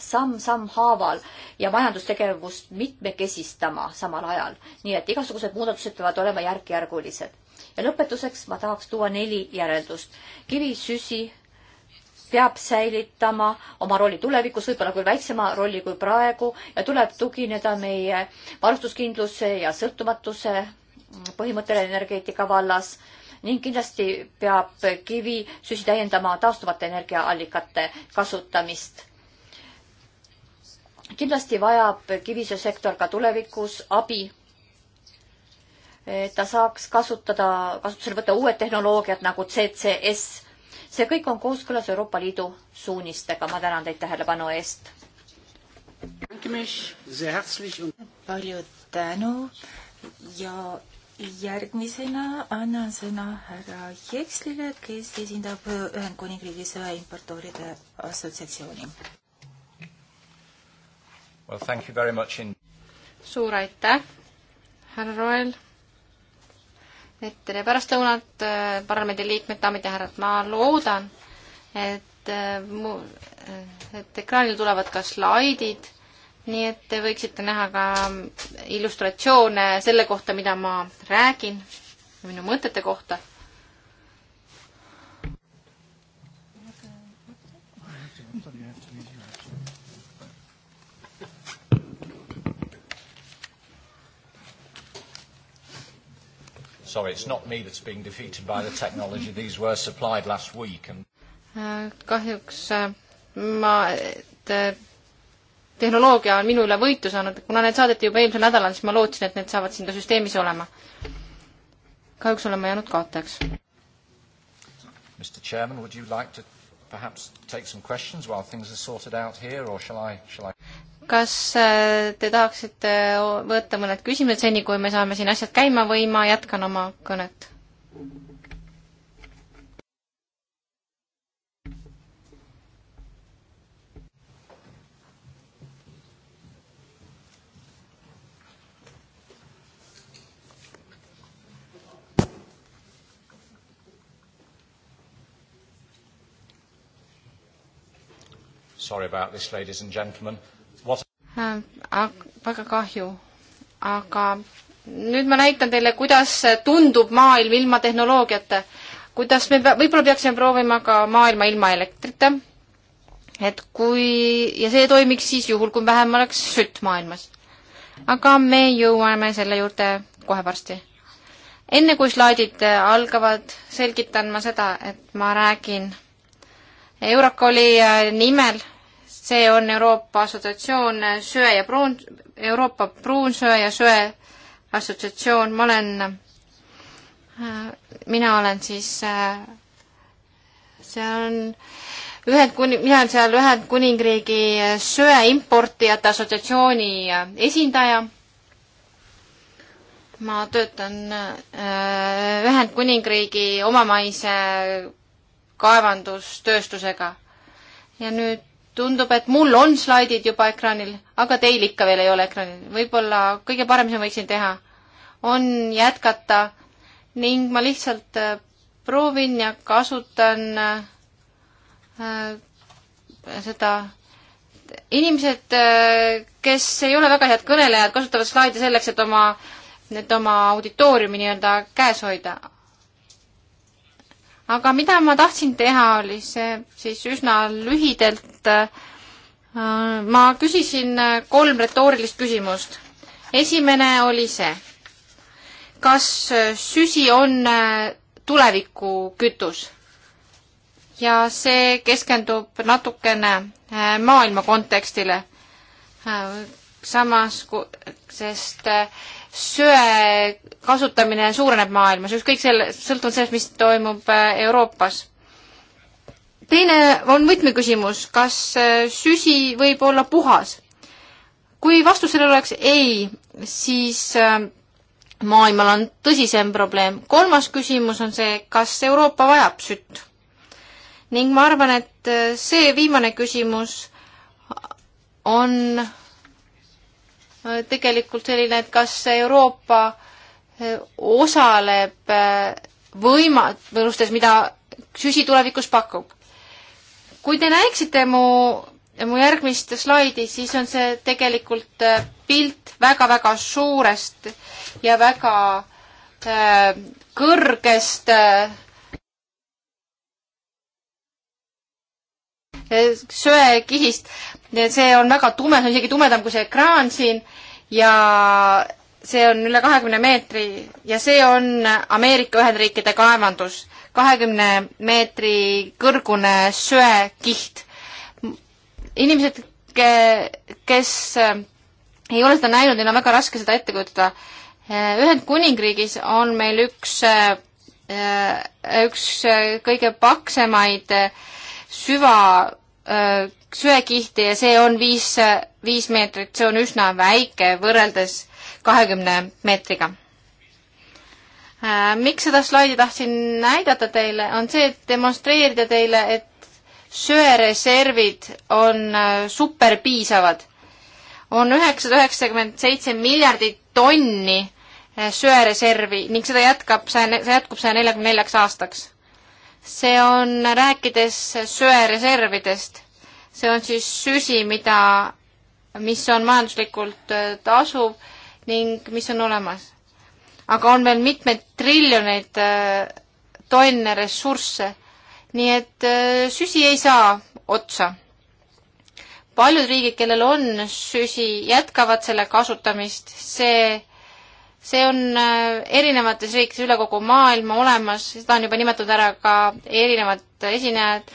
samm-samm haaval ja majandustegevust mitmekesistama samal ajal. nii et igasugused muudatused peavad olema järk-järgulised. ja lõpetuseks ma tahaks tuua neli järeldust. kivisüsi peab säilitama oma rolli tulevikus, võib-olla küll väiksema rolli kui praegu ja tuleb tugineda meie varustuskindluse ja sõltumatuse põhimõttele energeetika vallas ning kindlasti peab kivisüsi täiendama taastuvate energiaallikate kasutamist. kindlasti vajab kivisöösektor ka tulevikus abi. ta saaks kasutada, kasutusele võtta uued tehnoloogiad nagu CCS. see kõik on kooskõlas Euroopa Liidu suunistega. ma tänan teid tähelepanu eest. palju tänu ja järgmisena annan sõna härra Jekslile, kes esindab Ühendkuningriigi söeimportööride assotsiatsiooni. Well, thank you very much in... suur aitäh, härra Roel. et tere pärastlõunat äh,, parlamendiliikmed, daamid ja härrad, ma loodan, et äh, mu, äh, et ekraanil tulevad ka slaidid nii et te võiksite näha ka illustratsioone selle kohta, mida ma räägin, minu mõtete kohta. Sorry, it's not me that's being defeated by the technology. These were supplied last week and kahjuks äh, ma äh, tehnoloogia on minu üle võitu saanud, kuna need saadeti juba eelmisel nädalal, siis ma lootsin, et need saavad siin ka süsteemis olema. kahjuks olen ma jäänud kaotajaks. Mr Chairman, would you like to perhaps take some questions while things are sorted out here or shall I, shall I? kas äh, te tahaksite võtta mõned küsimused seni, kui me saame siin asjad käima või ma jätkan oma kõnet? Sorry about this, ladies and gentlemen. What... Äh, väga kahju, aga nüüd ma näitan teile, kuidas tundub maailm ilma tehnoloogiata. kuidas me võib-olla peaksime proovima ka maailma ilma elektrita. et kui, ja see toimiks siis juhul, kui vähem oleks sütt maailmas. aga me jõuame selle juurde kohe varsti. enne kui slaidid algavad, selgitan ma seda, et ma räägin Eurocoli äh, nimel see on Euroopa Assotsiatsioon söe ja pruun, Euroopa pruunsöe ja söe assotsiatsioon, ma olen, äh, mina olen siis, äh, see on Ühendkuni-, mina olen seal Ühendkuningriigi söeimportijate assotsiatsiooni äh, esindaja. ma töötan Ühendkuningriigi omamaise kaevandustööstusega ja nüüd tundub, et mul on slaidid juba ekraanil, aga teil ikka veel ei ole ekraanil. võib-olla kõige parem, mis ma võiksin teha, on jätkata ning ma lihtsalt äh, proovin ja kasutan äh, seda inimesed, äh, kes ei ole väga head kõnelejad, kasutavad slaide selleks, et oma, et oma auditooriumi nii-öelda käes hoida aga mida ma tahtsin teha, oli see siis üsna lühidalt. Äh, ma küsisin äh, kolm retoorilist küsimust. esimene oli see, kas äh, süsi on tulevikukütus? ja see keskendub natukene maailma kontekstile. samas, sest söe kasutamine suureneb maailmas, ükskõik selle, sõltuvalt sellest, mis toimub äh, Euroopas. teine on võtmeküsimus, kas äh, süsi võib olla puhas? kui vastus sellele oleks ei, siis äh, maailmal on tõsisem probleem. kolmas küsimus on see, kas Euroopa vajab sütt? ning ma arvan, et see viimane küsimus on Äh, tegelikult selline, et kas Euroopa äh, osaleb äh, võimalustes, mida süsi tulevikus pakub. kui te näeksite mu, mu järgmist slaidi, siis on see tegelikult pilt väga-väga suurest ja väga äh, kõrgest äh, söekihist, see on väga tume, see on isegi tumedam kui see ekraan siin ja see on üle kahekümne meetri ja see on Ameerika Ühendriikide kaevandus. kahekümne meetri kõrgune söekiht. inimesed, kes eh, ei ole seda näinud, neil on väga raske seda ette kujutada. Eh, Ühendkuningriigis on meil üks, eh, üks kõige paksemaid süva söekihti ja see on viis, viis meetrit, see on üsna väike võrreldes kahekümne meetriga. Äh, miks seda slaidi tahtsin näidata teile, on see, et demonstreerida teile, et söereservid on äh, superpiisavad. on üheksasada üheksakümmend seitse miljardit tonni äh, söereservi ning seda jätkab, see jätkub saja neljakümne neljaks aastaks. see on, rääkides söereservidest, see on siis süsi, mida, mis on majanduslikult äh, tasuv ning mis on olemas. aga on veel mitmeid triljoneid äh, tonne ressursse, nii et äh, süsi ei saa otsa. paljud riigid, kellel on süsi, jätkavad selle kasutamist, see see on erinevates riikides üle kogu maailma olemas, seda on juba nimetatud ära ka erinevad esinejad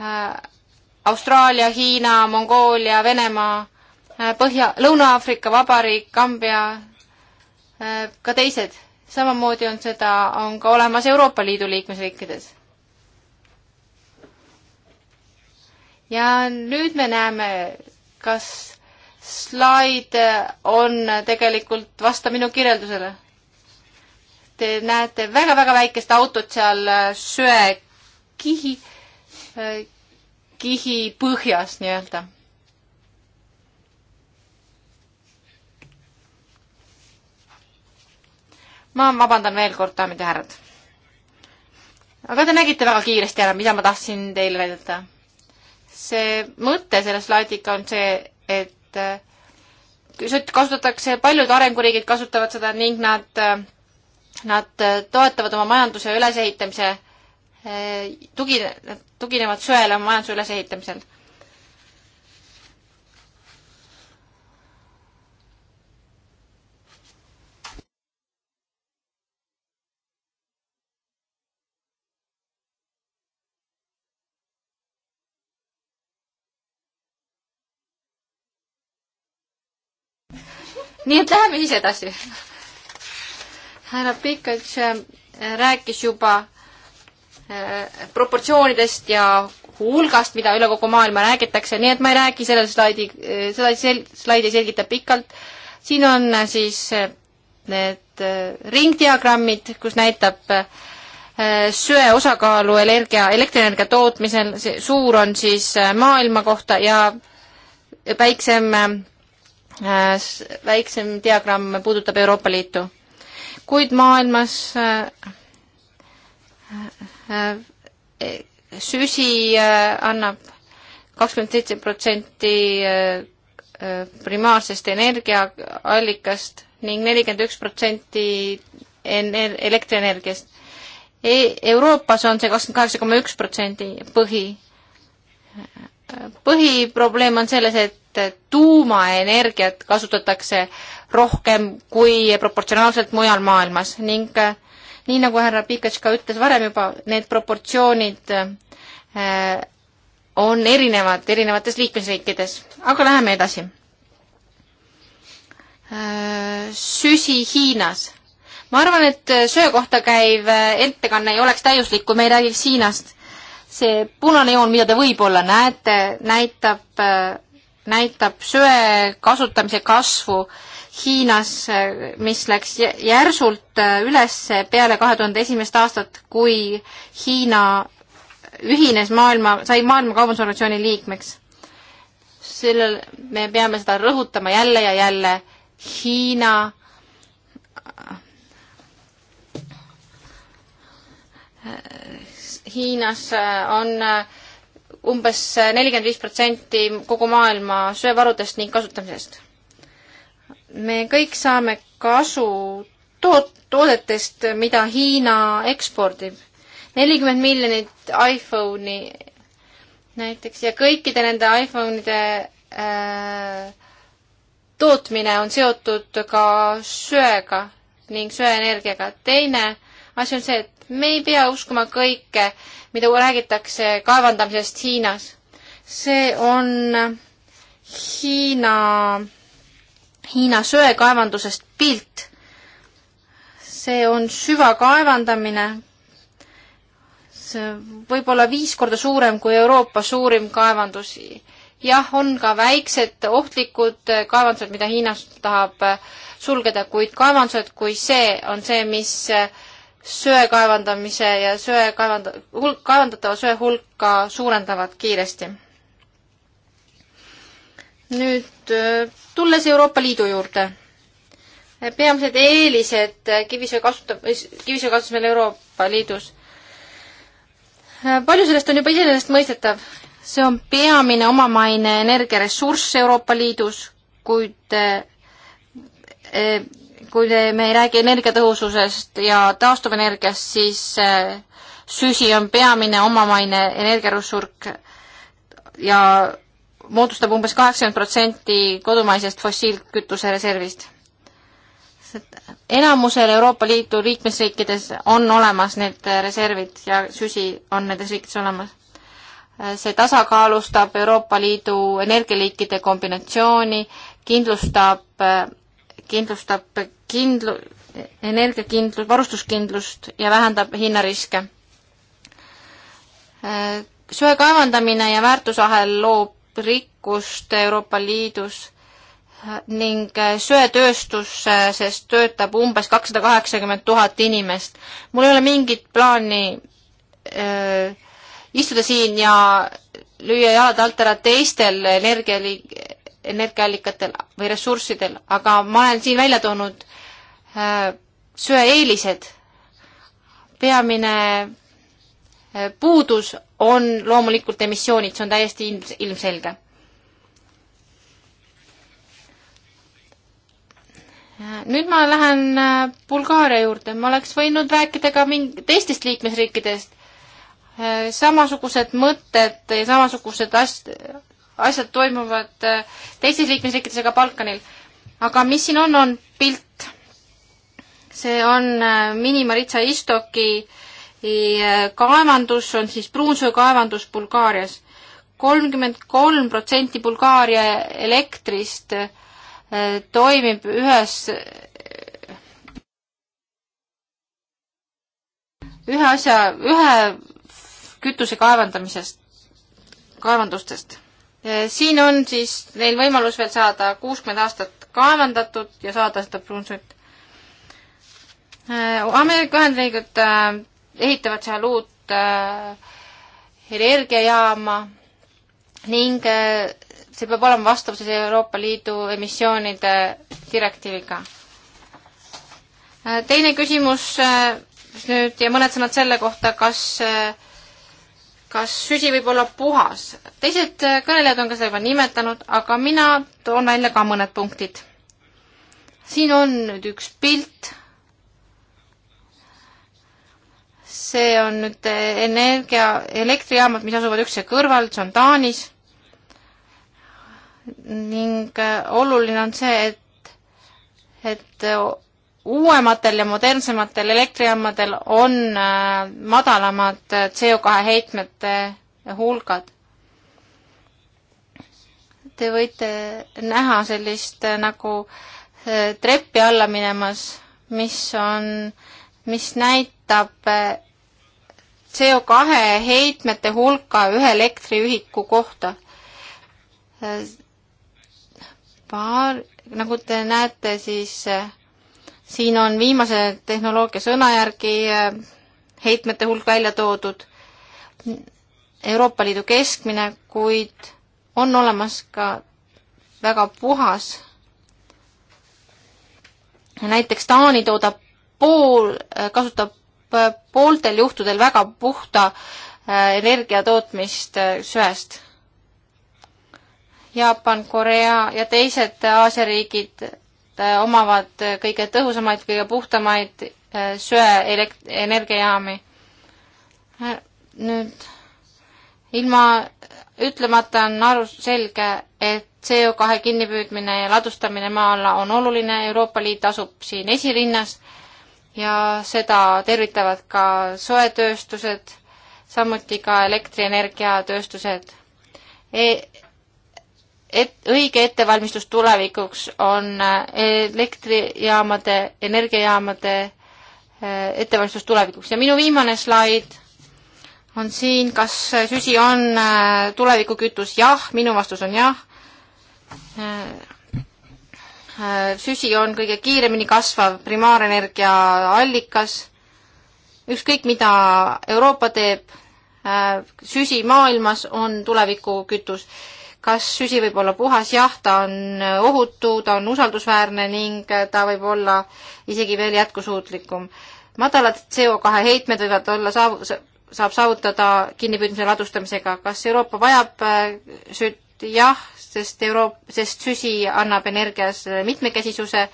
äh,, Austraalia, Hiina, Mongoolia, Venemaa, äh, Põhja, Lõuna-Aafrika Vabariik, Kambja, äh, ka teised. samamoodi on seda, on ka olemas Euroopa Liidu liikmesriikides. ja nüüd me näeme, kas slaid on tegelikult, vasta minu kirjeldusele. Te näete väga-väga väikest autot seal äh, söekihi kihi põhjas nii-öelda. ma vabandan veel kord, daamid ja härrad. aga te nägite väga kiiresti ära, mida ma tahtsin teile näidata. see mõte selle slaidiga on see, et äh, kasutatakse, paljud arenguriigid kasutavad seda ning nad, äh, nad äh, toetavad oma majanduse ülesehitamise äh, Äh, tugine, tuginevad söele majanduse ülesehitamisel. nii et läheme siis edasi. härra Pikats äh, rääkis juba Äh, proportsioonidest ja hulgast, mida üle kogu maailma räägitakse, nii et ma ei räägi selle slaidi, äh, seda sel-, slaidi selgitab pikalt. siin on äh, siis need ringdiagrammid, kus näitab söe osakaalu energia, elektrienergia tootmisel, see suur on siis maailma kohta ja väiksem, väiksem diagramm puudutab Euroopa Liitu. kuid maailmas Äh, äh, süsi äh, annab kakskümmend seitse protsenti primaarsest energiaallikast ning nelikümmend üks protsenti elektrienergiast e. Euroopas on see kakskümmend kaheksa koma üks protsendi põhi. põhiprobleem on selles, et tuumaenergiat kasutatakse rohkem kui proportsionaalselt mujal maailmas ning äh, nii nagu härra Pikas ka ütles varem juba, need proportsioonid eh, on erinevad erinevates liikmesriikides, aga läheme edasi. Eh, süsi Hiinas. ma arvan, et söö kohta käiv eh, ettekanne ei oleks täiuslik, kui me ei räägiks Hiinast. see punane joon, mida te võib-olla näete, näitab, näitab söe kasutamise kasvu äh, Hiinas, mis läks järsult äh, üles peale kahe tuhande esimest aastat, kui Hiina ühines maailma, sai Maailma Kaubandusorganisatsiooni liikmeks. sellel, me peame seda rõhutama jälle ja jälle, Hiina äh, Hiinas äh, on umbes nelikümmend viis protsenti kogu maailma söevarudest ning kasutamisest me kõik saame kasu toot-, toodetest, mida Hiina ekspordib. nelikümmend miljonit iPhone'i näiteks ja kõikide nende iPhone'ide äh, tootmine on seotud ka söega ning söeenergiaga. teine asi on see, et me ei pea uskuma kõike, mida räägitakse kaevandamisest Hiinas. see on Hiina äh, Hiina söekaevandusest pilt. see on süvakaevandamine, see võib olla viis korda suurem kui Euroopa suurim kaevandus. jah, on ka väiksed ohtlikud kaevandused, mida Hiinas tahab sulgeda, kuid kaevandused kui see on see, mis söe kaevandamise ja söe kaevanda-, hulk, kaevandatava söe hulka suurendavad kiiresti nüüd äh, tulles Euroopa Liidu juurde. Äh, peamised eelised äh, kivisöe kasutab, kivisöe kasutamisel Euroopa Liidus. palju sellest on juba iseenesestmõistetav. see on peamine omamaine energiaressurss Euroopa Liidus, kuid kui me ei räägi energiatõhususest ja taastuvenergiast, siis süsi on peamine omamaine energiaressurss ja moodustab umbes kaheksakümmend protsenti kodumaisest fossiilkütuse reservist. enamusel Euroopa Liidu liikmesriikides on olemas need reservid ja süsi on nendes riikides olemas. see tasakaalustab Euroopa Liidu energialiikide kombinatsiooni, kindlustab, kindlustab kindlu-, energiakindlust, varustuskindlust ja vähendab hinnariske söe kaevandamine ja väärtusahel loob rikkust Euroopa Liidus ning äh, söetööstuses töötab umbes kakssada kaheksakümmend tuhat inimest. mul ei ole mingit plaani äh, istuda siin ja lüüa jalad alt ära teistel energiali-, energiaallikatel või ressurssidel, aga ma olen siin välja toonud äh, söe eelised. peamine äh, puudus on loomulikult emissioonid, see on täiesti ilms-, ilmselge. nüüd ma lähen äh, Bulgaaria juurde, ma oleks võinud rääkida ka mingi teistest liikmesriikidest. Äh, samasugused mõtted ja samasugused as-, asjad toimuvad äh, teistes liikmesriikides ja ka Balkanil. aga mis siin on, on pilt. see on Mini Maritsa Istoki äh, Äh, kaevandus on siis pruunsöökaevandus Bulgaarias. kolmkümmend kolm protsenti Bulgaaria elektrist äh, toimib ühes, ühe asja, ühe kütuse kaevandamisest, kaevandustest. Äh, siin on siis neil võimalus veel saada kuuskümmend aastat kaevandatud ja saada seda pruunsööt. Ameerika Ühendriigid ehitavad seal uut äh, energiajaama ning äh, see peab olema vastavuses Euroopa Liidu emissioonide direktiiviga äh,. teine küsimus äh, nüüd ja mõned sõnad selle kohta, kas äh, kas süsi võib olla puhas. teised äh, kõnelejad on ka seda juba nimetanud, aga mina toon välja ka mõned punktid. siin on nüüd üks pilt see on nüüd energia, elektrijaamad, mis asuvad üksteise kõrval, see on Taanis. ning äh, oluline on see, et, et uuematel ja modernsematel elektrijaamadel on äh, madalamad äh, CO2 heitmete hulgad. Te võite näha sellist nagu treppi alla minemas, mis on, mis näitab näitab CO kahe heitmete hulka ühe elektriühiku kohta. paar, nagu te näete, siis eh, siin on viimase tehnoloogia sõna järgi eh, heitmete hulk välja toodud Euroopa Liidu keskmine, kuid on olemas ka väga puhas. näiteks Taani toodab pool, eh, kasutab Äh, pooltel juhtudel väga puhta äh, energia tootmist äh, söest. Jaapan, Korea ja teised Aasia riigid omavad kõige tõhusamaid, kõige puhtamaid söe elekt-, energiajaami. nüüd ilma ütlemata on aru selge, et CO2 kinnipüüdmine ja ladustamine maa alla on oluline, Euroopa Liit asub siin esirinnas ja seda tervitavad ka soetööstused, samuti ka elektrienergiatööstused e. Et, õige ettevalmistus tulevikuks on äh, elektrijaamade, energiajaamade äh, ettevalmistus tulevikuks ja minu viimane slaid on siin, kas süsi on äh, tulevikukütus, jah, minu vastus on jah Äh, süsi on kõige kiiremini kasvav primaarenergia allikas. ükskõik, mida Euroopa teeb, äh, süsi maailmas on tulevikukütus. kas süsi võib olla puhas? jah, ta on äh, ohutu, ta on usaldusväärne ning ta võib olla isegi veel jätkusuutlikum. madalad CO2 heitmed võivad olla saav-, saab saavutada kinnipüüdmise ladustamisega. kas Euroopa vajab sütt? jah, sest Euroop-, sest süsi annab energias mitmekesisuse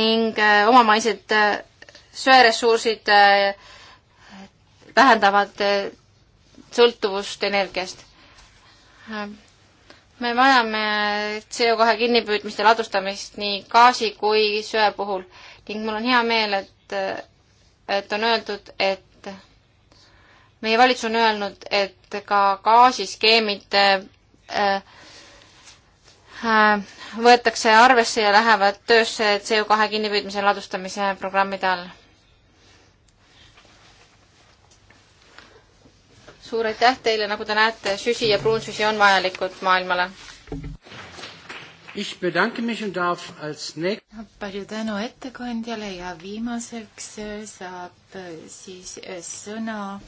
ning äh, omamaised äh, söeressursid äh, vähendavad sõltuvust energiast. me vajame CO2 kinnipüüdmist ja ladustamist nii gaasi kui söe puhul ning mul on hea meel, et, et on öeldud, et meie valitsus on öelnud, et ka gaasiskeemid Äh, võetakse arvesse ja lähevad töösse CO2 kinnipüüdmise ladustamise programmide all. suur aitäh teile, nagu te näete, süsi ja pruunsüsi on vajalikud maailmale. palju tänu ettekandjale ja viimaseks äh, saab äh, siis sõna äh,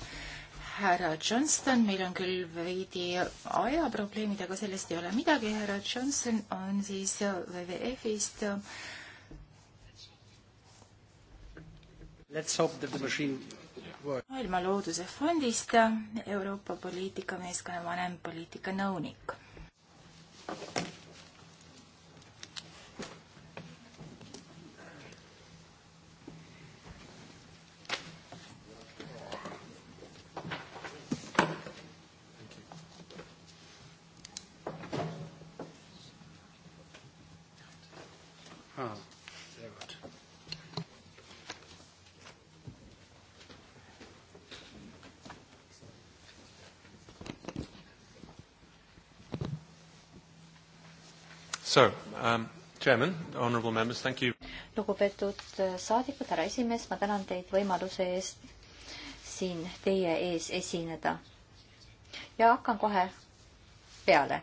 härra Johnston, meil on küll veidi ajaprobleemid, aga sellest ei ole midagi. härra Johnson on siis WWF-ist. maailma Looduse Fondist, Euroopa poliitikameeskonna vanem poliitikanõunik. So, um, Chairman, honorable members, thank you. lugupeetud äh, saadikud, härra esimees, ma tänan teid võimaluse eest siin teie ees esineda. ja hakkan kohe peale.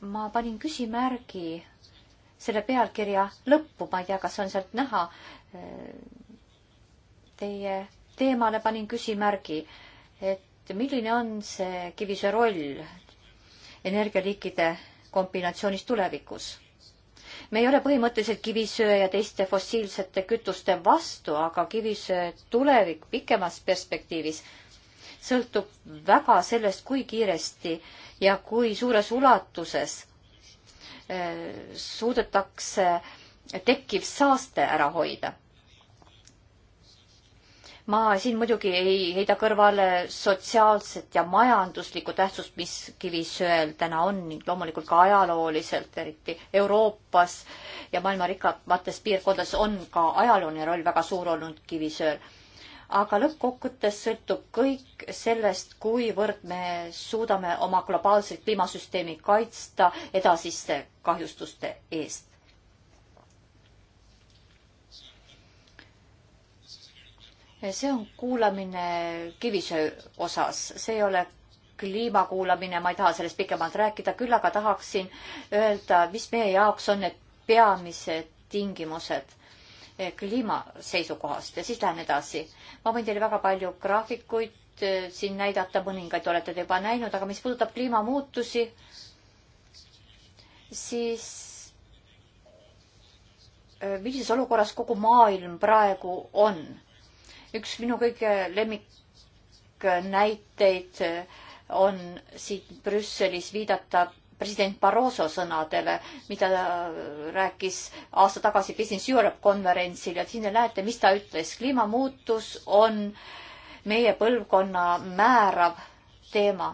ma panin küsimärgi selle pealkirja lõppu, ma ei tea, kas on sealt näha. Äh, teie teemale panin küsimärgi, et milline on see kivisöe roll energialiikide kombinatsioonis tulevikus. me ei ole põhimõtteliselt kivisöe ja teiste fossiilsete kütuste vastu, aga kivisöe tulevik pikemas perspektiivis sõltub väga sellest, kui kiiresti ja kui suures ulatuses äh, suudetakse tekkiv saaste ära hoida ma siin muidugi ei heida kõrvale sotsiaalset ja majanduslikku tähtsust, mis kivisöel täna on ning loomulikult ka ajalooliselt, eriti Euroopas ja maailma rikkamates piirkondades on ka ajalooline roll väga suur olnud kivisööl. aga lõppkokkuvõttes sõltub kõik sellest, kuivõrd me suudame oma globaalset kliimasüsteemi kaitsta edasiste kahjustuste eest see on kuulamine kivisöö osas, see ei ole kliimakuulamine, ma ei taha sellest pikemalt rääkida, küll aga tahaksin öelda, mis meie jaoks on need peamised tingimused eh, kliima seisukohast ja siis lähen edasi. ma võin teile väga palju graafikuid eh, siin näidata, mõningaid olete te juba näinud, aga mis puudutab kliimamuutusi, siis eh, millises olukorras kogu maailm praegu on üks minu kõige lemmiknäiteid on siin Brüsselis viidata president Barroso sõnadele, mida ta rääkis aasta tagasi Business Europe konverentsil ja siin te näete, mis ta ütles. kliimamuutus on meie põlvkonna määrav teema.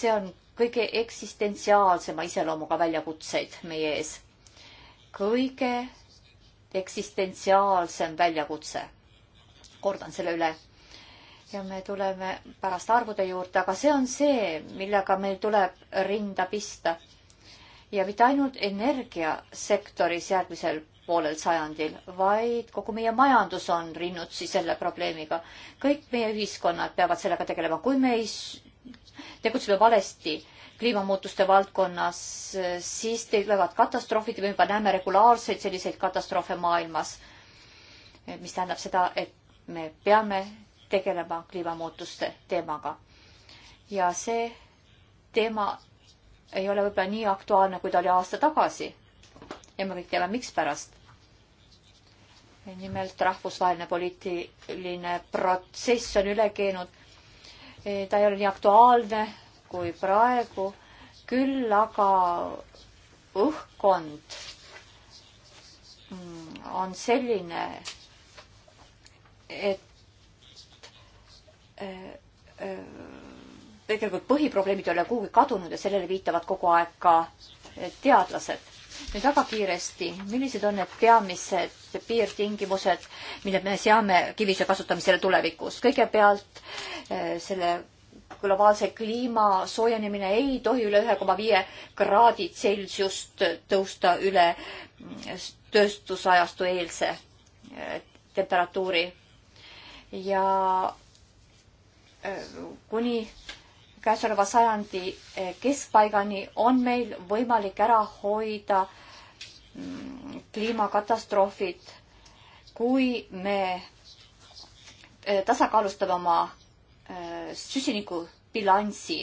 see on kõige eksistentsiaalsema iseloomuga väljakutseid meie ees. kõige eksistentsiaalsem väljakutse kordan selle üle. ja me tuleme pärast arvude juurde, aga see on see, millega meil tuleb rinda pista. ja mitte ainult energiasektoris järgmisel poolel sajandil, vaid kogu meie majandus on rinnutsi selle probleemiga. kõik meie ühiskonnad peavad sellega tegelema, kui me ei tegutseme valesti kliimamuutuste valdkonnas, siis tulevad katastroofid ja me juba näeme regulaarseid selliseid katastroofe maailmas. mis tähendab seda, et me peame tegelema kliimamuutuste teemaga. ja see teema ei ole võib-olla nii aktuaalne, kui ta oli aasta tagasi. ja me kõik teame, mikspärast. nimelt rahvusvaheline poliitiline protsess on üle keenud. E, ta ei ole nii aktuaalne kui praegu, küll aga õhkkond mm, on selline, et äh, äh, tegelikult põhiprobleemid ei ole kuhugi kadunud ja sellele viitavad kogu aeg ka äh, teadlased. nüüd väga kiiresti, millised on need peamised piirtingimused, mille me seame kivisöe kasutamisele tulevikus? kõigepealt selle globaalse kliima soojenemine ei tohi üle ühe koma viie kraadi Celsiust tõusta üle mm, tööstusajastu eelse temperatuuri ja kuni käesoleva sajandi keskpaigani on meil võimalik ära hoida mm, kliimakatastroofid, kui me tasakaalustame oma süsinikubilansi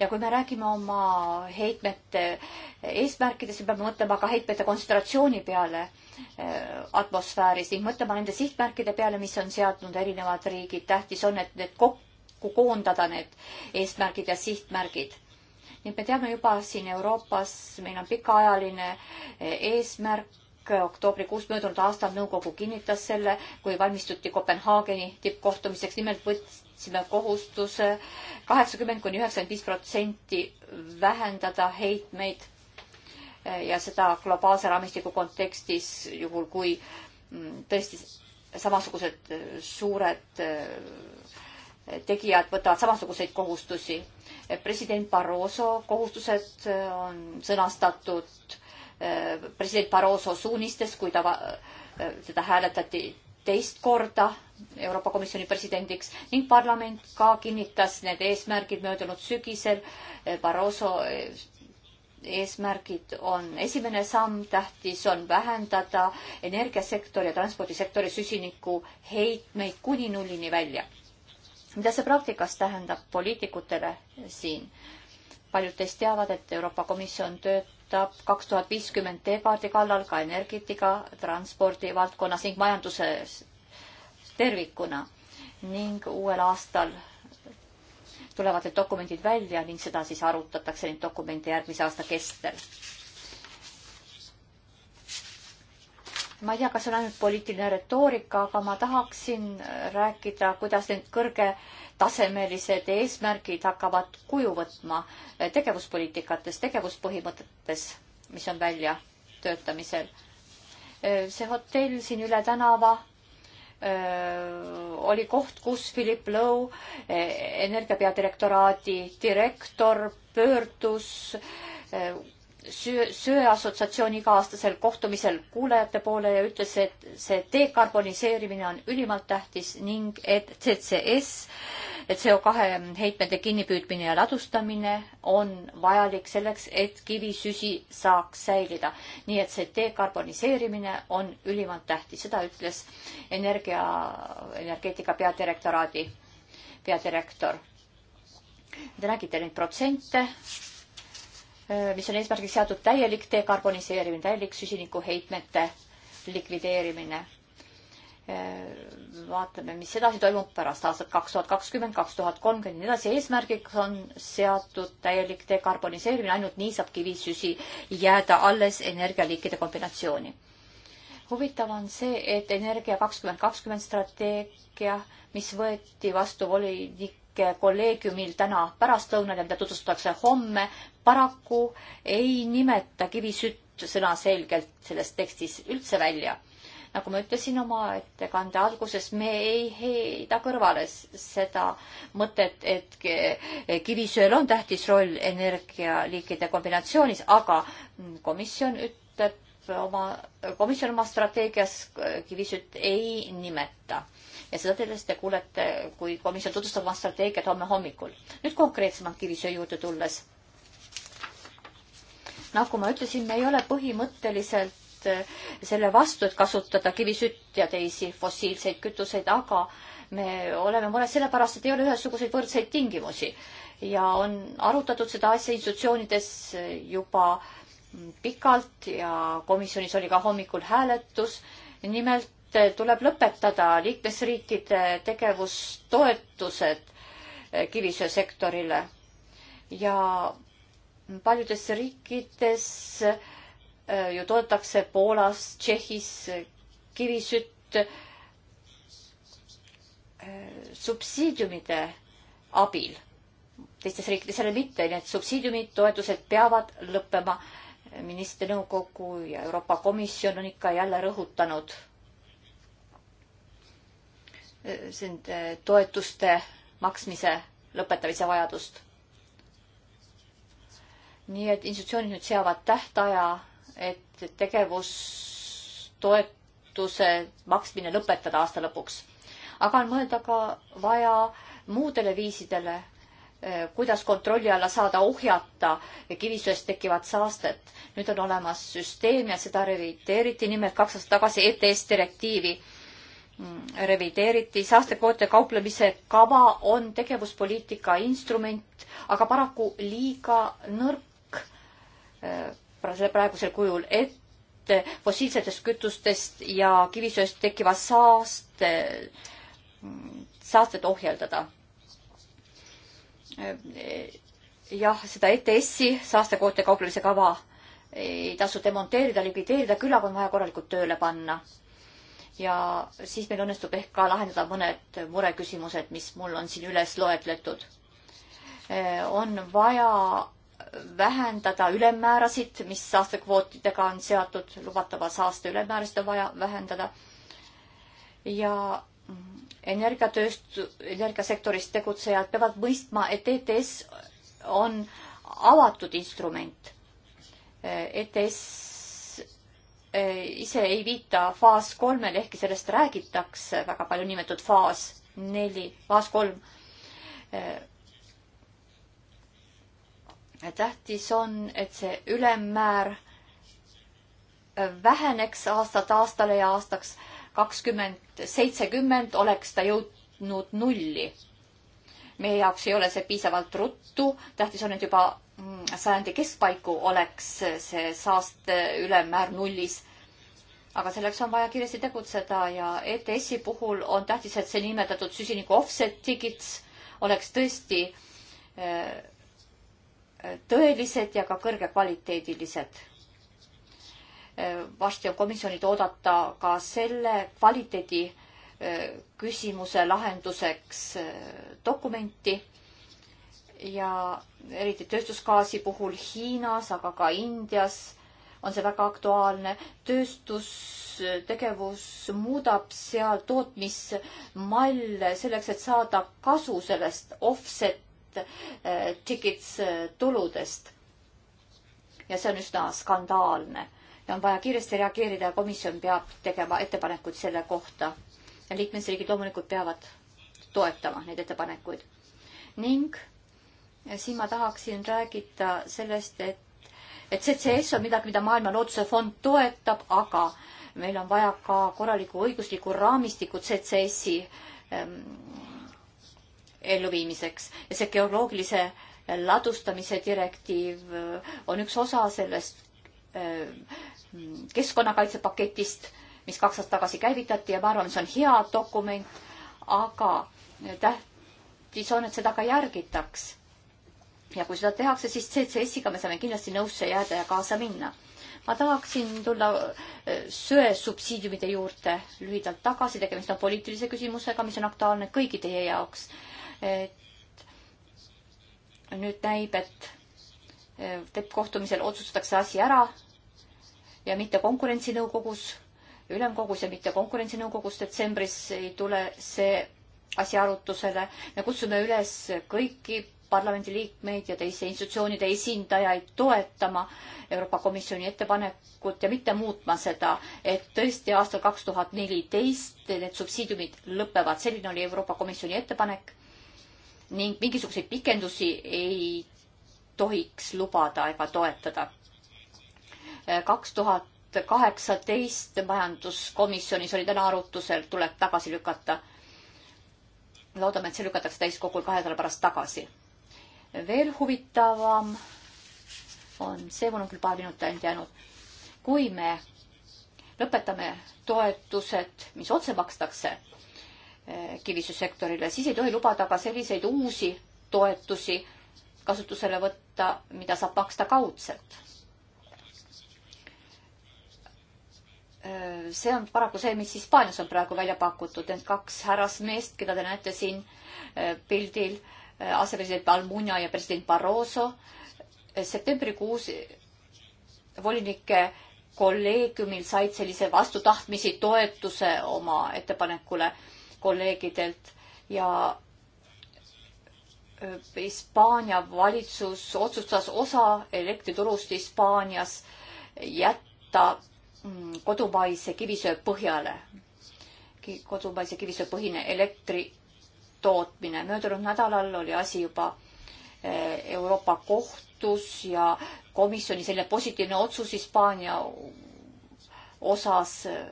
ja kui me räägime oma heitmete eesmärkidest, siis peame mõtlema ka heitmete kontsentratsiooni peale äh, atmosfääris ning mõtlema nende sihtmärkide peale, mis on seadnud erinevad riigid. tähtis on, et need kokku koondada, need eesmärgid ja sihtmärgid nii et me teame juba siin Euroopas, meil on pikaajaline äh, eesmärk, oktoobrikuus möödunud aastal nõukogu kinnitas selle, kui valmistuti Kopenhaageni tippkohtumiseks, nimelt võt-, võtsime kohustuse kaheksakümmend kuni üheksakümmend viis protsenti vähendada heitmeid eh, ja seda globaalse raamistiku kontekstis, juhul kui mm, tõesti samasugused eh, suured eh, tegijad võtavad samasuguseid kohustusi. president Barroso kohustused on sõnastatud president Barroso suunistes, kui ta, teda hääletati teist korda Euroopa Komisjoni presidendiks ning parlament ka kinnitas need eesmärgid möödunud sügisel. Barroso eesmärgid on esimene samm, tähtis on vähendada energiasektori ja transpordisektori süsiniku heitmeid kuni nullini välja. mida see praktikas tähendab poliitikutele siin? paljud teist teavad, et Euroopa Komisjon töötab töötab kaks tuhat viiskümmend teekaardi kallal ka energeetika, transpordi valdkonnas ning majanduses tervikuna ning uuel aastal tulevad need dokumendid välja ning seda siis arutatakse neid dokumente järgmise aasta kestel. ma ei tea, kas see on ainult poliitiline retoorika, aga ma tahaksin rääkida, kuidas need kõrge äh, tasemelised eesmärgid hakkavad kuju võtma tegevuspoliitikates, tegevuspõhimõtetes, mis on väljatöötamisel. see hotell siin üle tänava oli koht, kus Philip Lowe, e, energia peadirektoraadi direktor, pöördus söö, sööassotsiatsiooni iga-aastasel kohtumisel kuulajate poole ja ütles, et see dekarboniseerimine on ülimalt tähtis ning et CCS, CO2 heitmete kinnipüüdmine ja ladustamine on vajalik selleks, et kivisüsi saaks säilida. nii et see dekarboniseerimine on ülimalt tähtis, seda ütles energia, energeetika peadirektoraadi peadirektor. Te nägite neid protsente Äh, mis on eesmärgiks seatud täielik dekarboniseerimine, täielik süsinikuheitmete likvideerimine. Äh, vaatame, mis edasi toimub pärast aastat kaks tuhat kakskümmend, kaks tuhat kolmkümmend ja nii edasi. eesmärgiks on seatud täielik dekarboniseerimine, ainult nii saab kivisüsi jääda alles energialiikide kombinatsiooni. huvitav on see, et Energia kakskümmend kakskümmend strateegia, mis võeti vastu volinik kolleegiumil täna pärastlõunal ja mida tutvustatakse homme, paraku ei nimeta kivisütt sõna selgelt selles tekstis üldse välja. nagu ma ütlesin oma ettekande alguses, me ei heida kõrvale seda mõtet, et kivisööl on tähtis roll energialiikide kombinatsioonis, aga komisjon ütleb, oma, komisjon oma strateegias kivisütt ei nimeta. ja seda sellest te kuulete, kui komisjon tutvustab oma strateegiat homme hommikul. nüüd konkreetsemalt kivisöe juurde tulles. nagu ma ütlesin, me ei ole põhimõtteliselt eh, selle vastu, et kasutada kivisütt ja teisi fossiilseid kütuseid, aga me oleme mures sellepärast, et ei ole ühesuguseid võrdseid tingimusi ja on arutatud seda asja institutsioonides juba äh, pikalt ja komisjonis oli ka hommikul hääletus. nimelt eh, tuleb lõpetada liikmesriikide tegevustoetused eh, kivisöösektorile ja paljudes riikides eh, ju toodetakse Poolas, Tšehhis kivisütt subsiidiumide abil. teistes riikides jälle mitte, nii et subsiidiumid, toetused peavad lõppema ministrinõukogu ja Euroopa Komisjon on ikka jälle rõhutanud nende toetuste maksmise lõpetamise vajadust. nii et institutsioonid nüüd seavad tähtaja, et tegevustoetuse maksmine lõpetada aasta lõpuks. aga on mõelda ka vaja muudele viisidele, Eh, kuidas kontrolli alla saada, ohjata kivisöest tekkivat saastet. nüüd on olemas süsteem ja seda revideeriti nimelt kaks aastat tagasi ETS direktiivi mm, revideeriti. saastekvoote kauplemise kava on tegevuspoliitika instrument, aga paraku liiga nõrk eh, praegusel kujul, et fossiilsetest kütustest ja kivisöest tekkiva saaste, mm, saastet ohjeldada Äh, jah, seda ETS-i, saastekvootide kauplemise kava ei tasu demonteerida, likvideerida, küll aga on vaja korralikult tööle panna. ja siis meil õnnestub ehk ka lahendada mõned mureküsimused, mis mul on siin üles loetletud. Äh, on vaja vähendada ülemmäärasid, mis saastekvootidega on seatud, lubatava saaste ülemmäärasid on vaja vähendada. ja energiatööstu-, energiasektoris tegutsejad peavad mõistma, et ETS on avatud instrument. ETS e, ise ei viita faas kolmele, ehkki sellest räägitakse väga palju, nimetatud faas neli, faas kolm. E, tähtis on, et see ülemmäär väheneks aastalt aastale ja aastaks kakskümmend seitsekümmend oleks ta jõudnud nulli. meie jaoks ei ole see piisavalt ruttu, tähtis on, et juba mm, sajandi keskpaiku oleks see saaste ülemmäär nullis. aga selleks on vaja kiiresti tegutseda ja ETS-i puhul on tähtis, et see niinimetatud süsiniku offset tickets oleks tõesti äh, tõelised ja ka kõrgekvaliteedilised varsti on komisjonilt oodata ka selle kvaliteedi e, küsimuse lahenduseks e, dokumenti ja eriti tööstusgaasi puhul Hiinas, aga ka Indias on see väga aktuaalne. tööstustegevus muudab seal tootmismalle selleks, et saada kasu sellest offset e, tickets tuludest. ja see on üsna skandaalne on vaja kiiresti reageerida ja komisjon peab tegema ettepanekuid selle kohta. ja liikmesriigid loomulikult peavad toetama neid ettepanekuid. ning siin ma tahaksin rääkida sellest, et et CCS on midagi, mida Maailma Looduse Fond toetab, aga meil on vaja ka korralikku õiguslikku raamistikku CCS-i ähm, elluviimiseks ja see geoloogilise ladustamise direktiiv eh, on üks osa sellest ähm, keskkonnakaitsepaketist, mis kaks aastat tagasi käivitati ja ma arvan, see on hea dokument, aga tähtis on, et seda ka järgitaks. ja kui seda tehakse, siis CCS-iga me saame kindlasti nõusse jääda ja kaasa minna. ma tahaksin tulla äh, söe subsiidiumide juurde lühidalt tagasi, tegemist on poliitilise küsimusega, mis on aktuaalne kõigi teie jaoks. et nüüd näib, et äh, tippkohtumisel otsustatakse asi ära ja mitte konkurentsinõukogus, ülemkogus ja mitte konkurentsinõukogus detsembris ei tule see asi arutusele. me kutsume üles kõiki parlamendiliikmeid ja teiste institutsioonide esindajaid toetama Euroopa Komisjoni ettepanekut ja mitte muutma seda, et tõesti aastal kaks tuhat neliteist need subsiidiumid lõpevad, selline oli Euroopa Komisjoni ettepanek ning mingisuguseid pikendusi ei tohiks lubada ega toetada kaks tuhat kaheksateist majanduskomisjonis oli täna arutusel, tuleb tagasi lükata. loodame, et see lükatakse täiskogul kahe nädala pärast tagasi. veel huvitavam on see, mul on küll paar minutit ainult jäänud. kui me lõpetame toetused, mis otse makstakse eh, kivisüsektorile, siis ei tohi lubada ka selliseid uusi toetusi kasutusele võtta, mida saab maksta kaudselt Äh, see on paraku see, mis Hispaanias on praegu välja pakutud, need kaks härrasmeest, keda te näete siin äh, pildil, äh, asepresident Almunia ja president Barroso, septembrikuus volinike kolleegiumil said sellise vastutahtmisi toetuse oma ettepanekule kolleegidelt ja Hispaania valitsus otsustas osa elektriturust Hispaanias jätta Mm, kodumaise kivisöe põhjale, kodumaise kivisöe põhine elektri tootmine. möödunud nädalal oli asi juba eh, Euroopa kohtus ja komisjoni selline positiivne otsus Hispaania osas eh,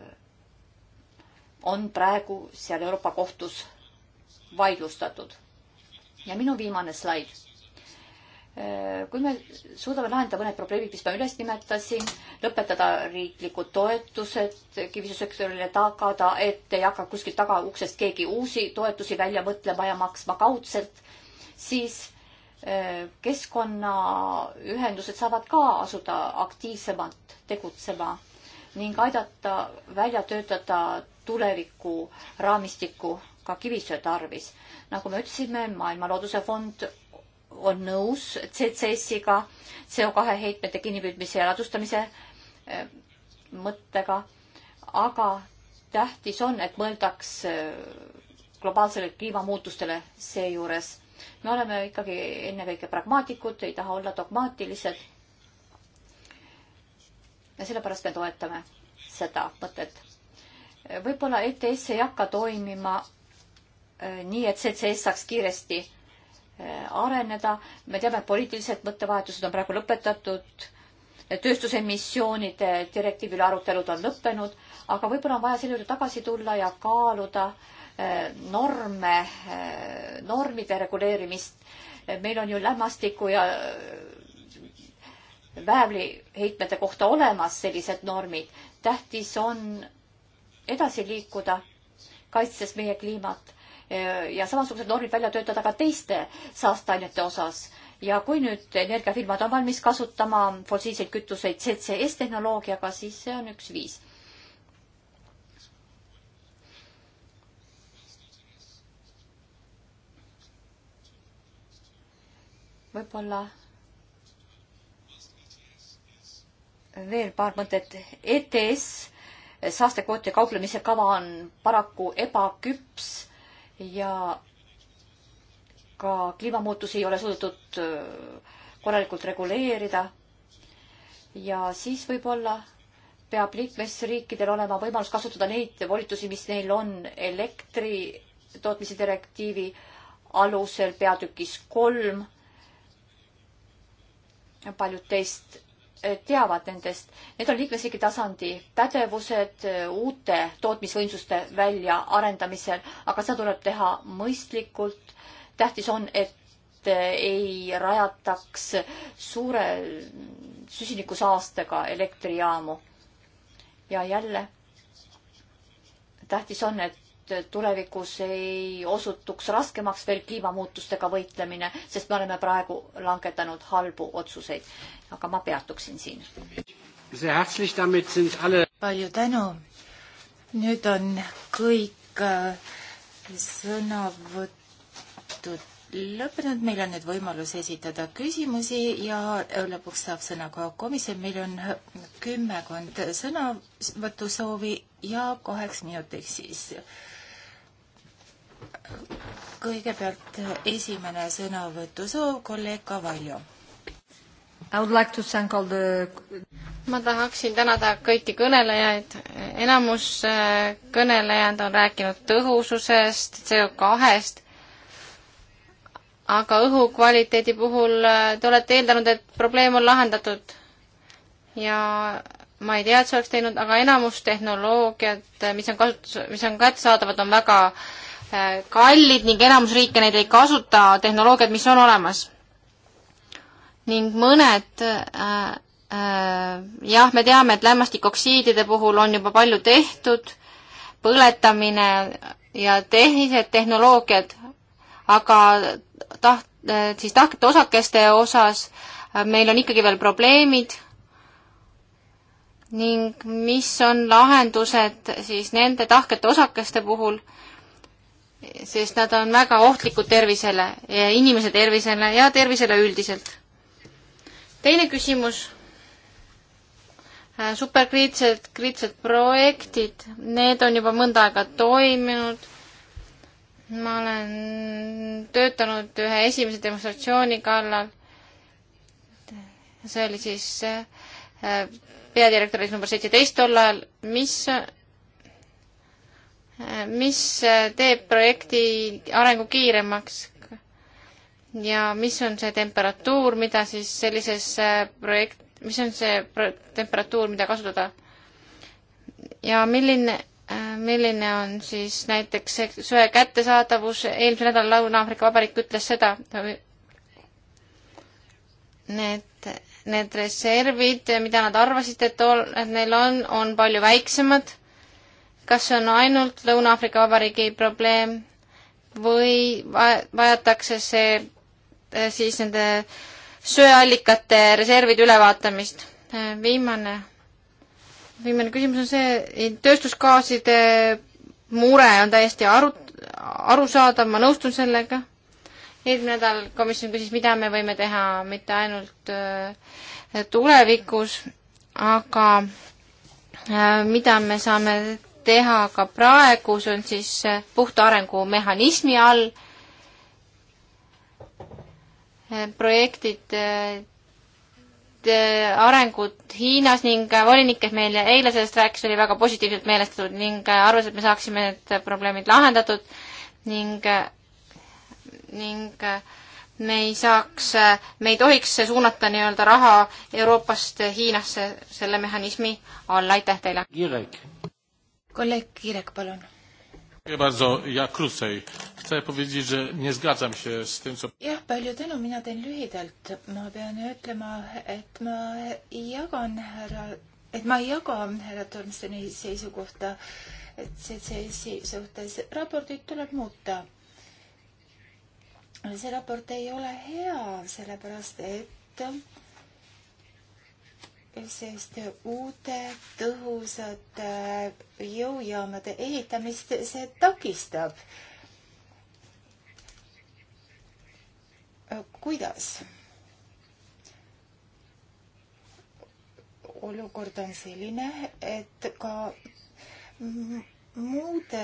on praegu seal Euroopa kohtus vaidlustatud. ja minu viimane slaid kui me suudame lahendada mõned probleemid, mis ma üles nimetasin, lõpetada riiklikud toetused kivisösektorile, tagada, et ei hakka kuskilt tagauksest keegi uusi toetusi välja mõtlema ja maksma kaudselt, siis äh, keskkonnaühendused saavad ka asuda aktiivsemalt tegutsema ning aidata välja töötada tuleviku raamistikku ka kivisöe tarvis. nagu me ütlesime, Maailma Looduse Fond on nõus CCS-iga, CO2 heitmete kinnipüüdmise ja ladustamise äh, mõttega, aga tähtis on, et mõeldaks äh, globaalsele kliimamuutustele seejuures. me oleme ikkagi ennekõike pragmaatikud, ei taha olla dogmaatilised. ja sellepärast me toetame seda mõtet. võib-olla ETS ei hakka toimima äh, nii, et CCS saaks kiiresti Äh, areneda. me teame, et poliitilised mõttevahetused on praegu lõpetatud, tööstusemissioonide direktiivi üle arutelud on lõppenud, aga võib-olla on vaja selle juurde tagasi tulla ja kaaluda äh, norme, äh, normide reguleerimist. meil on ju lämmastiku ja väävliheitmete kohta olemas sellised normid. tähtis on edasi liikuda, kaitstes meie kliimat ja samasugused normid välja töötada ka teiste saasteainete osas. ja kui nüüd energiafirmad on valmis kasutama fossiilseid kütuseid CCS tehnoloogiaga, siis see on üks viis. võib-olla veel paar mõtet. ETS, saastekvootide kauplemise kava on paraku ebaküps ja ka kliimamuutusi ei ole suudetud äh, korralikult reguleerida. ja siis võib-olla peab liikmesriikidel olema võimalus kasutada neid volitusi, mis neil on elektri tootmise direktiivi alusel peatükis kolm. paljud teist teavad nendest. Need on liikmesriigi tasandi pädevused äh, uute tootmisvõimsuste väljaarendamisel, aga seda tuleb teha mõistlikult. tähtis on, et äh, ei rajataks suure süsinikusaastega elektrijaamu. ja jälle tähtis on, et tulevikus ei osutuks raskemaks veel kliimamuutustega võitlemine, sest me oleme praegu langetanud halbu otsuseid. aga ma peatuksin siin. palju tänu. nüüd on kõik äh, sõnavõtud lõppenud, meil on nüüd võimalus esitada küsimusi ja lõpuks saab sõna ka komisjon, meil on kümmekond sõnavõtusoovi ja kaheks minutiks siis kõigepealt esimene sõnavõtusoov, kolleeg Kavaljo. I would like to thank all the ma tahaksin tänada kõiki kõnelejaid, enamus äh, kõnelejad on rääkinud tõhususest, CO2-st, aga õhukvaliteedi puhul äh, te olete eeldanud, et probleem on lahendatud. ja ma ei tea, et see oleks teinud, aga enamus tehnoloogiat, äh, mis on kasutus, mis on kättesaadavad, on väga äh, Äh, kallid ning enamus riike neid ei kasuta, tehnoloogiad, mis on olemas. ning mõned äh, äh, jah, me teame, et lämmastikoksiidide puhul on juba palju tehtud, põletamine ja tehnilised tehnoloogiad, aga taht-, äh, siis tahkete osakeste osas äh, meil on ikkagi veel probleemid ning mis on lahendused siis nende tahkete osakeste puhul äh,, sest nad on väga ohtlikud tervisele, inimese tervisele ja tervisele üldiselt. teine küsimus. Äh, superkriitilised, kriitilised projektid, need on juba mõnda aega toiminud. ma olen töötanud ühe esimese demonstratsiooni kallal. see oli siis äh, peadirektoris number seitseteist tol ajal, mis mis teeb projekti arengu kiiremaks ja mis on see temperatuur, mida siis sellises äh, projekt, mis on see temperatuur, mida kasutada? ja milline, äh, milline on siis näiteks söe kättesaadavus, eelmisel nädalal Lõuna-Aafrika Vabariik ütles seda, need, need reservid, mida nad arvasid, et, et neil on, on palju väiksemad kas see on ainult Lõuna-Aafrika Vabariigi probleem või vajatakse see eh, siis nende söeallikate reservide ülevaatamist? Eh, viimane, viimane küsimus on see, tööstusgaaside mure on täiesti aru, arusaadav, ma nõustun sellega. eelmine nädal komisjon küsis, mida me võime teha mitte ainult eh, tulevikus, aga mida me saame teha ka praegu, see on siis puhta arengumehhanismi all. Eh, projektid, eh, eh, arengud Hiinas ning volinik, kes meile eile sellest rääkis, oli väga positiivselt meelestatud ning arvas, et me saaksime need probleemid lahendatud ning, ning me ei saaks, me ei tohiks suunata nii-öelda raha Euroopast Hiinasse selle mehhanismi alla, aitäh teile! Jirek kolleeg Kirek, palun. jah, palju tänu, mina teen lühidalt. ma pean ütlema, et ma jagan härra, et ma ei jaga härra Tormsteni seisukohta, et CCS-i suhtes raportit tuleb muuta see raport ei ole hea, sellepärast et sest uute tõhusate jõujaamade ehitamist see takistab. kuidas? olukord on selline, et ka muude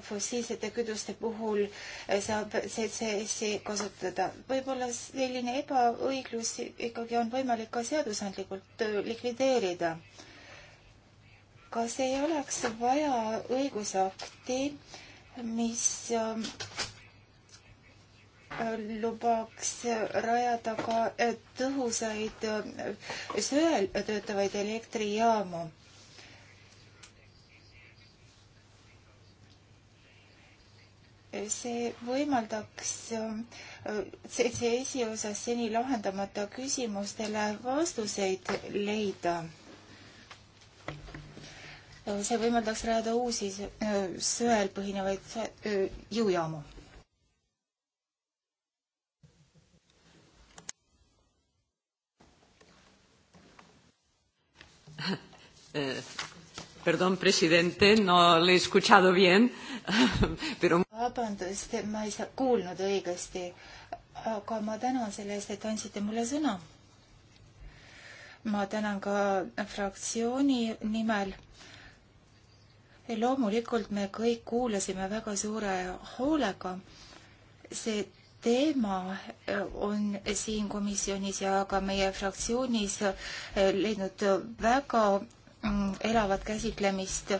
fossiilsete kütuste puhul eh, saab CCS-i kasutada. võib-olla selline ebaõiglus ikkagi on võimalik ka seadusandlikult eh, likvideerida. kas ei oleks vaja õigusakti, mis eh, lubaks rajada ka tõhusaid söel töötavaid elektrijaamu? see võimaldaks äh, see esiosas seni lahendamata küsimustele vastuseid leida. see võimaldaks rajada uusi äh, sõel põhinevaid äh, jõujaamu. Eh, perdón, presidente, no le he escuchado bien, pero vabandust, ma ei saa, kuulnud õigesti, aga ma tänan selle eest, et andsite mulle sõna. ma tänan ka fraktsiooni nimel. loomulikult me kõik kuulasime väga suure hoolega. see teema on siin komisjonis ja ka meie fraktsioonis leidnud väga elavat käsitlemist.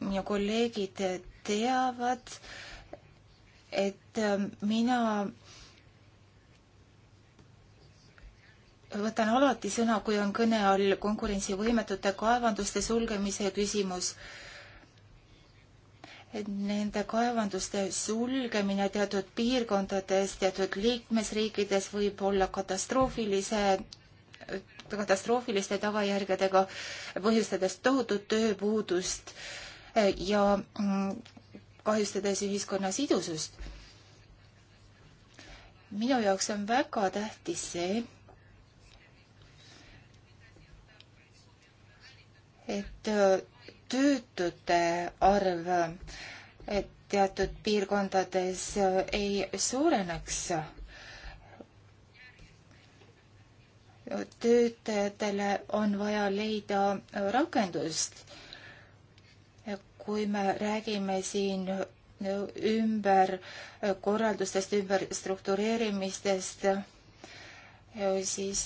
minu kolleegid teavad, et ähm, mina võtan alati sõna, kui on kõne all konkurentsivõimetute kaevanduste sulgemise küsimus. Nende kaevanduste sulgemine teatud piirkondades, teatud liikmesriikides võib olla katastroofilise, katastroofiliste tagajärgedega, põhjustades tohutut tööpuudust ja mm, kahjustades ühiskonna sidusust. minu jaoks on väga tähtis see, et äh, töötute arv teatud piirkondades äh, ei suureneks. töötajatele on vaja leida rakendust kui me räägime siin ümberkorraldustest, ümberstruktureerimistest, siis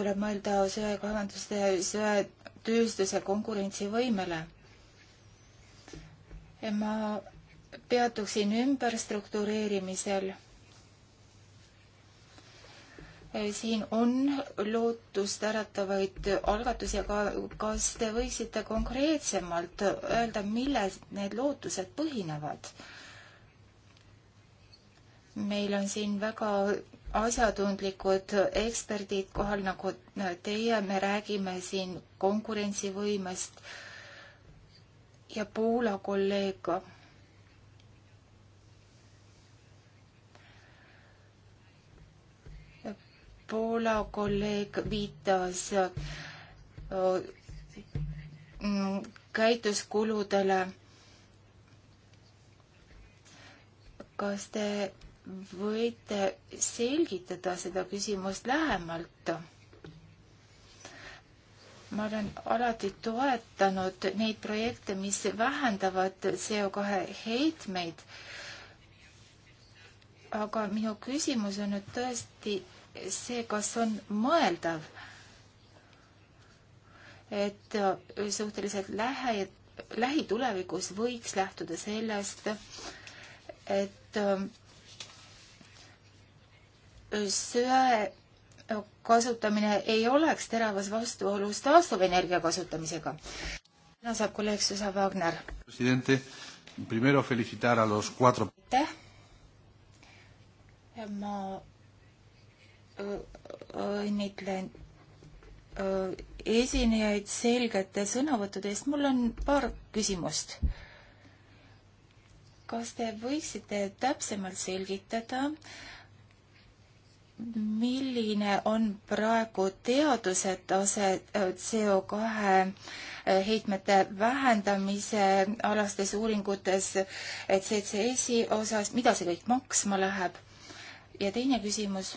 tuleb mõelda söekaevanduste, söetööstuse konkurentsivõimele. ma peatuksin ümberstruktureerimisel siin on lootustäratavaid algatusi, aga kas te võiksite konkreetsemalt öelda, milles need lootused põhinevad? meil on siin väga asjatundlikud eksperdid kohal nagu teie, me räägime siin konkurentsivõimest ja Poola kolleeg Poola kolleeg viitas äh, käituskuludele. kas te võite selgitada seda küsimust lähemalt? ma olen alati toetanud neid projekte, mis vähendavad CO2 heitmeid. aga minu küsimus on nüüd tõesti see, kas on mõeldav, et suhteliselt lähe, lähitulevikus võiks lähtuda sellest, et äh, söe kasutamine ei oleks teravas vastuolus taastuvenergia kasutamisega. täna saab kolleeg Susa Wagner. aitäh. ma õnnitlen esinejaid selgete sõnavõttude eest. mul on paar küsimust. kas te võiksite täpsemalt selgitada, milline on praegu teaduse tase CO2 heitmete vähendamise alastes uuringutes CCS-i osas, mida see kõik maksma läheb? ja teine küsimus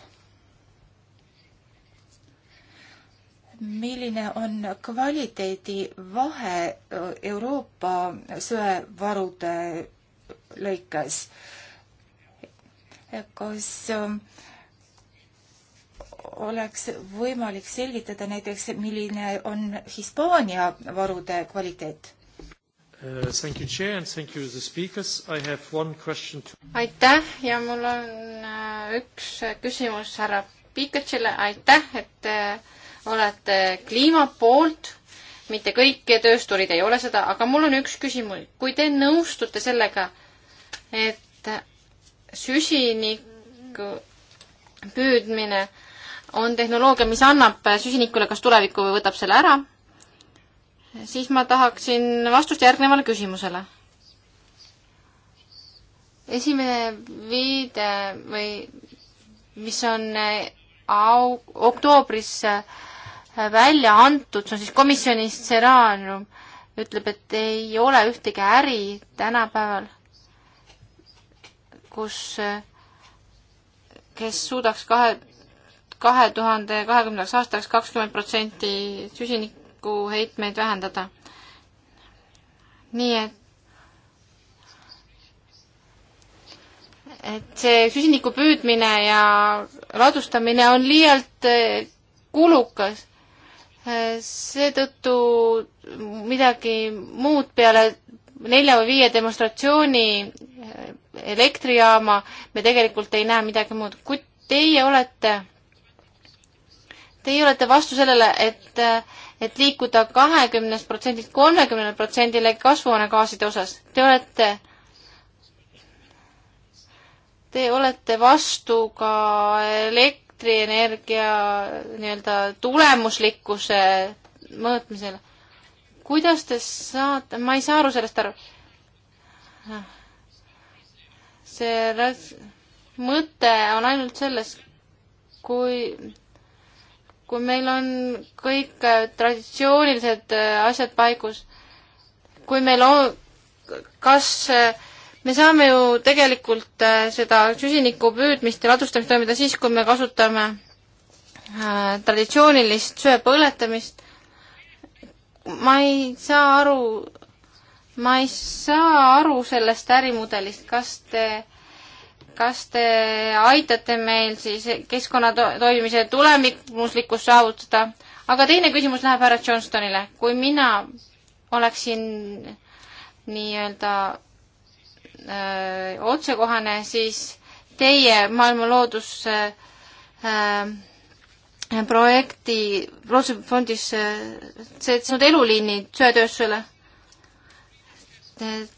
milline on kvaliteedi vahe Euroopa söevarude lõikes? kas oleks võimalik selgitada näiteks, milline on Hispaania varude kvaliteet? Uh, thank you, Chair, and thank you, the speakers. I have one question to... aitäh ja mul on äh, üks küsimus härra Pikachile, aitäh, et äh, olete kliima poolt, mitte kõik töösturid ei ole seda, aga mul on üks küsimus. kui te nõustute sellega, et süsiniku püüdmine on tehnoloogia, mis annab süsinikule kas tulevikku või võtab selle ära, siis ma tahaksin vastust järgnevale küsimusele esimene viide või mis on au-, oktoobris äh, välja antud, see on siis komisjoni stsenaarium, ütleb, et ei ole ühtegi äri tänapäeval, kus, kes suudaks kahe, kahe tuhande kahekümnendaks aastaks kakskümmend protsenti süsinikuheitmeid vähendada. nii et et see süsiniku püüdmine ja ladustamine on liialt eh, kulukas seetõttu midagi muud peale nelja või viie demonstratsiooni eh, elektrijaama me tegelikult ei näe midagi muud. kui teie olete, teie olete vastu sellele, et, et liikuda kahekümnest protsendilt kolmekümnele protsendile kasvuhoonegaaside osas, te olete, te olete vastu ka elek-, elektrienergia nii-öelda tulemuslikkuse mõõtmisel. kuidas te saate, ma ei saa aru sellest aru. see ras... mõte on ainult selles, kui, kui meil on kõik traditsioonilised äh, asjad paigus, kui meil on, kas äh, me saame ju tegelikult äh, seda süsiniku püüdmist ja ladustamist toimida siis, kui me kasutame äh, traditsioonilist söe põletamist. ma ei saa aru, ma ei saa aru sellest ärimudelist, kas te kas te aitate meil siis keskkonna to toimimise tulemuslikkust saavutada? aga teine küsimus läheb härra Johnstonile. kui mina oleksin nii-öelda öö, äh, otsekohane, siis teie Maailma Looduse öö, äh, projekti Roosevelt-fondis, äh, see, see on eluliinid söetööstusele.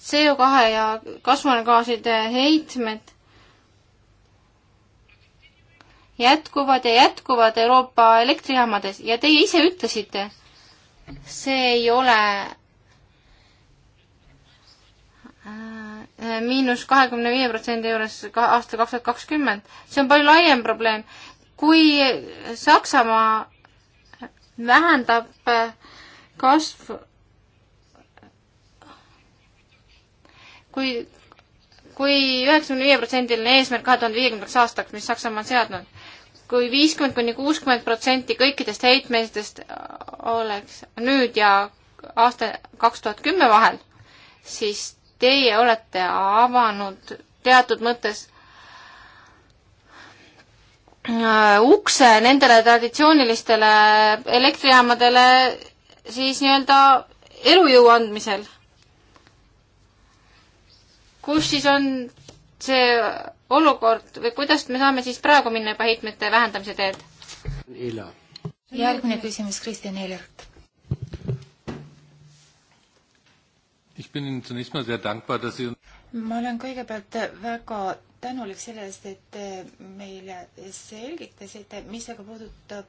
CO kahe ja kasvuhoonegaaside heitmed jätkuvad ja jätkuvad Euroopa elektrijaamades ja teie ise ütlesite, see ei ole miinus kahekümne viie protsendi juures ka aastal kaks tuhat kakskümmend. see on palju laiem probleem. kui Saksamaa vähendab äh, kasv, kui, kui üheksakümne viie protsendiline eesmärk kahe tuhande viiekümnendaks aastaks, mis Saksamaa on seadnud, kui viiskümmend kuni kuuskümmend protsenti kõikidest heitmetest oleks nüüd ja aasta kaks tuhat kümme vahel, siis teie olete avanud teatud mõttes äh, ukse nendele traditsioonilistele elektrijaamadele siis nii-öelda elujõu andmisel. kus siis on see olukord või kuidas me saame siis praegu minna juba heitmete vähendamise teed? järgmine küsimus Kristjan Eilert. ma olen kõigepealt väga tänulik selle eest, et te meile selgitasite, mis aga puudutab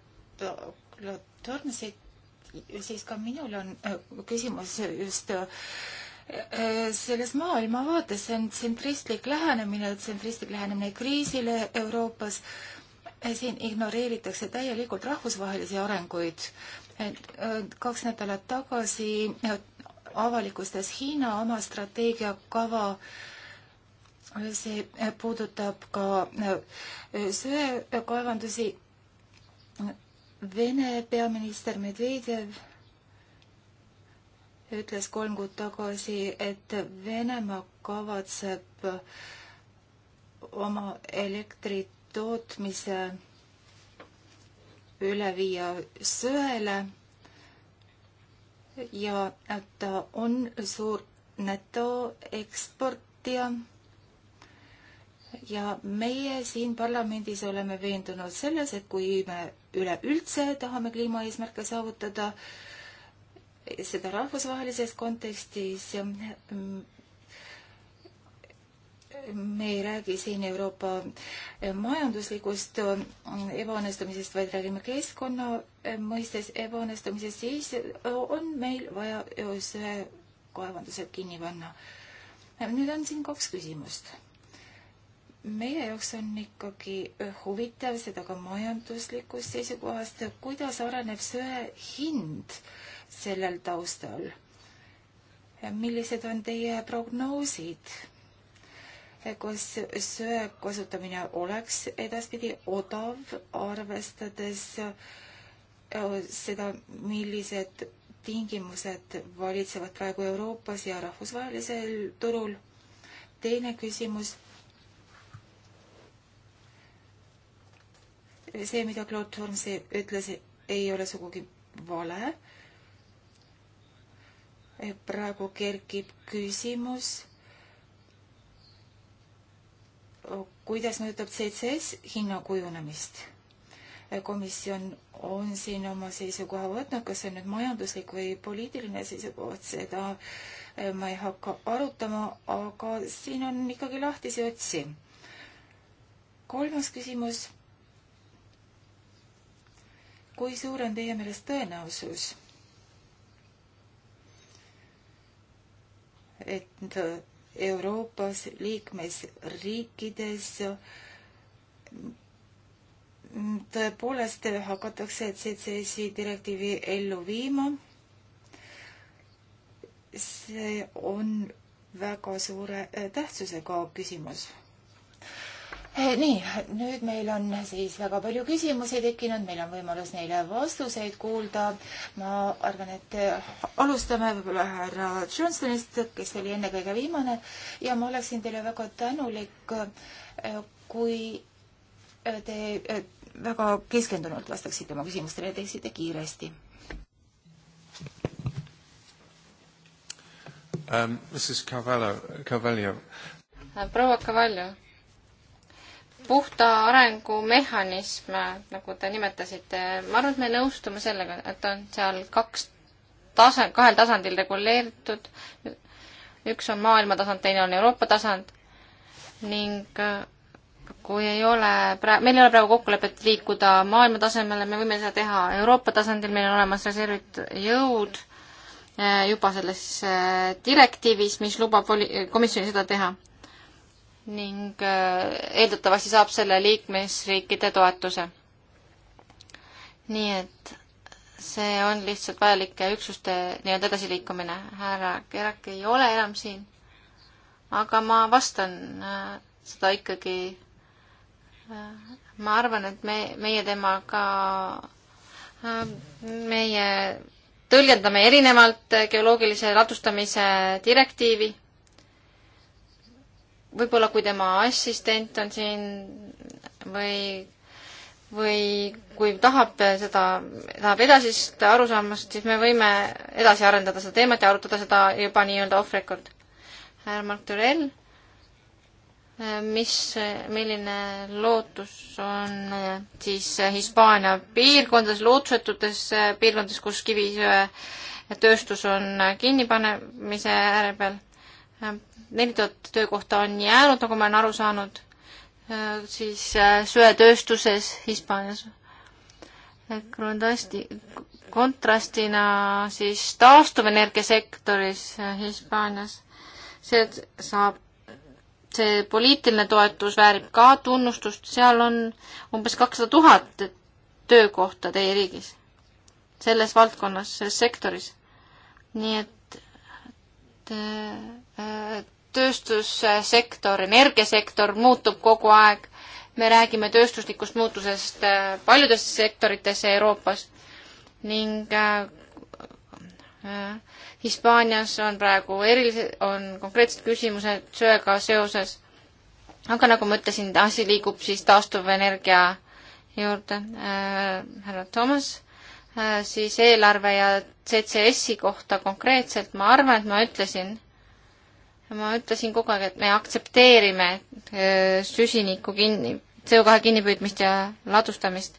tornisid, siis ka minul on äh, küsimus just äh, selles maailmavaates, see on tsentristlik lähenemine, tsentristlik lähenemine kriisile Euroopas. siin ignoreeritakse täielikult rahvusvahelisi arenguid. Äh, kaks nädalat tagasi avalikustas Hiina oma strateegiakava. see puudutab ka äh, söekaevandusi. Vene peaminister Medvedjev ütles kolm kuud tagasi, et Venemaa kavatseb oma elektrit tootmise üle viia söele ja ta on suur netoeksportija. ja meie siin parlamendis oleme veendunud selles, et kui me üleüldse tahame kliimaeesmärke saavutada, seda rahvusvahelises kontekstis, me ei räägi siin Euroopa majanduslikust ebaõnnestumisest, vaid räägime keskkonna mõistes ebaõnnestumisest, siis on meil vaja söe kaevandused kinni panna. nüüd on siin kaks küsimust. meie jaoks on ikkagi huvitav seda ka majanduslikust seisukohast, kuidas areneb söe hind sellel taustal. millised on teie prognoosid? kas söe kasutamine oleks edaspidi odav, arvestades äh, seda, millised tingimused valitsevad praegu Euroopas ja rahvusvahelisel turul. teine küsimus. see, mida Claude Tormsi ütles, ei ole sugugi vale. praegu kerkib küsimus kuidas mõjutab CCS hinna kujunemist? komisjon on siin oma seisukoha võtnud, kas see on nüüd majanduslik või poliitiline seisukoht, seda äh, ma ei hakka arutama, aga siin on ikkagi lahtisi otsi. kolmas küsimus. kui suur on teie meelest tõenäosus, et Euroopas liikmesriikides tõepoolest hakatakse CCS-i direktiivi ellu viima. see on väga suure tähtsusega küsimus Eh, nii, nüüd meil on siis väga palju küsimusi tekkinud, meil on võimalus neile vastuseid kuulda. ma arvan, et eh, alustame võib-olla härra Johnsonist, kes oli enne kõige viimane ja ma oleksin teile väga tänulik, eh, kui te väga keskendunult vastaksite oma küsimustele ja teeksite kiiresti um,. Mrs Carvalho, Carvalho. proua Carvalho puhta arengu mehhanism, nagu te nimetasite, ma arvan, et me nõustume sellega, et on seal kaks tase, kahel tasandil reguleeritud. üks on maailma tasand, teine on Euroopa tasand ning äh, kui ei ole praegu, meil ei ole praegu kokkulepet liikuda maailma tasemele, me võime seda teha Euroopa tasandil, meil on olemas reservid jõud äh, juba selles äh, direktiivis, mis lubab voli-, komisjoni seda teha ning äh, eeldatavasti saab selle liikmesriikide toetuse. nii et see on lihtsalt vajalike üksuste nii-öelda edasiliikumine. härra Kerak ei ole enam siin, aga ma vastan äh, seda ikkagi. Äh, ma arvan, et me, meie temaga, meie tõlgendame erinevalt geoloogilise ladustamise direktiivi võib-olla kui tema assistent on siin või, või kui tahab seda, tahab edasist arusaamast, siis me võime edasi arendada seda teemat ja arutada seda juba nii-öelda off record. härra Mark Turell, mis, milline lootus on siis Hispaania piirkondades, lootusetutes piirkondades, kus kivisöetööstus on kinnipanemise ääre peal neli tuhat töökohta on jäänud, nagu ma olen aru saanud, äh, siis äh, söetööstuses Hispaanias. kontrastina siis taastuvenergia sektoris äh, Hispaanias, see saab, see poliitiline toetus väärib ka tunnustust, seal on umbes kakssada tuhat töökohta teie riigis, selles valdkonnas, selles sektoris. nii et Äh, tööstussektor, energiasektor muutub kogu aeg, me räägime tööstuslikust muutusest äh, paljudes sektorites Euroopas ning äh, Hispaanias on praegu erilised, on konkreetsed küsimused söega seoses. aga nagu ma ütlesin, asi liigub siis taastuvenergia juurde. härra Toomas Äh, siis eelarve ja CCS-i kohta konkreetselt, ma arvan, et ma ütlesin, ma ütlesin kogu aeg, et me aktsepteerime äh, süsiniku kinni, CO2 kinnipüüdmist ja ladustamist.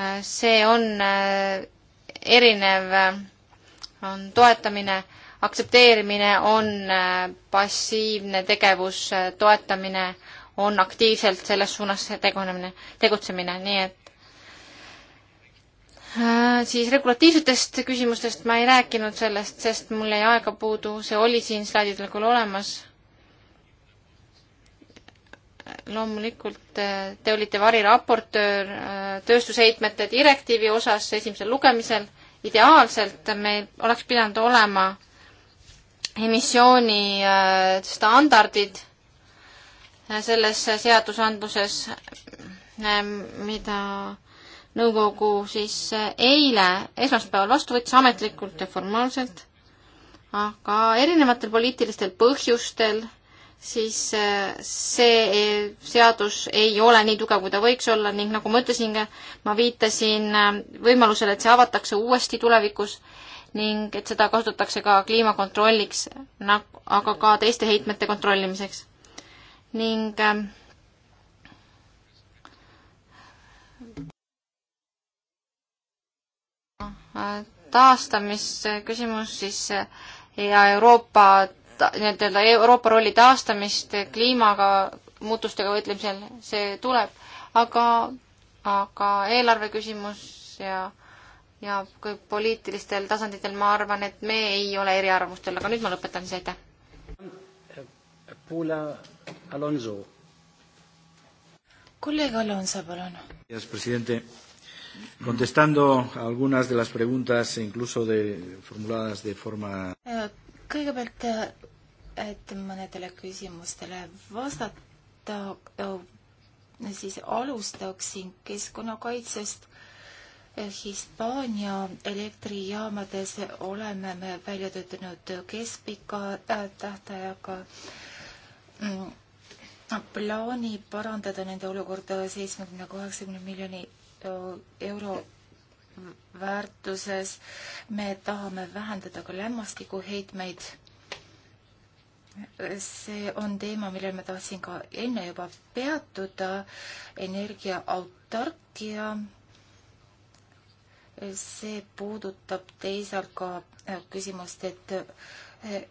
Äh, see on erinev, on toetamine, aktsepteerimine on passiivne tegevus, toetamine on aktiivselt selles suunas tegunemine, tegutsemine, nii et Äh, siis regulatiivsetest küsimustest ma ei rääkinud sellest, sest mul jäi aega puudu, see oli siin slaididel küll olemas. loomulikult äh, te olite variraportöör äh, tööstusheitmete direktiivi osas esimesel lugemisel. ideaalselt meil oleks pidanud olema emissiooni standardid selles seadusandluses, mida nõukogu siis eh, eile, esmaspäeval vastu võttis ametlikult ja formaalselt, aga erinevatel poliitilistel põhjustel siis eh, see eh, seadus ei ole nii tugev, kui ta võiks olla ning nagu ma ütlesin, ma viitasin võimalusele, et see avatakse uuesti tulevikus ning et seda kasutatakse ka kliimakontrolliks, nagu, aga ka teiste heitmete kontrollimiseks. ning äh, taastamisküsimus siis eh, ja Euroopa, nii-öelda Euroopa rolli taastamist kliimaga, muutustega võitlemisel, see tuleb, aga, aga eelarve küsimus ja, ja kui poliitilistel tasanditel ma arvan, et me ei ole eriarvamustel, aga nüüd ma lõpetan siis, aitäh. Pula Alonso. kolleeg Alonso, palun contestando algunas de las preguntas e incluso de formuladas de forma äh, kõigepealt, äh, et mõnedele küsimustele vastata, äh, siis alustaksin keskkonnakaitsest. Hispaania elektrijaamades oleme me välja töötanud keskpika tähtajaga mm, plaani parandada nende olukorda seitsmekümne, kaheksakümne miljoni Äh, euro väärtuses. me tahame vähendada ka lämmastikuheitmeid. see on teema, millel ma tahtsin ka enne juba peatuda, energiaautarkia. see puudutab teisalt ka äh, küsimust, et äh,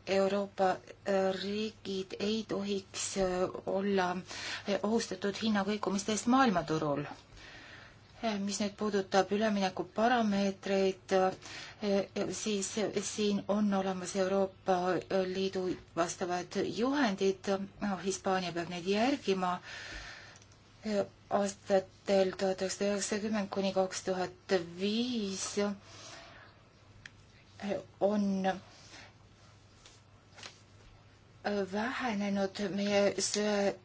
Euroopa riigid ei tohiks olla ohustatud hinnakõikumistest maailmaturul mis nüüd puudutab üleminekuparameetreid, e, e, siis siin on olemas Euroopa Liidu vastavad juhendid, noh, Hispaania peab neid järgima e, aastatel tuhat üheksasada üheksakümmend kuni kaks tuhat viis on vähenenud meie söe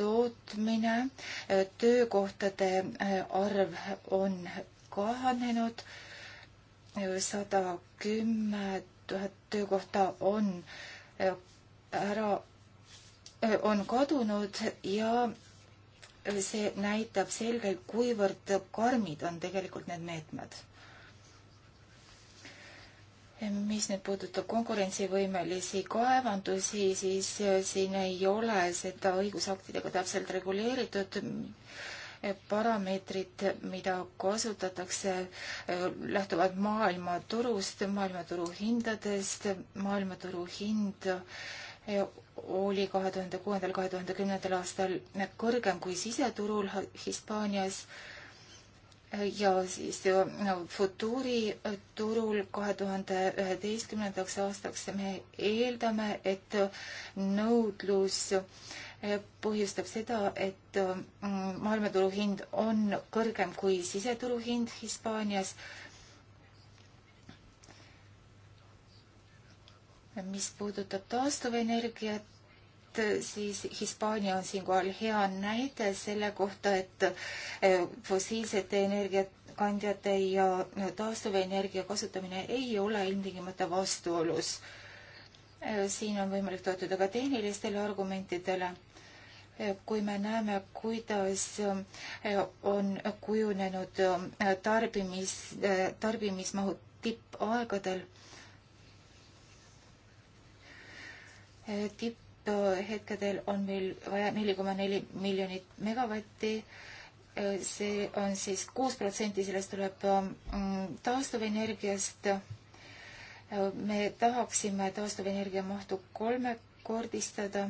tootmine, töökohtade äh, arv on kahanenud, äh, sada kümme tuhat töökohta on äh, ära, on kadunud ja see näitab selgelt, kuivõrd karmid on tegelikult need meetmed mis nüüd puudutab konkurentsivõimelisi kaevandusi, siis äh, siin ei ole seda õigusaktidega täpselt reguleeritud äh, parameetrid, mida kasutatakse, äh, lähtuvad maailmaturust, maailmaturu hindadest, maailmaturu hind oli kahe tuhande kuuendal, kahe tuhande kümnendal aastal kõrgem kui siseturul Hispaanias ja siis äh, futuuriturul äh, kahe tuhande üheteistkümnendaks aastaks me eeldame, et äh, nõudlus põhjustab seda, et mm, maailmaturu hind on kõrgem kui siseturu hind Hispaanias. mis puudutab taastuvenergiat, siis Hispaania on siinkohal hea näide selle kohta, et eh, fossiilsete energiakandjate ja taastuvenergia kasutamine ei ole ilmtingimata vastuolus. Eh, siin on võimalik toetuda ka tehnilistele argumentidele eh, kui me näeme, kuidas on kujunenud tarbimis, tarbimismahud tippaegadel tipp hetkedel on meil vaja neli koma neli miljonit megavatti. see on siis kuus protsenti, sellest tuleb ähm, taastuvenergiast. me tahaksime taastuvenergia mahtu kolmekordistada.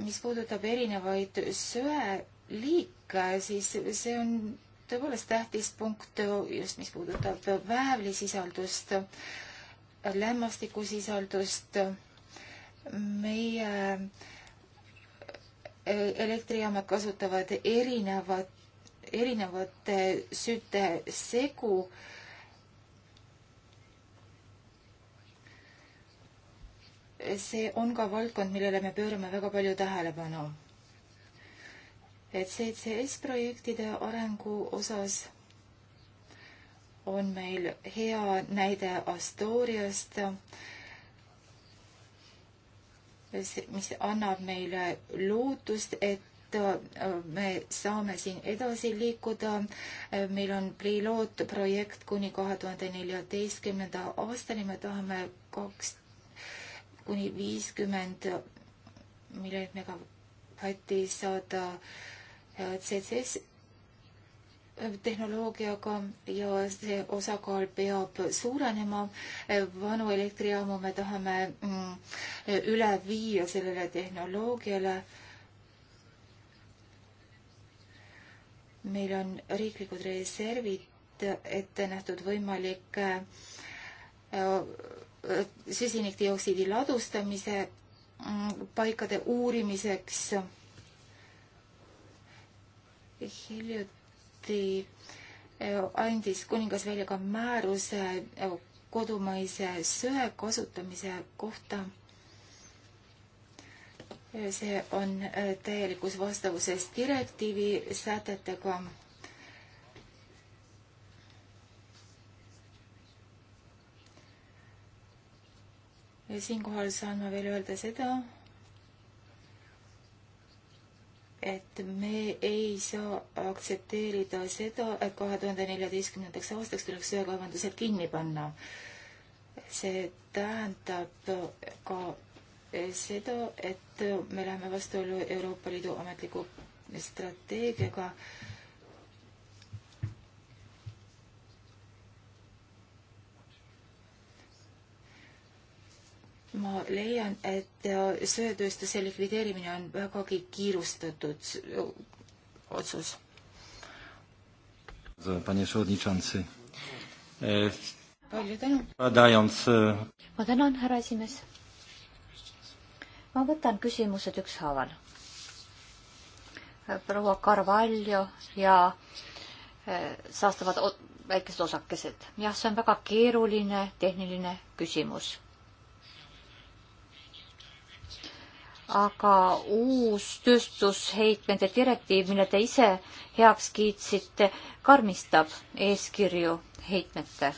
mis puudutab erinevaid söeliike, siis see on tõepoolest tähtis punkt just, mis puudutab väävlisisaldust, lämmastikusisaldust meie elektrijaamad kasutavad erinevat, erinevate süte segu see on ka valdkond, millele me pöörame väga palju tähelepanu. et CCS-projektide arengu osas on meil hea näide Astoriast mis annab meile lootust, et äh, me saame siin edasi liikuda. Äh, meil on pilootprojekt kuni kahe tuhande neljateistkümnenda aastani, me tahame kaks kuni viiskümmend miljonit megavatti saada äh, CCS tehnoloogiaga ja see osakaal peab suurenema. vanu elektrijaamu me tahame mm, üle viia sellele tehnoloogiale. meil on riiklikud reservid ette nähtud võimalike äh, süsinikdioksiidi ladustamise mm, paikade uurimiseks hiljuti samuti äh, andis kuningas välja ka määruse äh, kodumaise söe kasutamise kohta. Äh, see on täielikus vastavuses direktiivi sätetega. siinkohal saan ma veel öelda seda, et me ei saa aktsepteerida seda, et kahe tuhande neljateistkümnendaks aastaks tuleks söekaevandused kinni panna. see tähendab ka seda, et me läheme vastuollu Euroopa Liidu ametliku strateegiaga äh, ma leian, et äh, söetööstuse likvideerimine on vägagi kiirustatud otsus. E, palju tänu. E, ma tänan, härra esimees. ma võtan küsimused ükshaaval. proua Carvalho ja e, saastavad väikesed osakesed. jah, see on väga keeruline tehniline küsimus aga uus tööstusheitmete direktiiv, mille te ise heaks kiitsite, karmistab eeskirju heitmete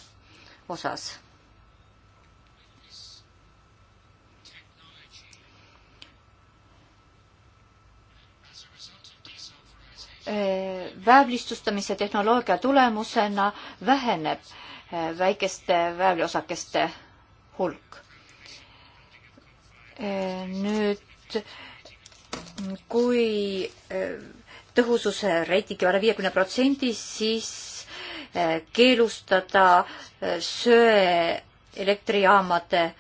osas. väävlistustamise tehnoloogia tulemusena väheneb eh, väikeste väävliosakeste hulk. Eh, nüüd kui äh, tõhususe reiting ei ole viiekümne protsendi, siis äh, keelustada äh, söe elektrijaamade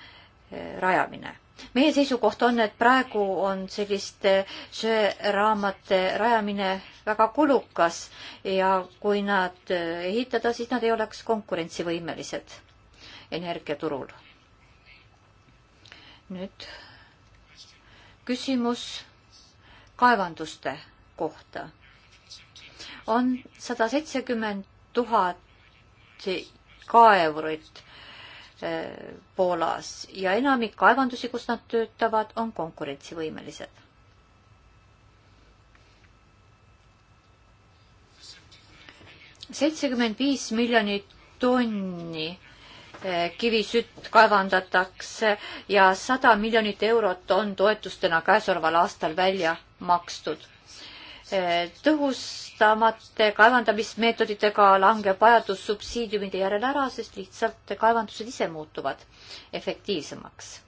rajamine. meie seisukoht on, et praegu on selliste söeraamade rajamine väga kulukas ja kui nad ehitada, siis nad ei oleks konkurentsivõimelised energiaturul. nüüd küsimus kaevanduste kohta. on sada seitsekümmend tuhat kaevurit eh, Poolas ja enamik kaevandusi, kus nad töötavad, on konkurentsivõimelised. seitsekümmend viis miljonit tonni kivisütt kaevandatakse ja sada miljonit eurot on toetustena käesoleval aastal välja makstud. tõhustamate kaevandamismeetoditega langeb vajadus subsiidiumide järele ära, sest lihtsalt kaevandused ise muutuvad efektiivsemaks.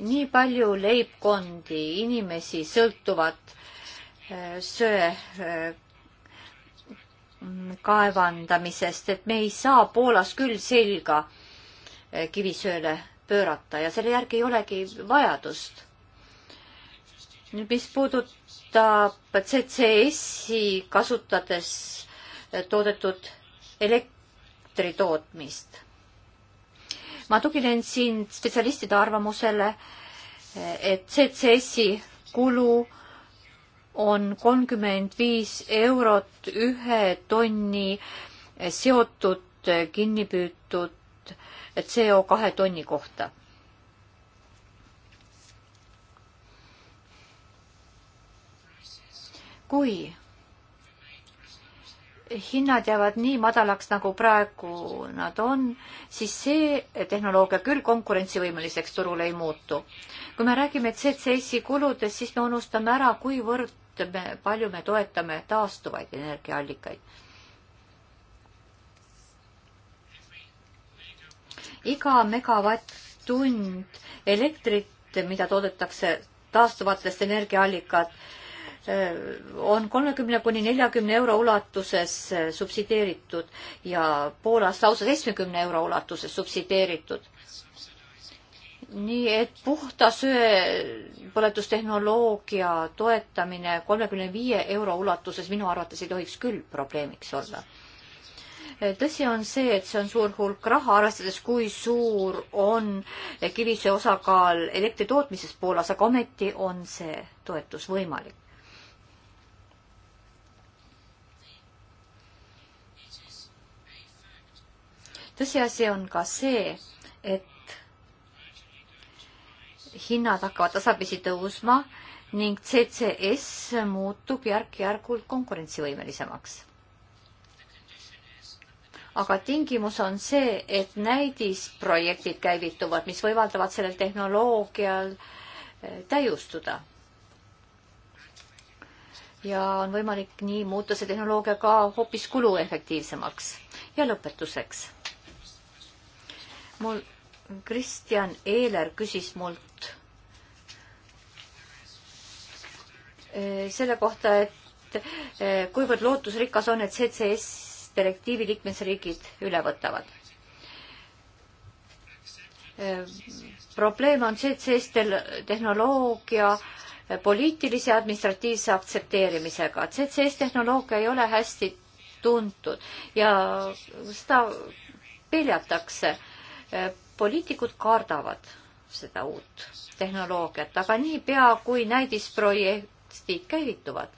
nii palju leibkondi, inimesi sõltuvad söe mm, kaevandamisest, et me ei saa Poolas küll selga eh, kivisööle pöörata ja selle järgi ei olegi vajadust. nüüd, mis puudutab CCS-i kasutades eh, toodetud elektri tootmist. ma tuginen siin spetsialistide arvamusele, eh, et CCS-i kulu on kolmkümmend viis eurot ühe tonni seotud kinnipüütud CO kahe tonni kohta. kui hinnad jäävad nii madalaks, nagu praegu nad on, siis see tehnoloogia küll konkurentsivõimeliseks turul ei muutu. kui me räägime CCS-i kuludest, siis me unustame ära, kuivõrd me, palju me toetame taastuvaid energiaallikaid. iga megavatt-tund elektrit, mida toodetakse taastuvatest energiaallikat, on kolmekümne kuni neljakümne euro ulatuses eh, subsideeritud ja Poolas lausa seitsmekümne euro ulatuses subsideeritud. nii et puhta söepõletustehnoloogia toetamine kolmekümne viie euro ulatuses minu arvates ei tohiks küll probleemiks olla eh, tõsi on see, et see on suur hulk raha, arvestades kui suur on eh, kivisöe osakaal elektri tootmises Poolas, aga ometi on see toetus võimalik. tõsiasi on ka see, et hinnad hakkavad tasapisi tõusma ning CCS muutub järk-järgult konkurentsivõimelisemaks. aga tingimus on see, et näidisprojektid käivituvad, mis võimaldavad sellel tehnoloogial eh, täiustuda. ja on võimalik nii muuta see tehnoloogia ka hoopis kuluefektiivsemaks. ja lõpetuseks mul Kristjan Eeler küsis mult e, selle kohta, et e, kuivõrd lootusrikas on, et CCS direktiivi liikmesriigid üle võtavad. E, probleem on CCS tehnoloogia poliitilise ja administratiivse aktsepteerimisega. CCS tehnoloogia ei ole hästi tuntud ja seda peljatakse Äh, poliitikud kardavad seda uut tehnoloogiat, aga niipea kui näidisprojektid käivituvad,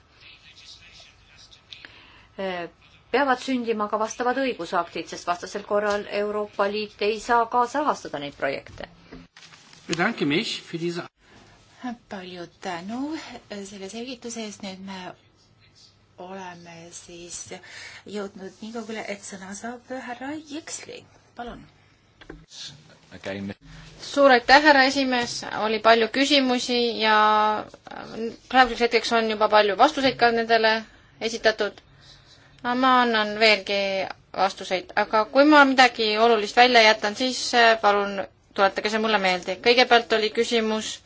äh, peavad sündima ka vastavad õigusaktid, sest vastasel korral Euroopa Liit ei saa kaasrahastada neid projekte. palju tänu selle selgituse eest, nüüd me oleme siis jõudnud nii kaugele, et sõna saab härra Jõksli, palun suur aitäh, härra esimees, oli palju küsimusi ja äh, praeguseks hetkeks on juba palju vastuseid ka nendele esitatud. ma annan veelgi vastuseid, aga kui ma midagi olulist välja jätan, siis äh, palun tuletage see mulle meelde. kõigepealt oli küsimus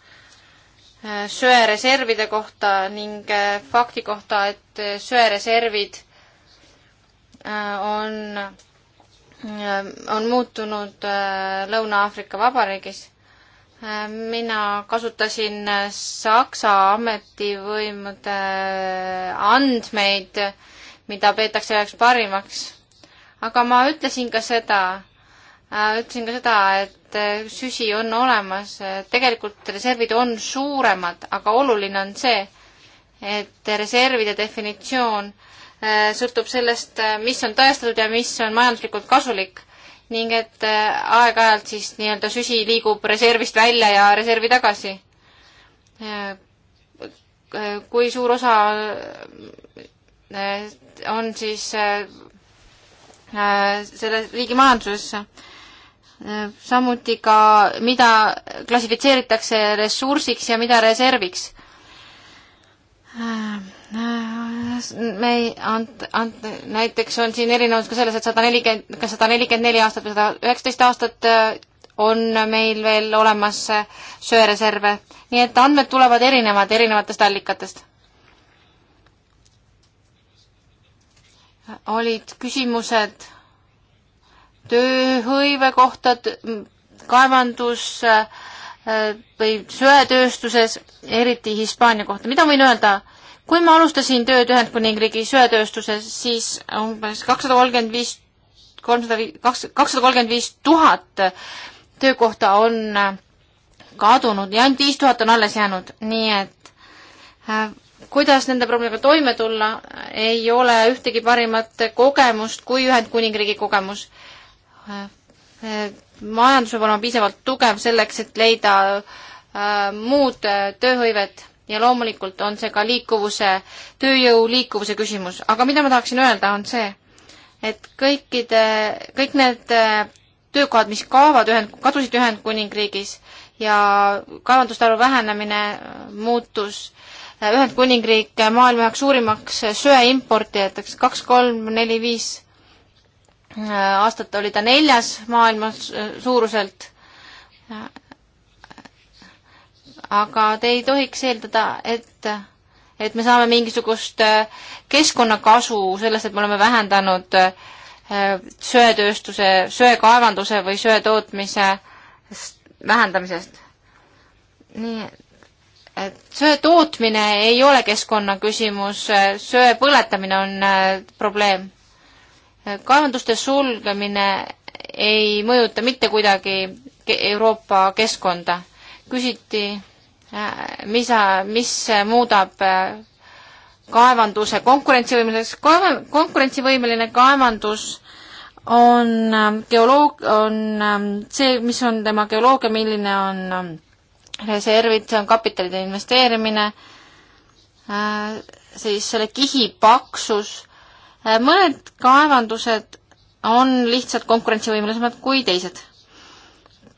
äh, söereservide kohta ning fakti kohta, et söereservid on Äh, on muutunud äh, Lõuna-Aafrika Vabariigis. Äh, mina kasutasin Saksa ametivõimude andmeid, mida peetakse üheks parimaks. aga ma ütlesin ka seda, ütlesin ka seda, et süsi on olemas, tegelikult reservid on suuremad, aga oluline on see, et reservide definitsioon äh, Äh, sõltub sellest, äh, mis on tõestatud ja mis on majanduslikult kasulik ning et äh, aeg-ajalt siis nii-öelda süsi liigub reservist välja ja reservi tagasi. kui suur osa on siis selle riigi majanduses. samuti ka, mida klassifitseeritakse ressursiks ja mida reserviks me ei ant-, ant-, näiteks on siin erinevus ka selles, et sada nelikümmend, kas sada nelikümmend neli aastat või sada üheksateist aastat äh, on meil veel olemas äh, söereserve. nii et andmed tulevad erinevad, erinevatest allikatest. olid küsimused tööhõive kohta, kaevandus äh, või söetööstuses, eriti Hispaania kohta. mida võin öelda? kui ma alustasin tööd Ühendkuningriigi söetööstuses, siis umbes kakssada kolmkümmend viis, kolmsada viis, kaks, kakssada kolmkümmend viis tuhat töökohta on kadunud ja ainult viis tuhat on alles jäänud, nii et äh, kuidas nende probleemiga toime tulla, ei ole ühtegi parimat kogemust kui Ühendkuningriigi kogemus äh,. Äh, majandus peab olema piisavalt tugev selleks, et leida äh, muud äh, tööhõivet ja loomulikult on see ka liikuvuse, tööjõu liikuvuse küsimus, aga mida ma tahaksin öelda, on see, et kõikide, kõik need äh, töökohad, mis kaovad ühend, kadusid Ühendkuningriigis ja kaevanduste arvu vähenemine äh, muutus äh, Ühendkuningriik maailma üheks suurimaks söeimportijateks, kaks, kolm, neli, viis aastat oli ta neljas maailma suuruselt aga te ei tohiks eeldada, et, et me saame mingisugust äh, keskkonnakasu sellest, et me oleme vähendanud äh, söetööstuse, söekaevanduse või söetootmise vähendamisest. nii et söe tootmine ei ole keskkonnaküsimus, äh, söe põletamine on probleem. kaevanduste sulgemine ei mõjuta mitte kuidagi Euroopa keskkonda. küsiti Äh, mis, äh, mis äh, muudab kaevanduse konkurentsivõimeliseks. konkurentsivõimeline kaevandus on ähm, geoloog-, on ähm, see, mis on tema geoloogia, milline on ähm, reservid, see on kapitalide investeerimine, siis selle kihi paksus, mõned kaevandused on lihtsalt konkurentsivõimelisemad kui teised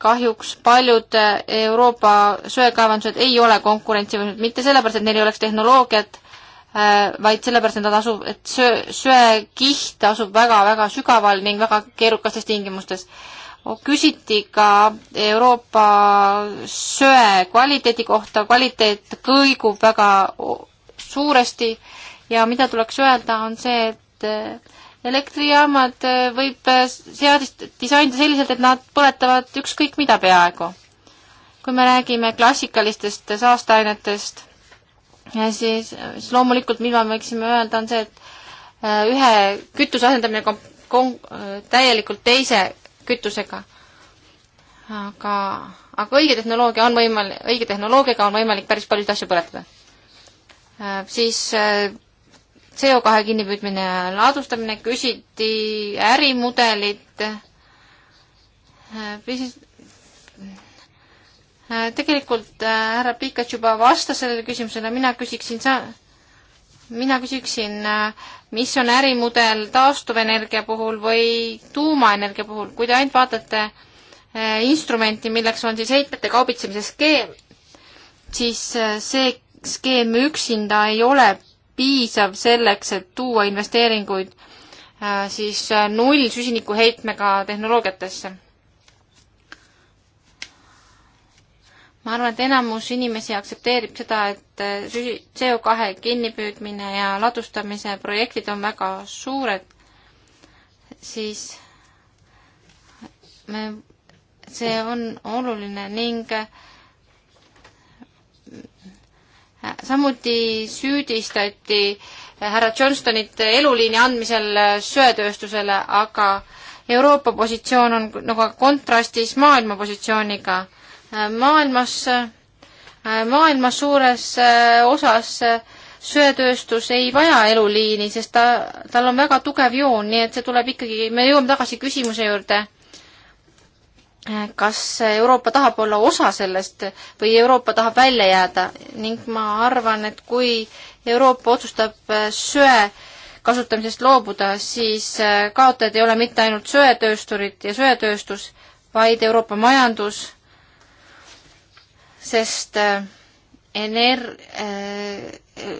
kahjuks paljud äh, Euroopa söekaevandused ei ole konkurentsivõimelised, mitte sellepärast, et neil ei oleks tehnoloogiat, äh, vaid sellepärast, et nad asub, et söe, söekiht asub väga-väga sügaval ning väga keerukastes tingimustes. küsiti ka Euroopa söe kvaliteedi kohta, kvaliteet kõigub väga suuresti ja mida tuleks öelda, on see, et äh, elektrijaamad eh, võib eh, seadist disainida selliselt, et nad põletavad ükskõik mida peaaegu. kui me räägime klassikalistest saasteainetest, siis, siis loomulikult, mida me võiksime öelda, on see, et eh, ühe kütuse asendamine kom-, kom-, täielikult teise kütusega. aga, aga õige tehnoloogia on võimalik, õige tehnoloogiaga on võimalik päris paljusid asju põletada. siis CO2 kinnipüüdmine ja laadustamine, küsiti ärimudelit, äh, tegelikult äh, härra Pikats juba vastas sellele küsimusele, mina küsiksin sa-, mina küsiksin, äh, mis on ärimudel taastuvenergia puhul või tuumaenergia puhul, kui te ainult vaatate instrumenti, milleks on siis heitmete kaubitsemise skeem, siis see skeem üksinda ei ole piisav selleks, et tuua investeeringuid äh, siis äh, null süsinikuheitmega tehnoloogiatesse. ma arvan, et enamus inimesi aktsepteerib seda, et äh, süsi-, CO2 kinnipüüdmine ja ladustamise projektid on väga suured, siis me, see on oluline ning äh, samuti süüdistati härra Johnstonit eluliini andmisel söetööstusele, aga Euroopa positsioon on nagu kontrastis maailma positsiooniga. maailmas, maailma suures äh, osas äh, söetööstus ei vaja eluliini, sest ta, tal on väga tugev joon, nii et see tuleb ikkagi, me jõuame tagasi küsimuse juurde kas Euroopa tahab olla osa sellest või Euroopa tahab välja jääda ning ma arvan, et kui Euroopa otsustab äh, söe kasutamisest loobuda, siis äh, kaotajad ei ole mitte ainult söetöösturid ja söetööstus, vaid Euroopa majandus, sest äh, ener-,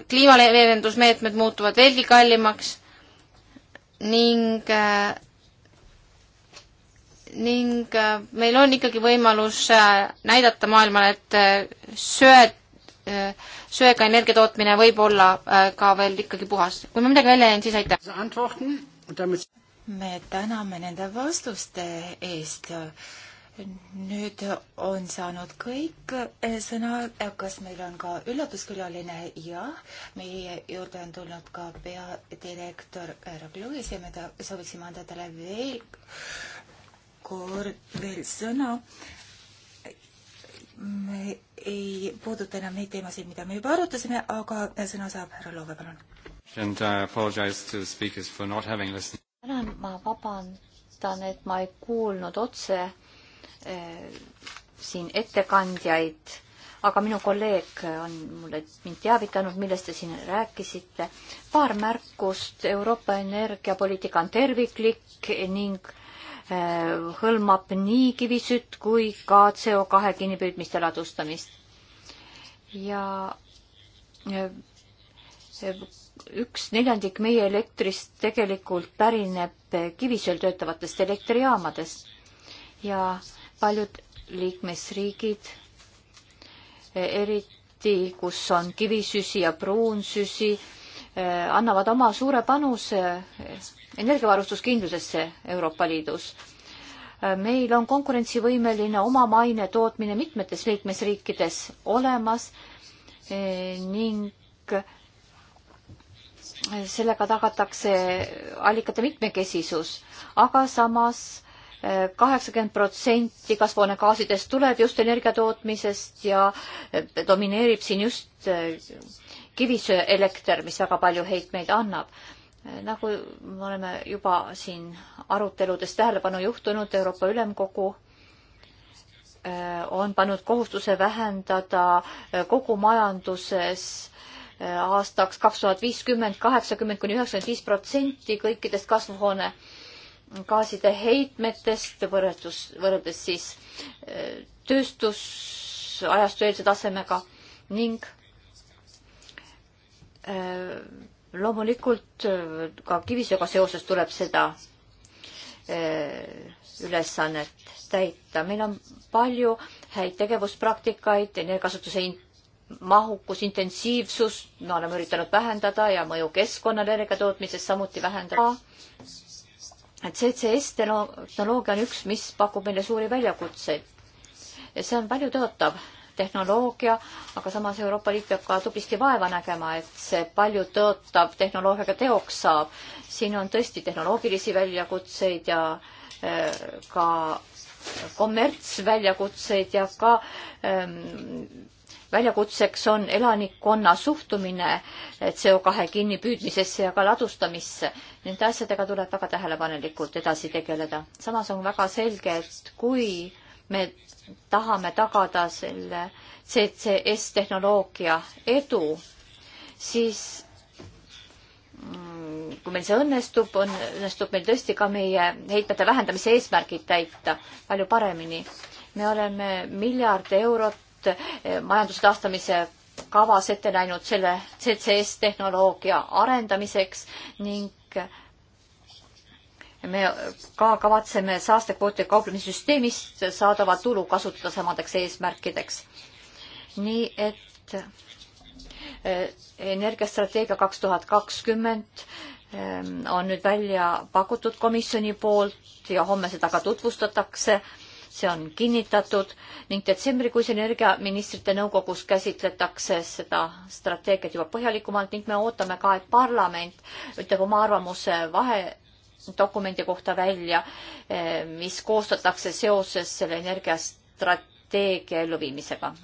kliimaleevendusmeetmed muutuvad veelgi kallimaks ning ning äh, meil on ikkagi võimalus äh, näidata maailmale, et äh, söe, söega energia tootmine võib olla ka veel ikkagi puhas. kui ma midagi välja jäin, siis aitäh! me täname nende vastuste eest. nüüd on saanud kõik sõna, kas meil on ka üllatuskülaline? jah, meie juurde on tulnud ka peadirektor härra Kluis ja me ta-, sooviksime anda talle veel kord veel sõna. me ei puuduta enam neid teemasid, mida me juba arutasime, aga sõna saab härra Loove, palun. And I uh, apologize to the speakers for not having listened. tänan, ma vabandan, et ma ei kuulnud otse eh, siin ettekandjaid, aga minu kolleeg on mulle, mind teavitanud, millest te siin rääkisite. paar märkust, Euroopa energiapoliitika on terviklik ning Äh, hõlmab nii kivisütt kui ka CO2 kinnipüüdmist ja ladustamist. ja äh, üks neljandik meie elektrist tegelikult pärineb kivisöel töötavatest elektrijaamadest ja paljud liikmesriigid, äh, eriti kus on kivisüsi ja pruunsüsi, annavad oma suure panuse energiavarustuskindlusesse Euroopa Liidus. meil on konkurentsivõimeline omamaine tootmine mitmetes liikmesriikides olemas eh, ning sellega tagatakse allikate mitmekesisus, aga samas eh, kaheksakümmend protsenti kasvuhoonegaasidest tuleb just energiatootmisest ja eh, domineerib siin just kivisöeelekter, mis väga palju heitmeid annab nagu me oleme juba siin aruteludes tähelepanu juhtunud, Euroopa Ülemkogu äh, on pannud kohustuse vähendada äh, kogu majanduses äh, aastaks kaks tuhat viiskümmend kaheksakümmend kuni üheksakümmend viis protsenti kõikidest kasvuhoonegaaside heitmetest võrreldus, võrreldes siis tööstusajastu eelse tasemega ning loomulikult äh, ka kivisöega seoses tuleb seda äh, ülesannet täita. meil on palju häid tegevuspraktikaid, energiakasutuse mahukus, intensiivsus, me oleme üritanud vähendada ja mõju keskkonnale energiatootmises samuti vähendada. et CCS tehnoloogia on üks, mis pakub meile suuri väljakutseid. see on paljutõotav tehnoloogia, aga samas Euroopa Liit peab ka tublisti vaeva nägema, et see palju tõotav tehnoloogiaga teoks saab. siin on tõesti tehnoloogilisi väljakutseid ja eh, ka kommertsväljakutseid ja ka ähm, väljakutseks on elanikkonna suhtumine eh, CO2 kinnipüüdmisesse ja ka ladustamisse. Nende asjadega tuleb väga tähelepanelikult edasi tegeleda. samas on väga selge, et kui me tahame tagada selle CCS tehnoloogia edu, siis mm, kui meil see õnnestub, on, õnnestub meil tõesti ka meie heitmete vähendamise eesmärgid täita palju paremini. me oleme miljard eurot eh, majanduse taastamise kavas ette näinud selle CCS tehnoloogia arendamiseks ning me ka kavatseme saastekvootide kauplemissüsteemist saadava tulu kasutada samadeks eesmärkideks. nii et eh, energiastrateegia kaks tuhat kakskümmend eh, on nüüd välja pakutud komisjoni poolt ja homme seda ka tutvustatakse. see on kinnitatud ning detsembrikuis energiaministrite nõukogus käsitletakse seda strateegiat juba põhjalikumalt ning me ootame ka, et parlament ütleb oma arvamuse vahe dokumendi kohta välja, eh, mis koostatakse seoses selle energiastrateegia elluviimisega.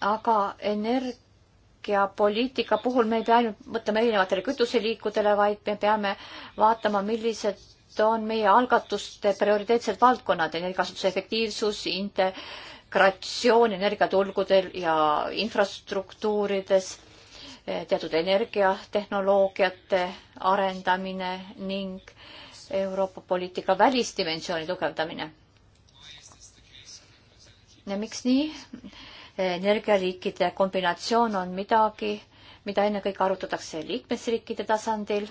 aga energiapoliitika puhul me ei pea ainult mõtlema erinevatele kütuseliikudele, vaid me peame vaatama, millised on meie algatuste prioriteetsed valdkonnad, energiakasutuse efektiivsus, integratsioon energiaturgudel ja infrastruktuurides teatud energiatehnoloogiate arendamine ning Euroopa poliitika välisdimensiooni tugevdamine. ja miks nii? energialiikide kombinatsioon on midagi, mida ennekõike arutatakse liikmesriikide tasandil,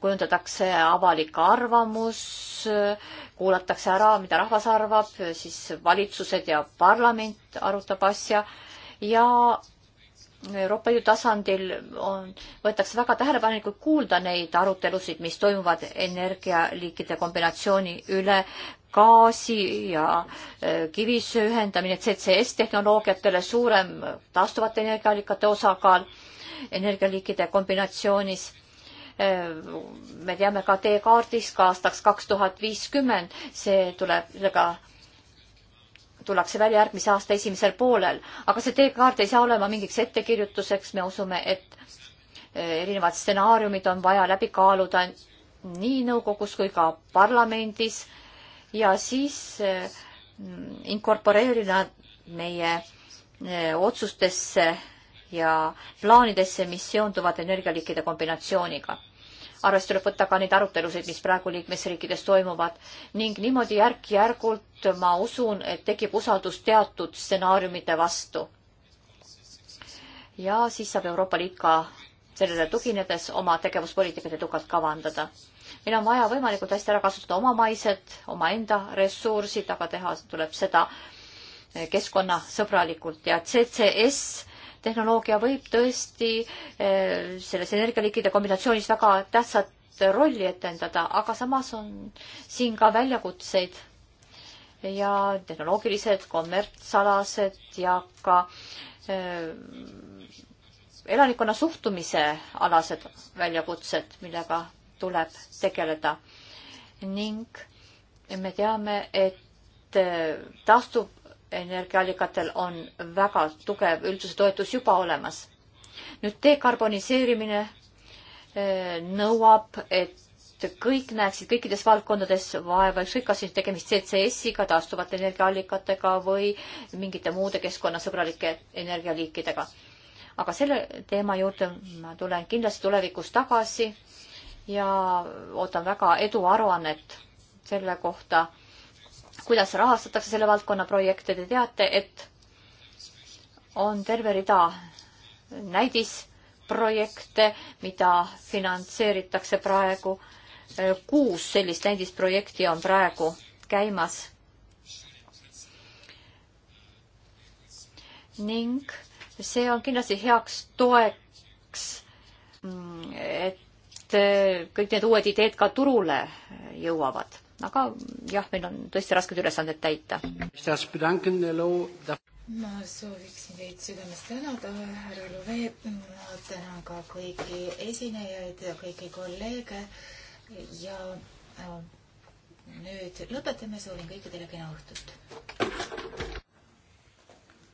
kujundatakse avalik arvamus, kuulatakse ära, mida rahvas arvab, siis valitsused ja parlament arutab asja ja Euroopa Liidu tasandil on, võetakse väga tähelepanelikult kuulda neid arutelusid, mis toimuvad energialiikide kombinatsiooni üle, gaasi ja äh, kivisöe ühendamine, CCS tehnoloogiatele suurem taastuvate energiaallikate osakaal energialiikide kombinatsioonis äh, me teame ka teekaardis ka aastaks kaks tuhat viiskümmend, see tuleb sellega tullakse välja järgmise aasta esimesel poolel, aga see teekaart ei saa olema mingiks ettekirjutuseks, me usume, et eh, erinevad stsenaariumid on vaja läbi kaaluda nii nõukogus kui ka parlamendis ja siis eh, inkorporeerida meie eh, otsustesse ja plaanidesse, mis seonduvad energialiikide kombinatsiooniga arvesse tuleb võtta ka neid arutelusid, mis praegu liikmesriikides toimuvad ning niimoodi järk-järgult ma usun, et tekib usaldus teatud stsenaariumite vastu. ja siis saab Euroopa Liit ka sellele tuginedes oma tegevuspoliitikat edukalt kavandada. meil on vaja võimalikult hästi ära kasutada omamaised, omaenda ressursid, aga teha tuleb seda keskkonnasõbralikult ja CCS tehnoloogia võib tõesti eh, selles energialiikide kombinatsioonis väga tähtsat rolli etendada, aga samas on siin ka väljakutseid ja tehnoloogilised, kommertsalased ja ka eh, elanikkonna suhtumise alased väljakutsed, millega tuleb tegeleda. ning me teame, et eh, taastub energiaallikatel on väga tugev üldsuse toetus juba olemas. nüüd dekarboniseerimine eh, nõuab, et kõik näeksid kõikides valdkondades vaeva, ükskõik kas siis tegemist CCS-iga, taastuvate energiaallikatega või mingite muude keskkonnasõbralike energialiikidega. aga selle teema juurde ma tulen kindlasti tulevikus tagasi ja ootan väga eduaruannet selle kohta kuidas rahastatakse selle valdkonna projekte, te teate, et on terve rida näidisprojekte, mida finantseeritakse praegu. kuus sellist näidisprojekti on praegu käimas. ning see on kindlasti heaks toeks, mm, et kõik need uued ideed ka turule jõuavad aga jah, meil on tõesti rasked ülesanded täita. ma sooviksin teid südamest tänada, härra Luve, ma tänan ka kõiki esinejaid ja kõiki kolleege ja äh, nüüd lõpetame, soovin kõikidele kena õhtut!